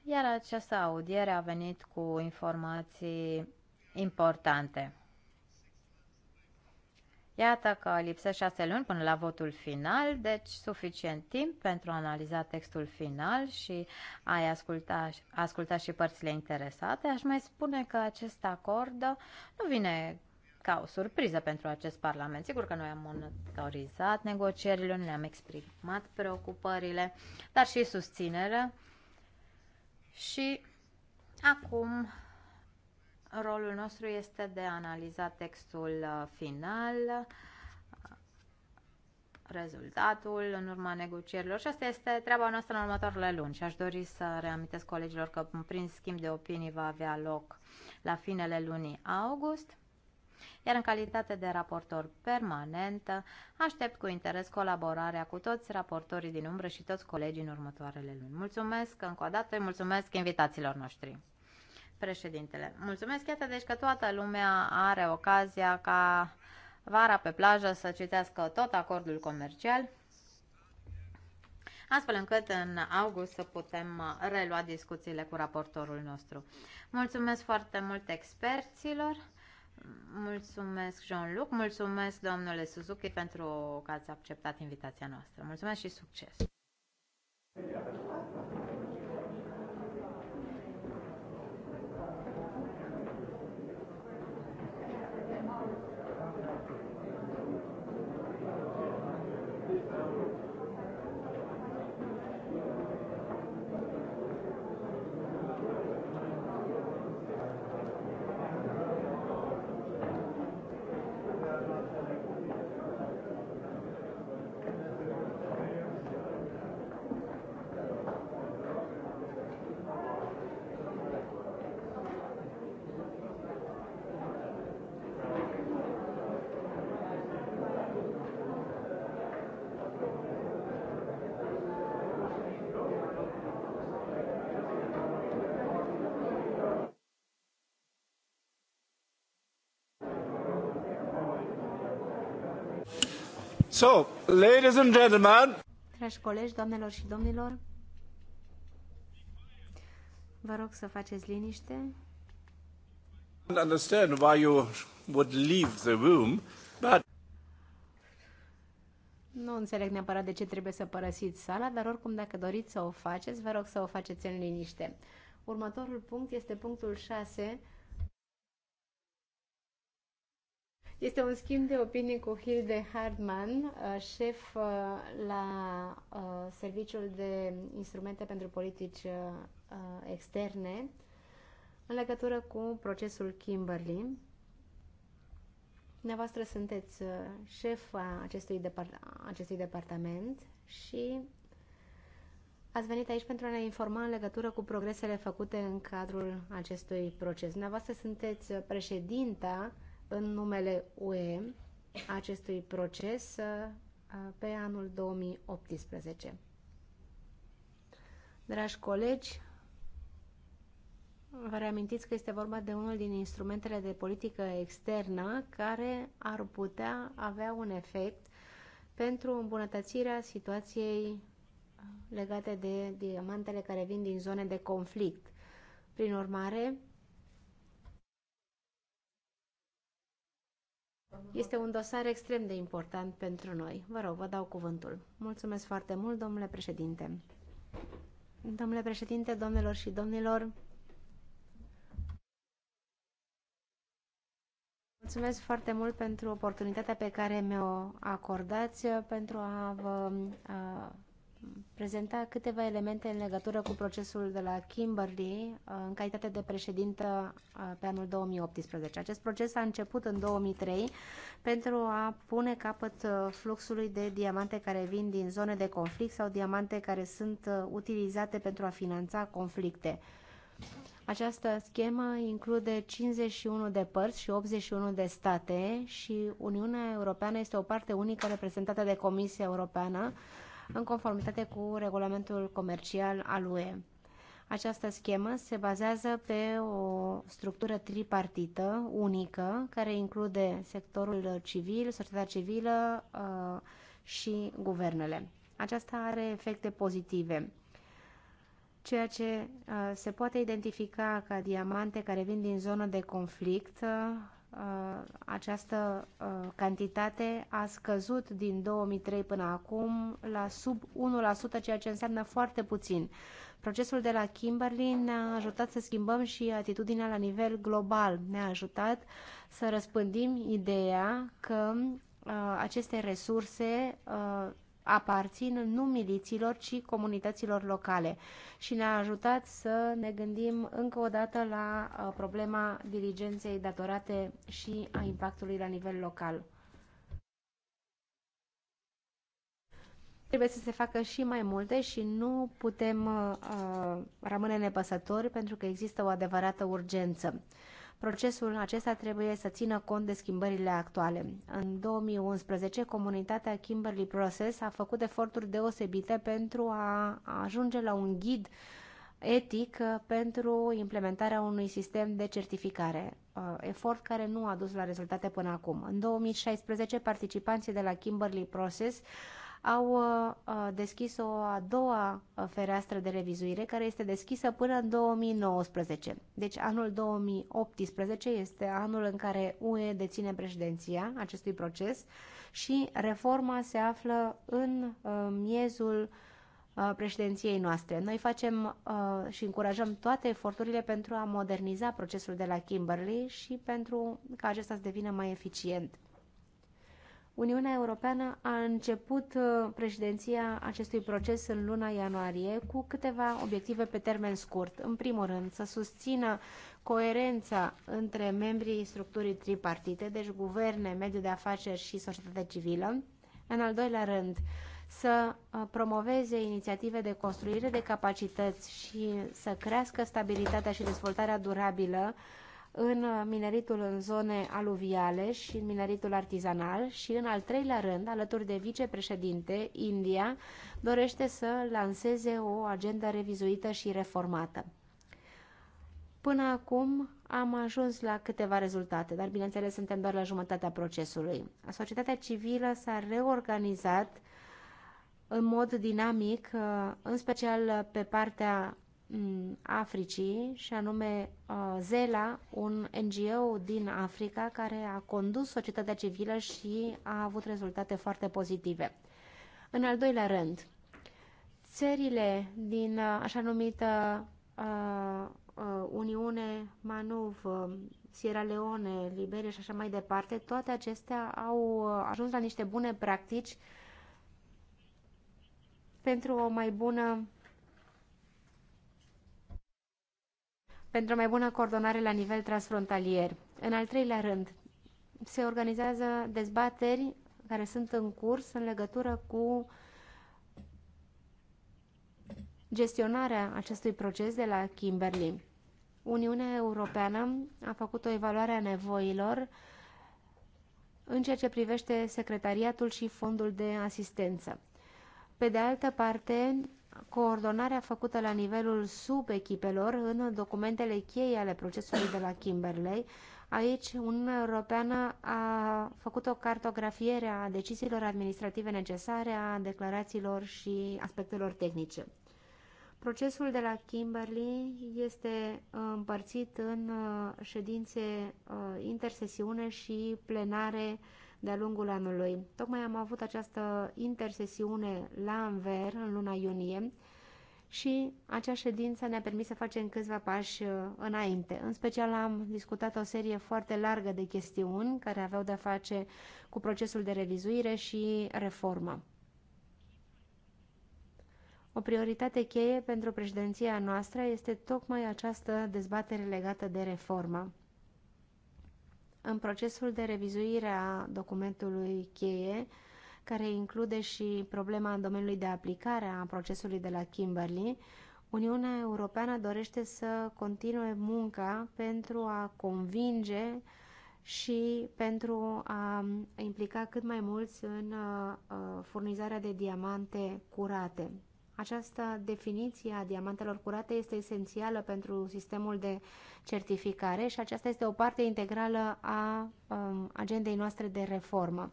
iar această audiere a venit cu informații importante. Iată că lipsește șase luni până la votul final, deci suficient timp pentru a analiza textul final și a asculta, asculta și părțile interesate. Aș mai spune că acest acord nu vine ca o surpriză pentru acest Parlament. Sigur că noi am monitorizat negocierile, ne-am exprimat preocupările, dar și susținere. Și acum rolul nostru este de a analiza textul uh, final, rezultatul în urma negocierilor și asta este treaba noastră în următoarele luni și aș dori să reamintesc colegilor că prin schimb de opinii va avea loc la finele lunii august iar în calitate de raportor permanent aștept cu interes colaborarea cu toți raportorii din umbră și toți colegii în următoarele luni. Mulțumesc încă o dată, mulțumesc invitațiilor noștri. Președintele, mulțumesc iată deci că toată lumea are ocazia ca vara pe plajă să citească tot acordul comercial astfel încât în august să putem relua discuțiile cu raportorul nostru. Mulțumesc foarte mult experților! Mulțumesc, Jean-Luc, mulțumesc, domnule Suzuki, pentru că ați acceptat invitația noastră. Mulțumesc și succes! So, ladies and gentlemen. Dragi colegi, doamnelor și domnilor, vă rog să faceți liniște. I understand why you would leave the room, but nu înțeleg neapărat de ce trebuie să părăsiți sala, dar oricum dacă doriți să o faceți, vă rog să o faceți în liniște. Următorul punct este punctul 6, Este un schimb de opinii cu Hilde Hardman, uh, șef uh, la uh, Serviciul de Instrumente pentru Politici Externe, în legătură cu procesul Kimberley. Dumneavoastră sunteți a acestui, depart- acestui departament și Ați venit aici pentru a ne informa în legătură cu progresele făcute în cadrul acestui proces. Dumneavoastră sunteți președinta în numele UE acestui proces uh, pe anul 2018. Dragi colegi, vă reamintiți că este vorba de unul din instrumentele de politică externă care ar putea avea un efect pentru îmbunătățirea situației uh, legate de diamantele care vin din zone de conflict. Prin urmare, Este un dosar extrem de important pentru noi. Vă rog, vă dau cuvântul. Mulțumesc foarte mult, domnule președinte. Domnule președinte, domnilor și domnilor, Mulțumesc foarte mult pentru oportunitatea pe care mi-o acordați pentru a vă prezenta câteva elemente în legătură cu procesul de la Kimberley uh, în calitate de președintă uh, pe anul 2018. Acest proces a început în 2003 pentru a pune capăt uh, fluxului de diamante care vin din zone de conflict sau diamante care sunt utilizate pentru a finanța conflicte. Această schemă include 51 de părți și 81 de state și Uniunea Europeană este o parte unică reprezentată de Comisia Europeană în conformitate cu regulamentul comercial al UE. Această schemă se bazează pe o structură tripartită, unică, care include sectorul civil, societatea civilă uh, și guvernele. Aceasta are efecte pozitive ceea ce uh, se poate identifica ca diamante care vin din zonă de conflict uh, Uh, această uh, cantitate a scăzut din 2003 până acum la sub 1%, ceea ce înseamnă foarte puțin. Procesul de la Kimberley ne-a ajutat să schimbăm și atitudinea la nivel global. Ne-a ajutat să răspândim ideea că uh, aceste resurse aparțin nu miliților, ci comunităților locale și ne-a ajutat să ne gândim încă o dată la uh, problema diligenței datorate și a impactului la nivel local. Trebuie să se facă și mai multe și nu putem uh, uh rămâne nepăsători pentru că există o adevărată urgență. Procesul acesta trebuie să țină cont de schimbările actuale. În 2011, comunitatea Kimberley Process a făcut eforturi deosebite pentru a ajunge la un ghid etic uh, pentru implementarea unui sistem de certificare, uh, efort care nu a dus la rezultate până acum. În 2016, participanții de la Kimberley Process au uh, uh, deschis o a doua uh, fereastră de revizuire care este deschisă până în 2019. Deci anul 2018 este anul în care UE deține președinția acestui proces și reforma se află în miezul președinției noastre. Noi facem uh, și încurajăm toate eforturile pentru a moderniza procesul de la Kimberley și pentru ca acesta să devină mai eficient. Uniunea Europeană a început uh, președinția acestui proces în luna ianuarie cu câteva obiective pe termen scurt. În primul rând, să susțină coerența între membrii structurii tripartite, deci guverne, mediu de afaceri și societate civilă. În al doilea rând, să uh, promoveze inițiative de construire de capacități și să crească stabilitatea și dezvoltarea durabilă în mineritul în zone aluviale și în mineritul artizanal și în al treilea rând, alături de vicepreședinte, India dorește să lanseze o agendă revizuită și reformată. Până acum am ajuns la câteva rezultate, dar bineînțeles suntem doar la jumătatea procesului. Societatea civilă s-a reorganizat în mod dinamic, în special pe partea Mm, Africii, și anume uh, Zela, un NGO din Africa care a condus societatea civilă și a avut rezultate foarte pozitive. În al doilea rând, țările din uh, așa numită uh, Uniune Manuv, Sierra Leone, Liberia și așa mai departe, toate acestea au ajuns la niște bune practici pentru o mai bună pentru o mai bună coordonare la nivel transfrontalier. În al treilea rând, se organizează dezbateri care sunt în curs în legătură cu gestionarea acestui proces de la Kimberley. Uniunea Europeană a făcut o evaluare a nevoilor în ceea ce privește secretariatul și fondul de asistență. Pe de altă parte, coordonarea făcută la nivelul subechipelor în documentele cheie ale procesului de la Kimberley. Aici, Uniunea Europeană a făcut o cartografiere a deciziilor administrative necesare, a declarațiilor și aspectelor tehnice. Procesul de la Kimberley este împărțit în uh, ședințe uh, intersesiune și plenare de-a lungul anului. Tocmai am avut această intersesiune la Anver în luna iunie și acea ședință ne-a permis să facem câțiva pași uh, înainte. În special am discutat o serie foarte largă de chestiuni care aveau de-a face cu procesul de revizuire și reformă. O prioritate cheie pentru președinția noastră este tocmai această dezbatere legată de reformă în procesul de revizuire a documentului cheie, care include și problema în domeniului de aplicare a procesului de la Kimberley, Uniunea Europeană dorește să continue munca pentru a convinge și pentru a implica cât mai mulți în uh, furnizarea de diamante curate. Această definiție a diamantelor curate este esențială pentru sistemul de certificare și aceasta este o parte integrală a um, agendei noastre de reformă.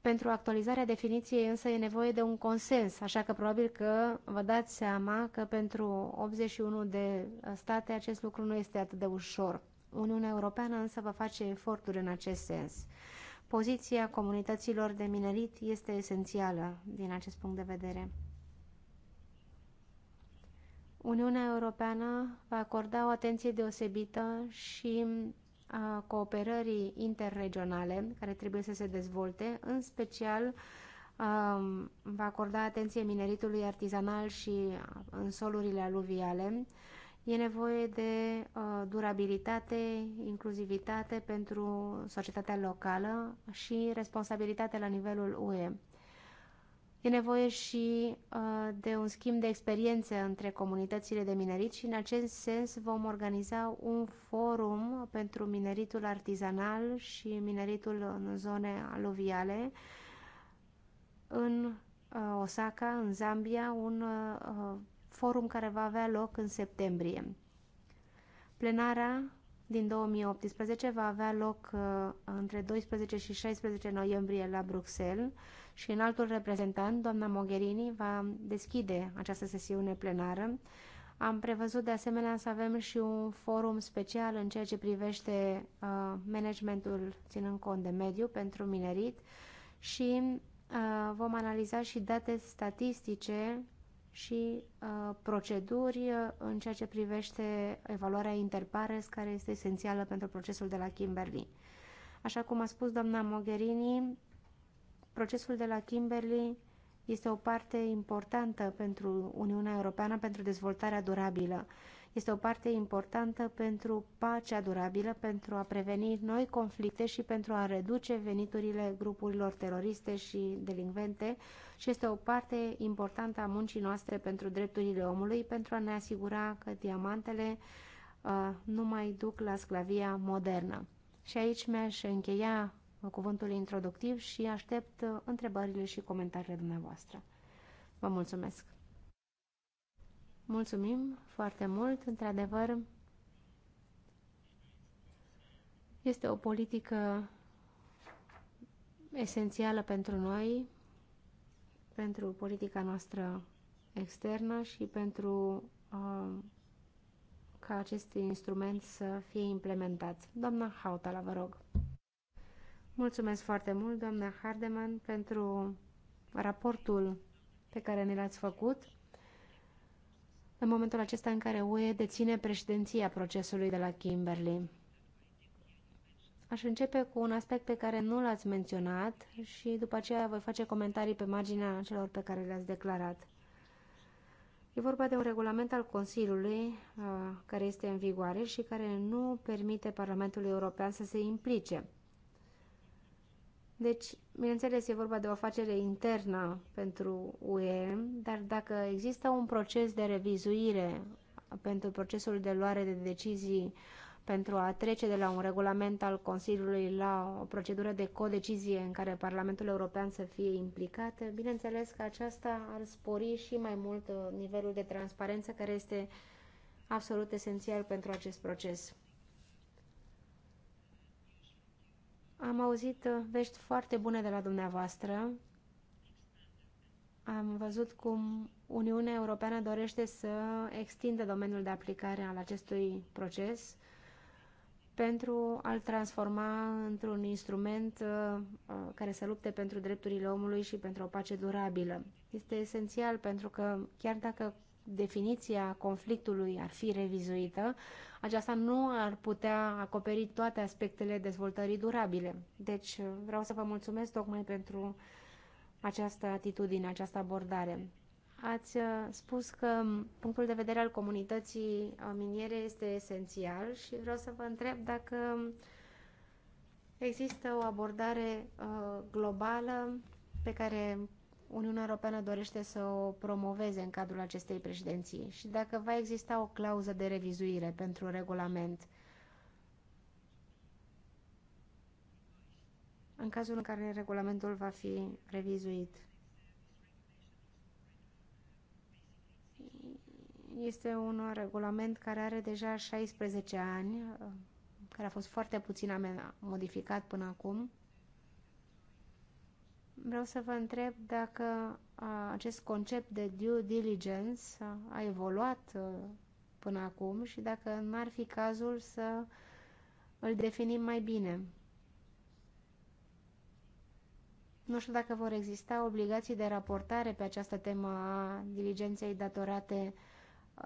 Pentru actualizarea definiției însă e nevoie de un consens, așa că probabil că vă dați seama că pentru 81 de state acest lucru nu este atât de ușor. Uniunea Europeană însă va face eforturi în acest sens. Poziția comunităților de minerit este esențială din acest punct de vedere. Uniunea Europeană va acorda o atenție deosebită și a cooperării interregionale care trebuie să se dezvolte, în special va acorda atenție mineritului artizanal și în solurile aluviale, E nevoie de uh, durabilitate, inclusivitate pentru societatea locală și responsabilitate la nivelul UE. E nevoie și uh, de un schimb de experiențe între comunitățile de minerit și în acest sens vom organiza un forum pentru mineritul artizanal și mineritul în zone aluviale în uh, Osaka, în Zambia, un uh, forum care va avea loc în septembrie. Plenara din 2018 va avea loc uh, între 12 și 16 noiembrie la Bruxelles și în altul reprezentant, doamna Mogherini, va deschide această sesiune plenară. Am prevăzut de asemenea să avem și un forum special în ceea ce privește uh, managementul ținând cont de mediu pentru minerit și uh, vom analiza și date statistice și uh, proceduri uh, în ceea ce privește evaluarea interpares, care este esențială pentru procesul de la Kimberley. Așa cum a spus doamna Mogherini, procesul de la Kimberley este o parte importantă pentru Uniunea Europeană pentru dezvoltarea durabilă este o parte importantă pentru pacea durabilă, pentru a preveni noi conflicte și pentru a reduce veniturile grupurilor teroriste și delinvente și este o parte importantă a muncii noastre pentru drepturile omului, pentru a ne asigura că diamantele uh, nu mai duc la sclavia modernă. Și aici mi-aș încheia uh, cuvântul introductiv și aștept uh, întrebările și comentariile dumneavoastră. Vă mulțumesc! Mulțumim foarte mult, într-adevăr. Este o politică esențială pentru noi, pentru politica noastră externă și pentru uh, ca acest instrument să fie implementat. Doamna Hautala, vă rog. Mulțumesc foarte mult, doamna Hardeman, pentru raportul pe care ne l-ați făcut în momentul acesta în care UE deține președinția procesului de la Kimberley. Aș începe cu un aspect pe care nu l-ați menționat și după aceea voi face comentarii pe marginea celor pe care le-ați declarat. E vorba de un regulament al Consiliului uh, care este în vigoare și care nu permite Parlamentului European să se implice. Deci, bineînțeles, e vorba de o afacere internă pentru UE, dar dacă există un proces de revizuire pentru procesul de luare de decizii pentru a trece de la un regulament al Consiliului la o procedură de codecizie în care Parlamentul European să fie implicat, bineînțeles că aceasta ar spori și mai mult nivelul de transparență care este absolut esențial pentru acest proces. Am auzit uh, vești foarte bune de la dumneavoastră. Am văzut cum Uniunea Europeană dorește să extindă domeniul de aplicare al acestui proces pentru a-l transforma într-un instrument uh, uh, care să lupte pentru drepturile omului și pentru o pace durabilă. Este esențial pentru că chiar dacă definiția conflictului ar fi revizuită, aceasta nu ar putea acoperi toate aspectele dezvoltării durabile. Deci uh, vreau să vă mulțumesc tocmai pentru această atitudine, această abordare. Ați uh, spus că punctul de vedere al comunității uh, miniere este esențial și vreau să vă întreb dacă există o abordare globală pe care Uniunea Europeană dorește să o promoveze în cadrul acestei președinții și dacă va exista o clauză de revizuire pentru regulament în cazul în care regulamentul va fi revizuit. Este un regulament care are deja 16 ani, care a fost foarte puțin modificat până acum. Vreau să vă întreb dacă acest concept de due diligence a evoluat până acum și dacă n-ar fi cazul să îl definim mai bine. Nu știu dacă vor exista obligații de raportare pe această temă a diligenței datorate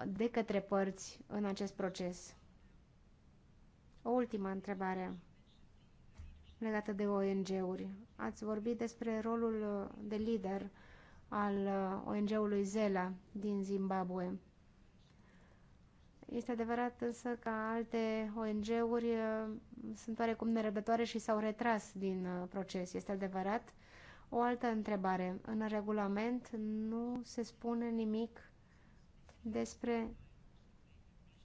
de către părți în acest proces. O ultimă întrebare legată de ONG-uri. Ați vorbit despre rolul uh, de lider al uh, ONG-ului Zela din Zimbabwe. Este adevărat însă că alte ONG-uri uh, sunt oarecum nerăbdătoare și s-au retras din proces. Este adevărat? O altă întrebare. În regulament nu se spune nimic despre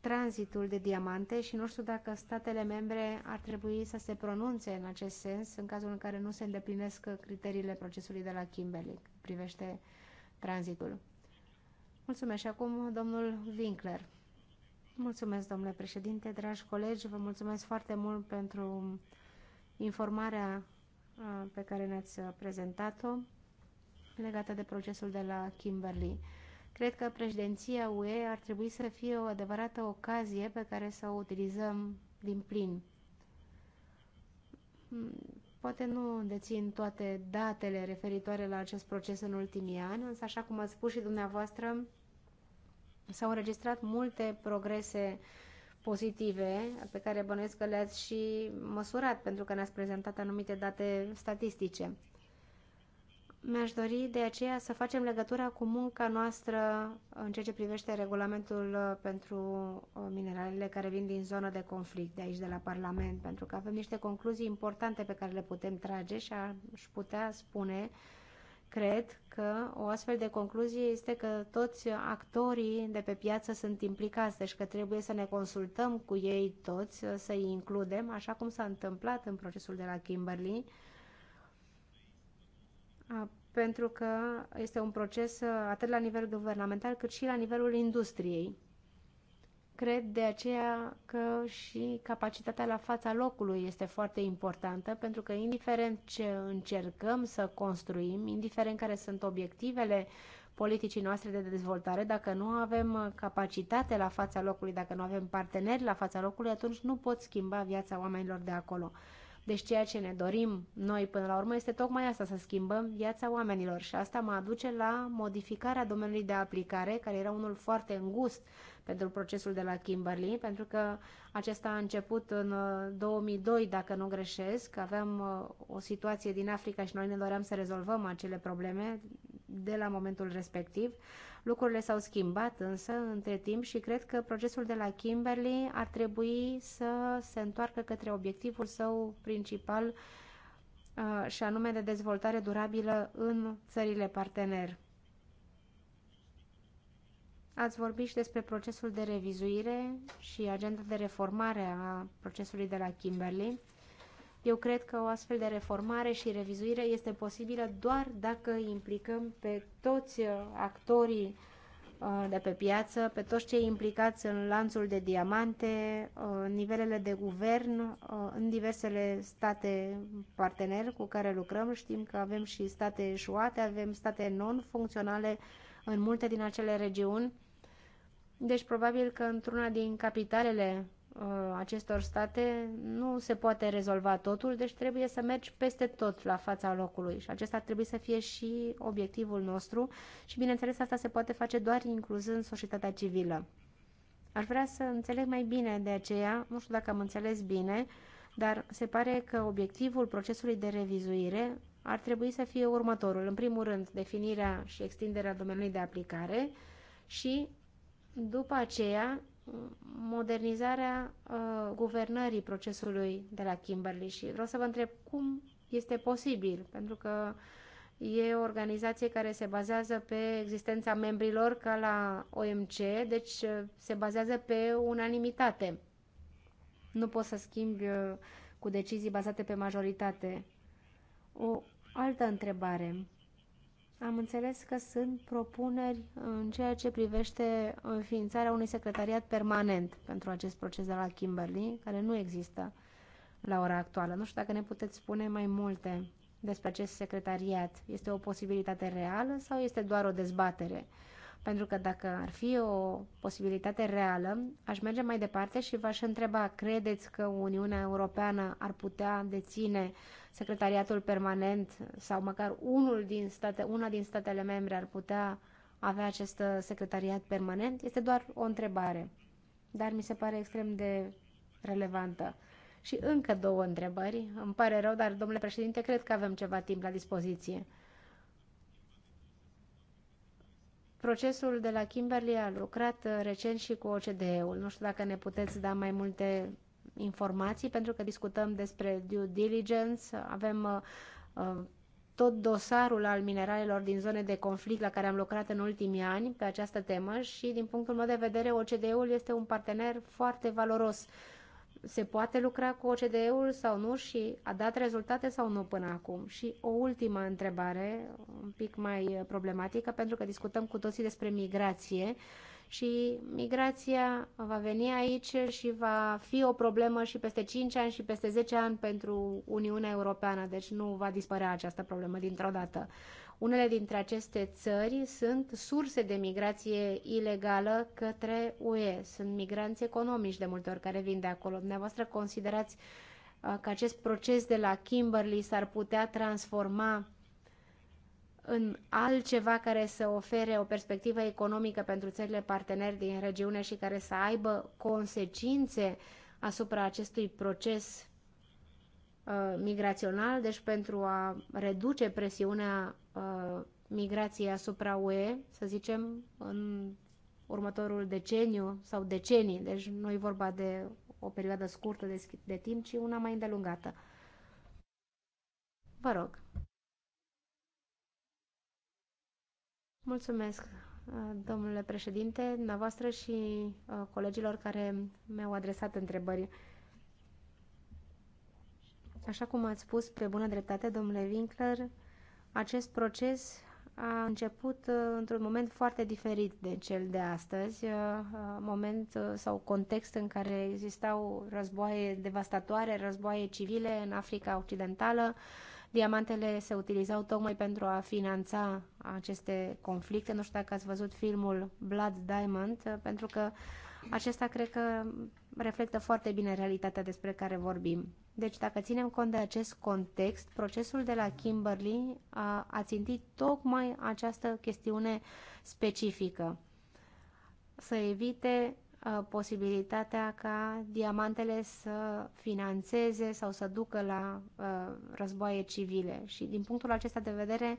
tranzitul de diamante și nu știu dacă statele membre ar trebui să se pronunțe în acest sens în cazul în care nu se îndeplinesc criteriile procesului de la Kimberley privește tranzitul. Mulțumesc și acum domnul Winkler. Mulțumesc, domnule președinte, dragi colegi, vă mulțumesc foarte mult pentru informarea uh, pe care ne-ați prezentat-o legată de procesul de la Kimberley. Cred că președinția UE ar trebui să fie o adevărată ocazie pe care să o utilizăm din plin. Hmm, poate nu dețin toate datele referitoare la acest proces în ultimii ani, însă, așa cum ați spus și dumneavoastră, s-au înregistrat multe progrese pozitive pe care bănuiesc că le-ați și măsurat pentru că ne-ați prezentat anumite date statistice. Mi-aș dori de aceea să facem legătura cu munca noastră în ceea ce privește regulamentul uh, pentru uh, mineralele care vin din zona de conflict de aici, de la Parlament, pentru că avem niște concluzii importante pe care le putem trage și aș putea spune, cred, că o astfel de concluzie este că toți actorii de pe piață sunt implicați, deci că trebuie să ne consultăm cu ei toți, să-i includem, așa cum s-a întâmplat în procesul de la Kimberley, pentru că este un proces uh, atât la nivel guvernamental cât și la nivelul industriei. Cred de aceea că și capacitatea la fața locului este foarte importantă, pentru că indiferent ce încercăm să construim, indiferent care sunt obiectivele politicii noastre de dezvoltare, dacă nu avem uh, capacitate la fața locului, dacă nu avem parteneri la fața locului, atunci nu pot schimba viața oamenilor de acolo. Deci ceea ce ne dorim noi până la urmă este tocmai asta, să schimbăm viața oamenilor și asta mă aduce la modificarea domeniului de aplicare, care era unul foarte îngust pentru procesul de la Kimberley, pentru că acesta a început în 2002, uh, dacă nu greșesc, aveam uh, o situație din Africa și noi ne doream să rezolvăm acele probleme de la momentul respectiv. Lucrurile s-au schimbat însă între timp și cred că procesul de la Kimberley ar trebui să se întoarcă către obiectivul său principal uh, și anume de dezvoltare durabilă în țările partener. Ați vorbit și despre procesul de revizuire și agenda de reformare a procesului de la Kimberley. Eu cred că o astfel de reformare și revizuire este posibilă doar dacă implicăm pe toți uh, actorii uh, de pe piață, pe toți cei implicați în lanțul de diamante, în uh, nivelele de guvern, în diversele state parteneri cu care lucrăm. Știm că avem și state eșuate, avem state non-funcționale în multe din acele regiuni. Deci probabil că într-una din capitalele Uh, acestor state nu se poate rezolva totul, deci trebuie să mergi peste tot la fața locului și acesta trebuie să fie și obiectivul nostru și bineînțeles asta se poate face doar incluzând societatea civilă. Aș vrea să înțeleg mai bine de aceea, nu știu dacă am înțeles bine, dar se pare că obiectivul procesului de revizuire ar trebui să fie următorul. În primul rând, definirea și extinderea domeniului de aplicare și după aceea modernizarea uh, guvernării procesului de la Kimberley și vreau să vă întreb cum este posibil, pentru că e o organizație care se bazează pe existența membrilor ca la OMC, deci uh, se bazează pe unanimitate. Nu poți să schimbi uh, cu decizii bazate pe majoritate. O altă întrebare. Am înțeles că sunt propuneri în ceea ce privește înființarea unui secretariat permanent pentru acest proces de la Kimberley, care nu există la ora actuală. Nu știu dacă ne puteți spune mai multe despre acest secretariat. Este o posibilitate reală sau este doar o dezbatere? Pentru că dacă ar fi o posibilitate reală, aș merge mai departe și v-aș întreba, credeți că Uniunea Europeană ar putea deține secretariatul permanent sau măcar unul din state, una din statele membre ar putea avea acest secretariat permanent, este doar o întrebare, dar mi se pare extrem de relevantă. Și încă două întrebări. Îmi pare rău, dar, domnule președinte, cred că avem ceva timp la dispoziție. Procesul de la Kimberley a lucrat recent și cu OCDE-ul. Nu știu dacă ne puteți da mai multe informații, pentru că discutăm despre due diligence, avem uh, uh, tot dosarul al mineralelor din zone de conflict la care am lucrat în ultimii ani pe această temă și, din punctul meu de vedere, OCDE-ul este un partener foarte valoros. Se poate lucra cu OCDE-ul sau nu și a dat rezultate sau nu până acum? Și o ultimă întrebare, un pic mai problematică, pentru că discutăm cu toții despre migrație. Uh, și migrația va veni aici și va fi o problemă și peste 5 ani și peste 10 ani pentru Uniunea Europeană, deci nu va dispărea această problemă dintr-o dată. Unele dintre aceste țări sunt surse de migrație ilegală către UE. Sunt migranți economici de multe ori care vin de acolo. Dumneavoastră considerați uh, că acest proces de la Kimberley s-ar putea transforma în altceva care să ofere o perspectivă economică pentru țările parteneri din regiune și care să aibă consecințe asupra acestui proces uh, migrațional, deci pentru a reduce presiunea uh, migrației asupra UE, să zicem, în următorul deceniu sau decenii, deci nu e vorba de o perioadă scurtă de, de timp, ci una mai îndelungată. Vă rog. Mulțumesc, uh, domnule președinte, dumneavoastră și uh, colegilor care mi-au adresat întrebări. Așa cum ați spus pe bună dreptate, domnule Winkler, acest proces a început uh, într-un moment foarte diferit de cel de astăzi, moment sau context în care existau războaie devastatoare, războaie civile în Africa Occidentală, Diamantele se utilizau tocmai pentru a finanța aceste conflicte. Nu știu dacă ați văzut filmul Blood Diamond, pentru că acesta cred că reflectă foarte bine realitatea despre care vorbim. Deci, dacă ținem cont de acest context, procesul de la Kimberley a, a țintit tocmai această chestiune specifică. Să evite Uh, posibilitatea ca diamantele să financeze sau să ducă la uh, războaie civile. Și din punctul acesta de vedere,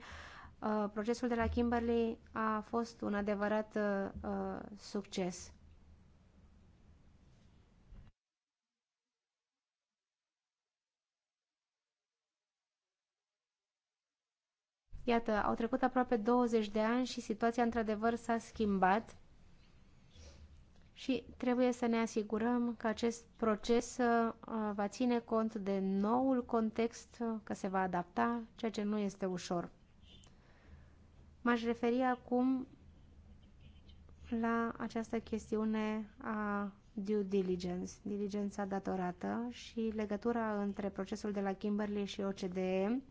uh, procesul de la Kimberley a fost un adevărat succes. Iată, au trecut aproape 20 de ani și situația într-adevăr s-a schimbat și trebuie să ne asigurăm că acest proces uh, va ține cont de noul context, uh, că se va adapta, ceea ce nu este ușor. M-aș referi acum la această chestiune a due diligence, diligența datorată și legătura între procesul de la Kimberley și OCDE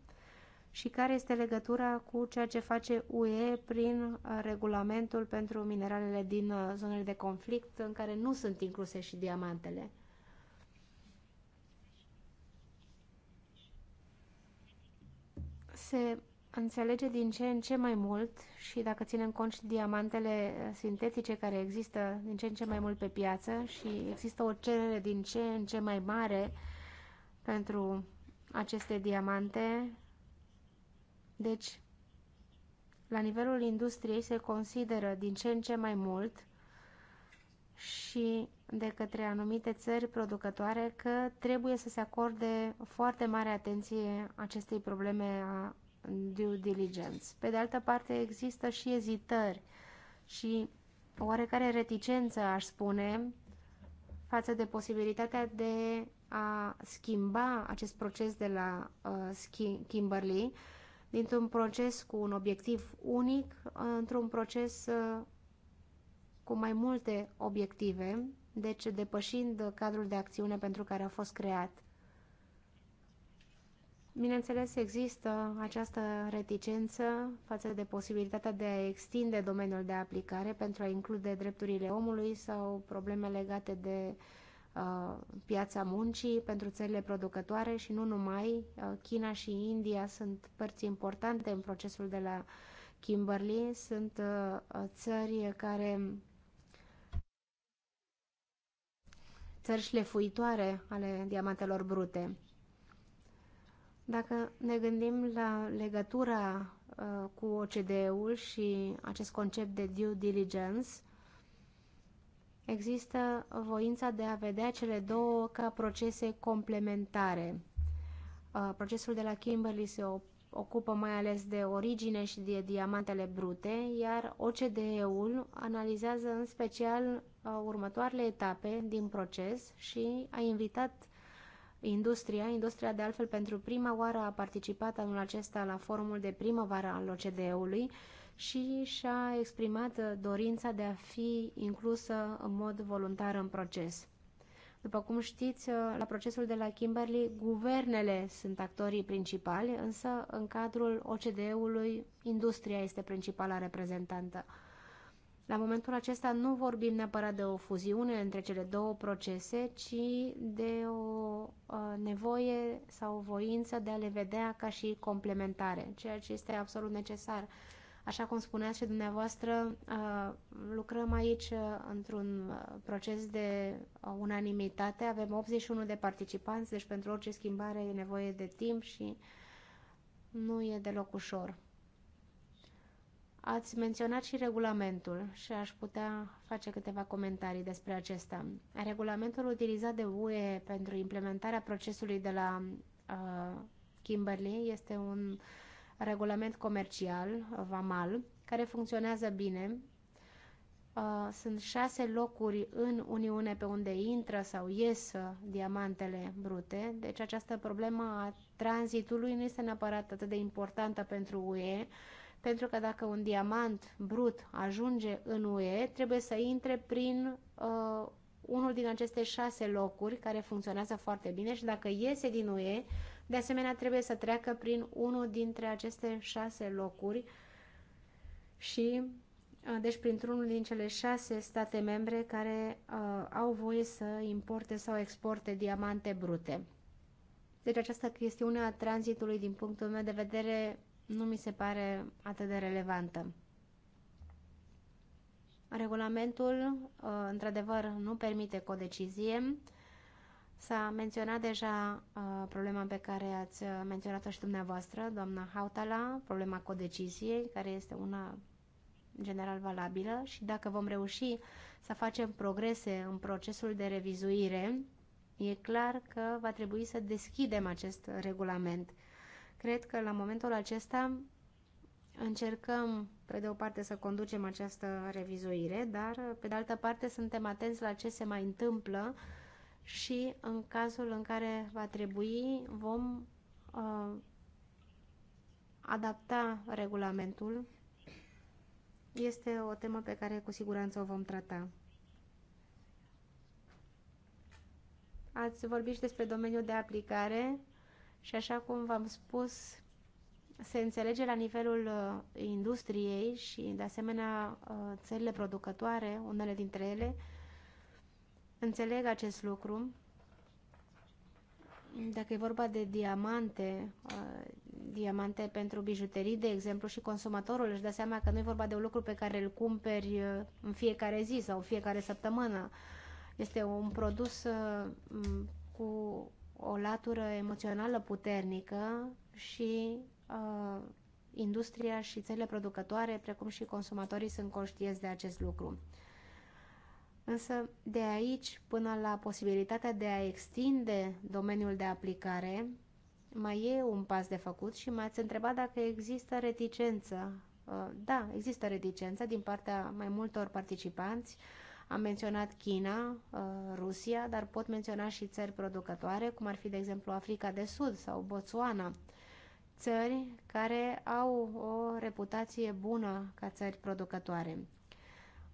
și care este legătura cu ceea ce face UE prin uh, regulamentul pentru mineralele din uh, zonele de conflict în care nu sunt incluse și diamantele. Se înțelege din ce în ce mai mult și dacă ținem cont și diamantele uh, sintetice care există din ce în ce mai mult pe piață și există o cerere din ce în ce mai mare pentru aceste diamante deci, la nivelul industriei se consideră din ce în ce mai mult și de către anumite țări producătoare că trebuie să se acorde foarte mare atenție acestei probleme a due diligence. Pe de altă parte, există și ezitări și oarecare reticență, aș spune, față de posibilitatea de a schimba acest proces de la uh, Kimberley dintr-un proces cu un obiectiv unic într-un proces uh, cu mai multe obiective, deci depășind cadrul de acțiune pentru care a fost creat. Bineînțeles, există această reticență față de posibilitatea de a extinde domeniul de aplicare pentru a include drepturile omului sau probleme legate de uh, Uh, piața muncii pentru țările producătoare și nu numai. Uh, China și India sunt părți importante în procesul de la Kimberley, sunt uh, țări care țări șlefuitoare ale diamantelor brute. Dacă ne gândim la legătura cu OCDE-ul și acest concept de due diligence, există voința de a vedea cele două ca procese complementare. Uh, procesul de la Kimberley se ocupă mai ales de origine și de diamantele brute, iar OCDE-ul analizează în special uh, următoarele etape din proces și a invitat industria. Industria, de altfel, pentru prima oară a participat anul acesta la forumul de primăvară al OCDE-ului și și-a exprimat uh, dorința de a fi inclusă în mod voluntar în proces. După cum știți, uh, la procesul de la Kimberley, guvernele sunt actorii principali, însă în cadrul OCDE-ului, industria este principala reprezentantă. La momentul acesta nu vorbim neapărat de o fuziune între cele două procese, ci de o uh, nevoie sau o voință de a le vedea ca și complementare, ceea ce este absolut necesar Așa cum spuneați și dumneavoastră, uh, lucrăm aici uh, într-un uh, proces de unanimitate. Avem 81 de participanți, deci pentru orice schimbare e nevoie de timp și nu e deloc ușor. Ați menționat și regulamentul și aș putea face câteva comentarii despre acesta. Regulamentul utilizat de UE pentru implementarea procesului de la uh, Kimberley este un uh, regulament comercial, uh, VAMAL, care funcționează bine. Uh, sunt șase locuri în Uniune pe unde intră sau ies uh, diamantele brute, deci această problemă a tranzitului nu este neapărat atât de importantă pentru UE, pentru că dacă un diamant brut ajunge în UE, trebuie să intre prin uh, unul din aceste șase locuri care funcționează foarte bine și dacă iese din UE, de asemenea, trebuie să treacă prin unul dintre aceste șase locuri și uh, deci printr-unul din cele șase state membre care uh, au voie să importe sau exporte diamante brute. Deci această chestiune a tranzitului, din punctul meu de vedere, nu mi se pare atât de relevantă. Regulamentul, uh, într-adevăr, nu permite codecizie, S-a menționat deja uh, problema pe care ați uh, menționat-o și dumneavoastră, doamna Hautala, problema codeciziei, care este una general valabilă și dacă vom reuși să facem progrese în procesul de revizuire, e clar că va trebui să deschidem acest regulament. Cred că la momentul acesta încercăm, pe de o parte, să conducem această revizuire, dar, pe de altă parte, suntem atenți la ce se mai întâmplă uh, și în cazul în care va trebui vom uh, adapta regulamentul. Este o temă pe care cu siguranță o vom trata. Ați vorbit și despre domeniul de aplicare și așa cum v-am spus, se înțelege la nivelul uh, industriei și de asemenea uh, țările producătoare, unele dintre ele, Înțeleg acest lucru. Dacă e vorba de diamante, diamante pentru bijuterii, de exemplu, și consumatorul își dă seama că nu e vorba de un lucru pe care îl cumperi în fiecare zi sau fiecare săptămână. Este un produs cu o latură emoțională puternică și uh, industria și țările producătoare, precum și consumatorii, sunt conștienți de acest lucru. Însă, de aici până la posibilitatea de a extinde domeniul de aplicare, mai e un pas de făcut și m-ați întrebat dacă există reticență. Uh, da, există reticență din partea mai multor participanți. Am menționat China, uh, Rusia, dar pot menționa și țări producătoare, cum ar fi, de exemplu, Africa de Sud sau Botswana, țări care au o reputație bună ca țări producătoare.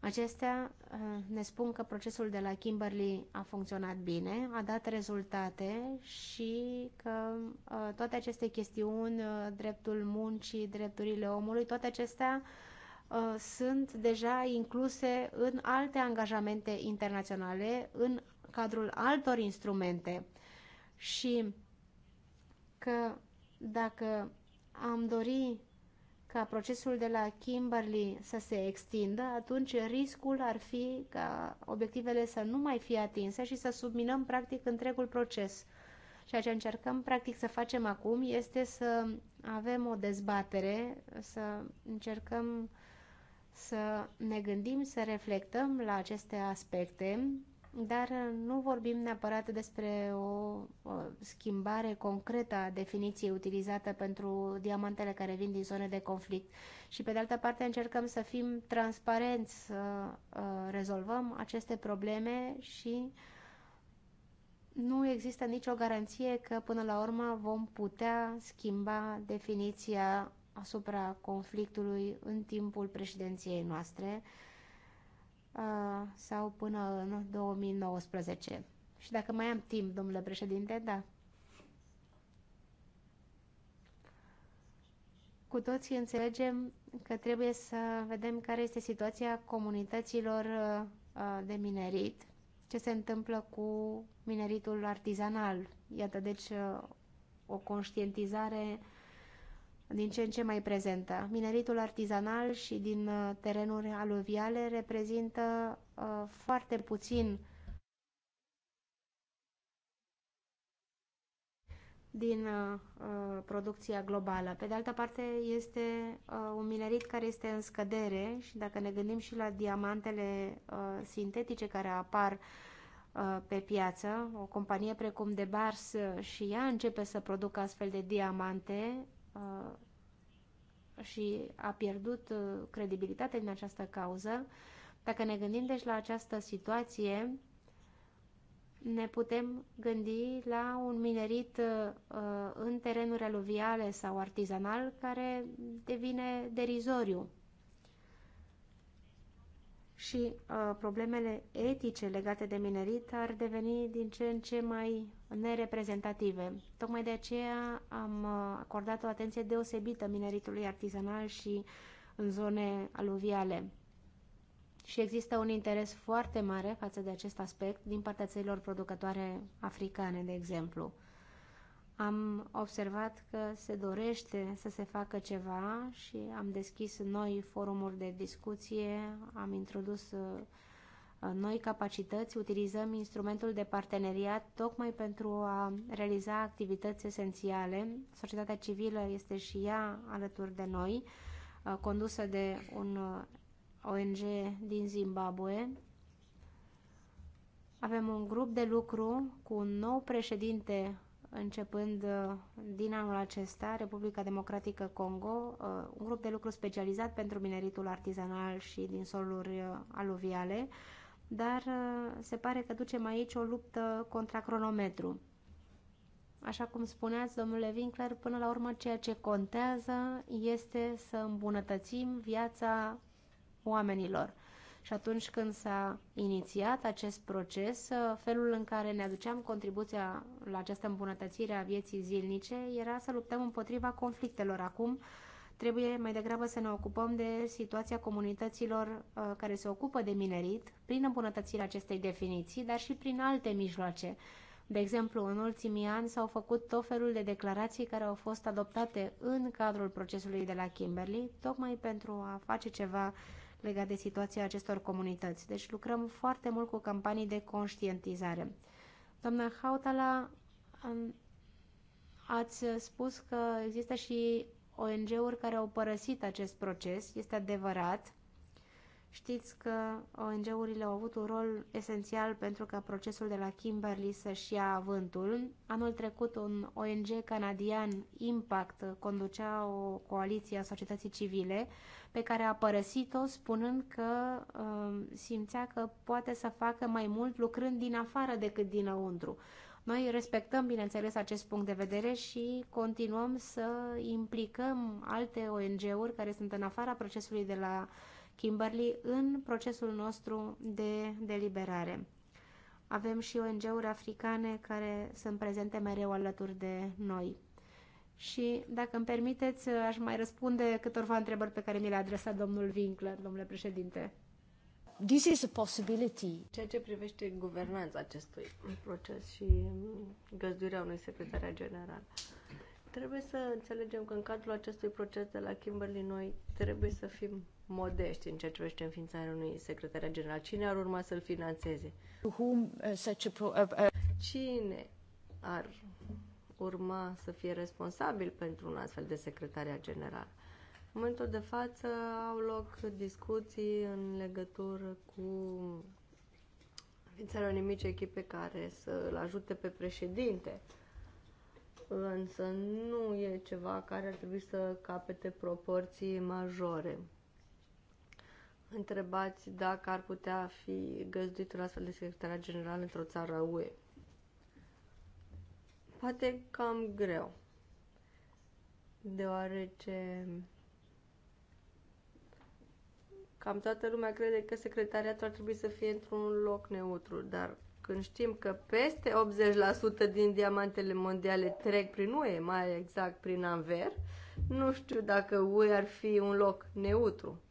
Acestea uh, ne spun că procesul de la Kimberley a funcționat bine, a dat rezultate și că uh, toate aceste chestiuni, uh, dreptul muncii, drepturile omului, toate acestea sunt deja incluse în alte angajamente internaționale, în cadrul altor instrumente și că dacă am dori ca procesul de la Kimberley să se extindă, atunci riscul ar fi ca obiectivele să nu mai fie atinse și să subminăm practic întregul proces. Ceea ce încercăm practic să facem acum este să avem o dezbatere, să încercăm să ne gândim, să reflectăm la aceste aspecte dar uh, nu vorbim neapărat despre o schimbare concretă a definiției utilizată pentru diamantele care vin din zone de conflict. Și pe de altă parte încercăm să fim transparenți, să uh, rezolvăm aceste probleme și nu există nicio garanție că până la urmă vom putea schimba definiția asupra conflictului în timpul președinției noastre, sau până în 2019. Și dacă mai am timp, domnule președinte, da. Cu toții înțelegem că trebuie să vedem care este situația comunităților de minerit, ce se întâmplă cu mineritul artizanal. Iată, deci, o conștientizare din ce în ce mai prezentă. Mineritul artizanal și din uh, terenuri aluviale reprezintă uh, foarte puțin din uh, producția globală. Pe de altă parte, este un minerit care este în scădere și dacă ne gândim și la diamantele sintetice care apar pe piață, o companie precum de Bars și ea începe să producă astfel de diamante Uh, și a pierdut uh, credibilitate din această cauză. Dacă ne gândim deci la această situație, ne putem gândi la un minerit uh, în terenuri aluviale sau artizanal care devine derizoriu și uh, problemele etice legate de minerit ar deveni din ce în ce mai nereprezentative. Tocmai de aceea am uh, acordat o atenție deosebită mineritului artizanal și în zone aluviale. Și există un interes foarte mare față de acest aspect din partea țărilor producătoare africane, de exemplu am observat că se dorește să se facă ceva și am deschis noi forumuri de discuție, am introdus uh, noi capacități, utilizăm instrumentul de parteneriat tocmai pentru a realiza activități esențiale. Societatea civilă este și ea alături de noi, uh, condusă de un uh, ONG din Zimbabwe. Avem un grup de lucru cu un nou președinte începând uh, din anul acesta, Republica Democratică Congo, uh, un grup de lucru specializat pentru mineritul artizanal și din soluri uh, aluviale, dar se pare că ducem aici o luptă contra cronometru. Așa cum spuneați, domnule Winkler, până la urmă ceea ce contează este să îmbunătățim viața oamenilor. Și atunci când s-a inițiat acest proces, ă, felul în care ne aduceam contribuția la această îmbunătățire a vieții zilnice era să luptăm împotriva conflictelor. Acum trebuie mai degrabă să ne ocupăm de situația comunităților ă, care se ocupă de minerit prin îmbunătățirea acestei definiții, dar și prin alte mijloace. De exemplu, în ultimii ani s-au făcut tot felul de declarații care au fost adoptate în cadrul procesului de la Kimberley, tocmai pentru a face ceva uh, legat de situația acestor comunități. Deci lucrăm foarte mult cu campanii de conștientizare. Doamna Hautala, ați spus că există și ONG-uri care au părăsit acest proces. Este adevărat. Știți că ONG-urile au avut un rol esențial pentru ca procesul de la Kimberley să-și ia avântul. Anul trecut, un ONG canadian, Impact, conducea o coaliție a societății civile pe care a părăsit-o spunând că uh, simțea că poate să facă mai mult lucrând din afară decât dinăuntru. Noi respectăm, bineînțeles, acest punct de vedere și continuăm să implicăm alte ONG-uri care sunt în afara procesului de la uh, Kimberley în procesul nostru de deliberare. Avem și ONG-uri africane care sunt prezente mereu alături de noi. Și, dacă îmi permiteți, aș mai răspunde câtorva întrebări pe care mi le-a adresat domnul Winkler, domnule președinte. This is a possibility. Ceea ce privește guvernanța acestui proces și găzduirea unui secretar general. Trebuie să înțelegem că în cadrul acestui proces de la Kimberley noi trebuie să fim modești în ceea ce privește înființarea unui secretar general. Cine ar urma să-l financeze? Uh, uh, uh, Cine ar urma să fie responsabil pentru un astfel de secretariat general? În momentul de față au loc discuții în legătură cu înființarea unei mici echipe care să-l ajute pe președinte însă nu e ceva care ar trebui să capete proporții majore întrebați dacă ar putea fi găzduit un astfel de secretariat general într-o țară UE. Poate cam greu, deoarece cam toată lumea crede că secretariatul ar trebui să fie într-un loc neutru, dar când știm că peste 80% din diamantele mondiale trec prin UE, mai exact prin Anver, nu știu dacă UE ar fi un loc neutru.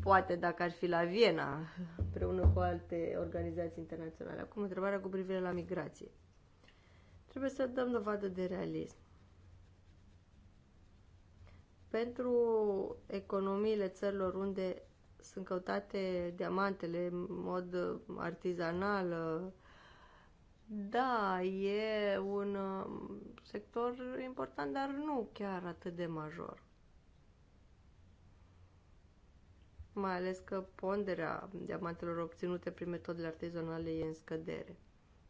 Poate dacă ar fi la Viena, împreună cu alte organizații internaționale. Acum, întrebarea cu privire la migrație. Trebuie să dăm dovadă de realism. Pentru economiile țărilor unde sunt căutate diamantele în mod artizanal, da, e un uh, sector important, dar nu chiar atât de major. mai ales că ponderea diamantelor obținute prin metodele artizanale e în scădere.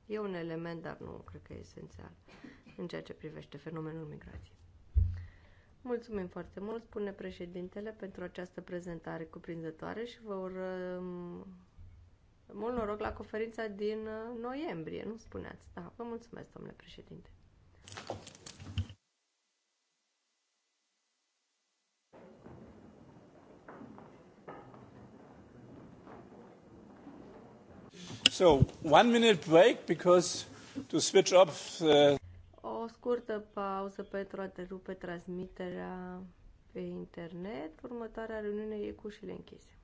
E un element, dar nu cred că e esențial în ceea ce privește fenomenul migrației. Mulțumim foarte mult, spune președintele, pentru această prezentare cuprinzătoare și vă urăm mult noroc la conferința din noiembrie, nu spuneați? Da, vă mulțumesc, domnule președinte. So, one minute break because to switch off the... O scurtă pauză pentru a întrerupe transmiterea pe internet. Următoarea reuniune e cu ușile închise.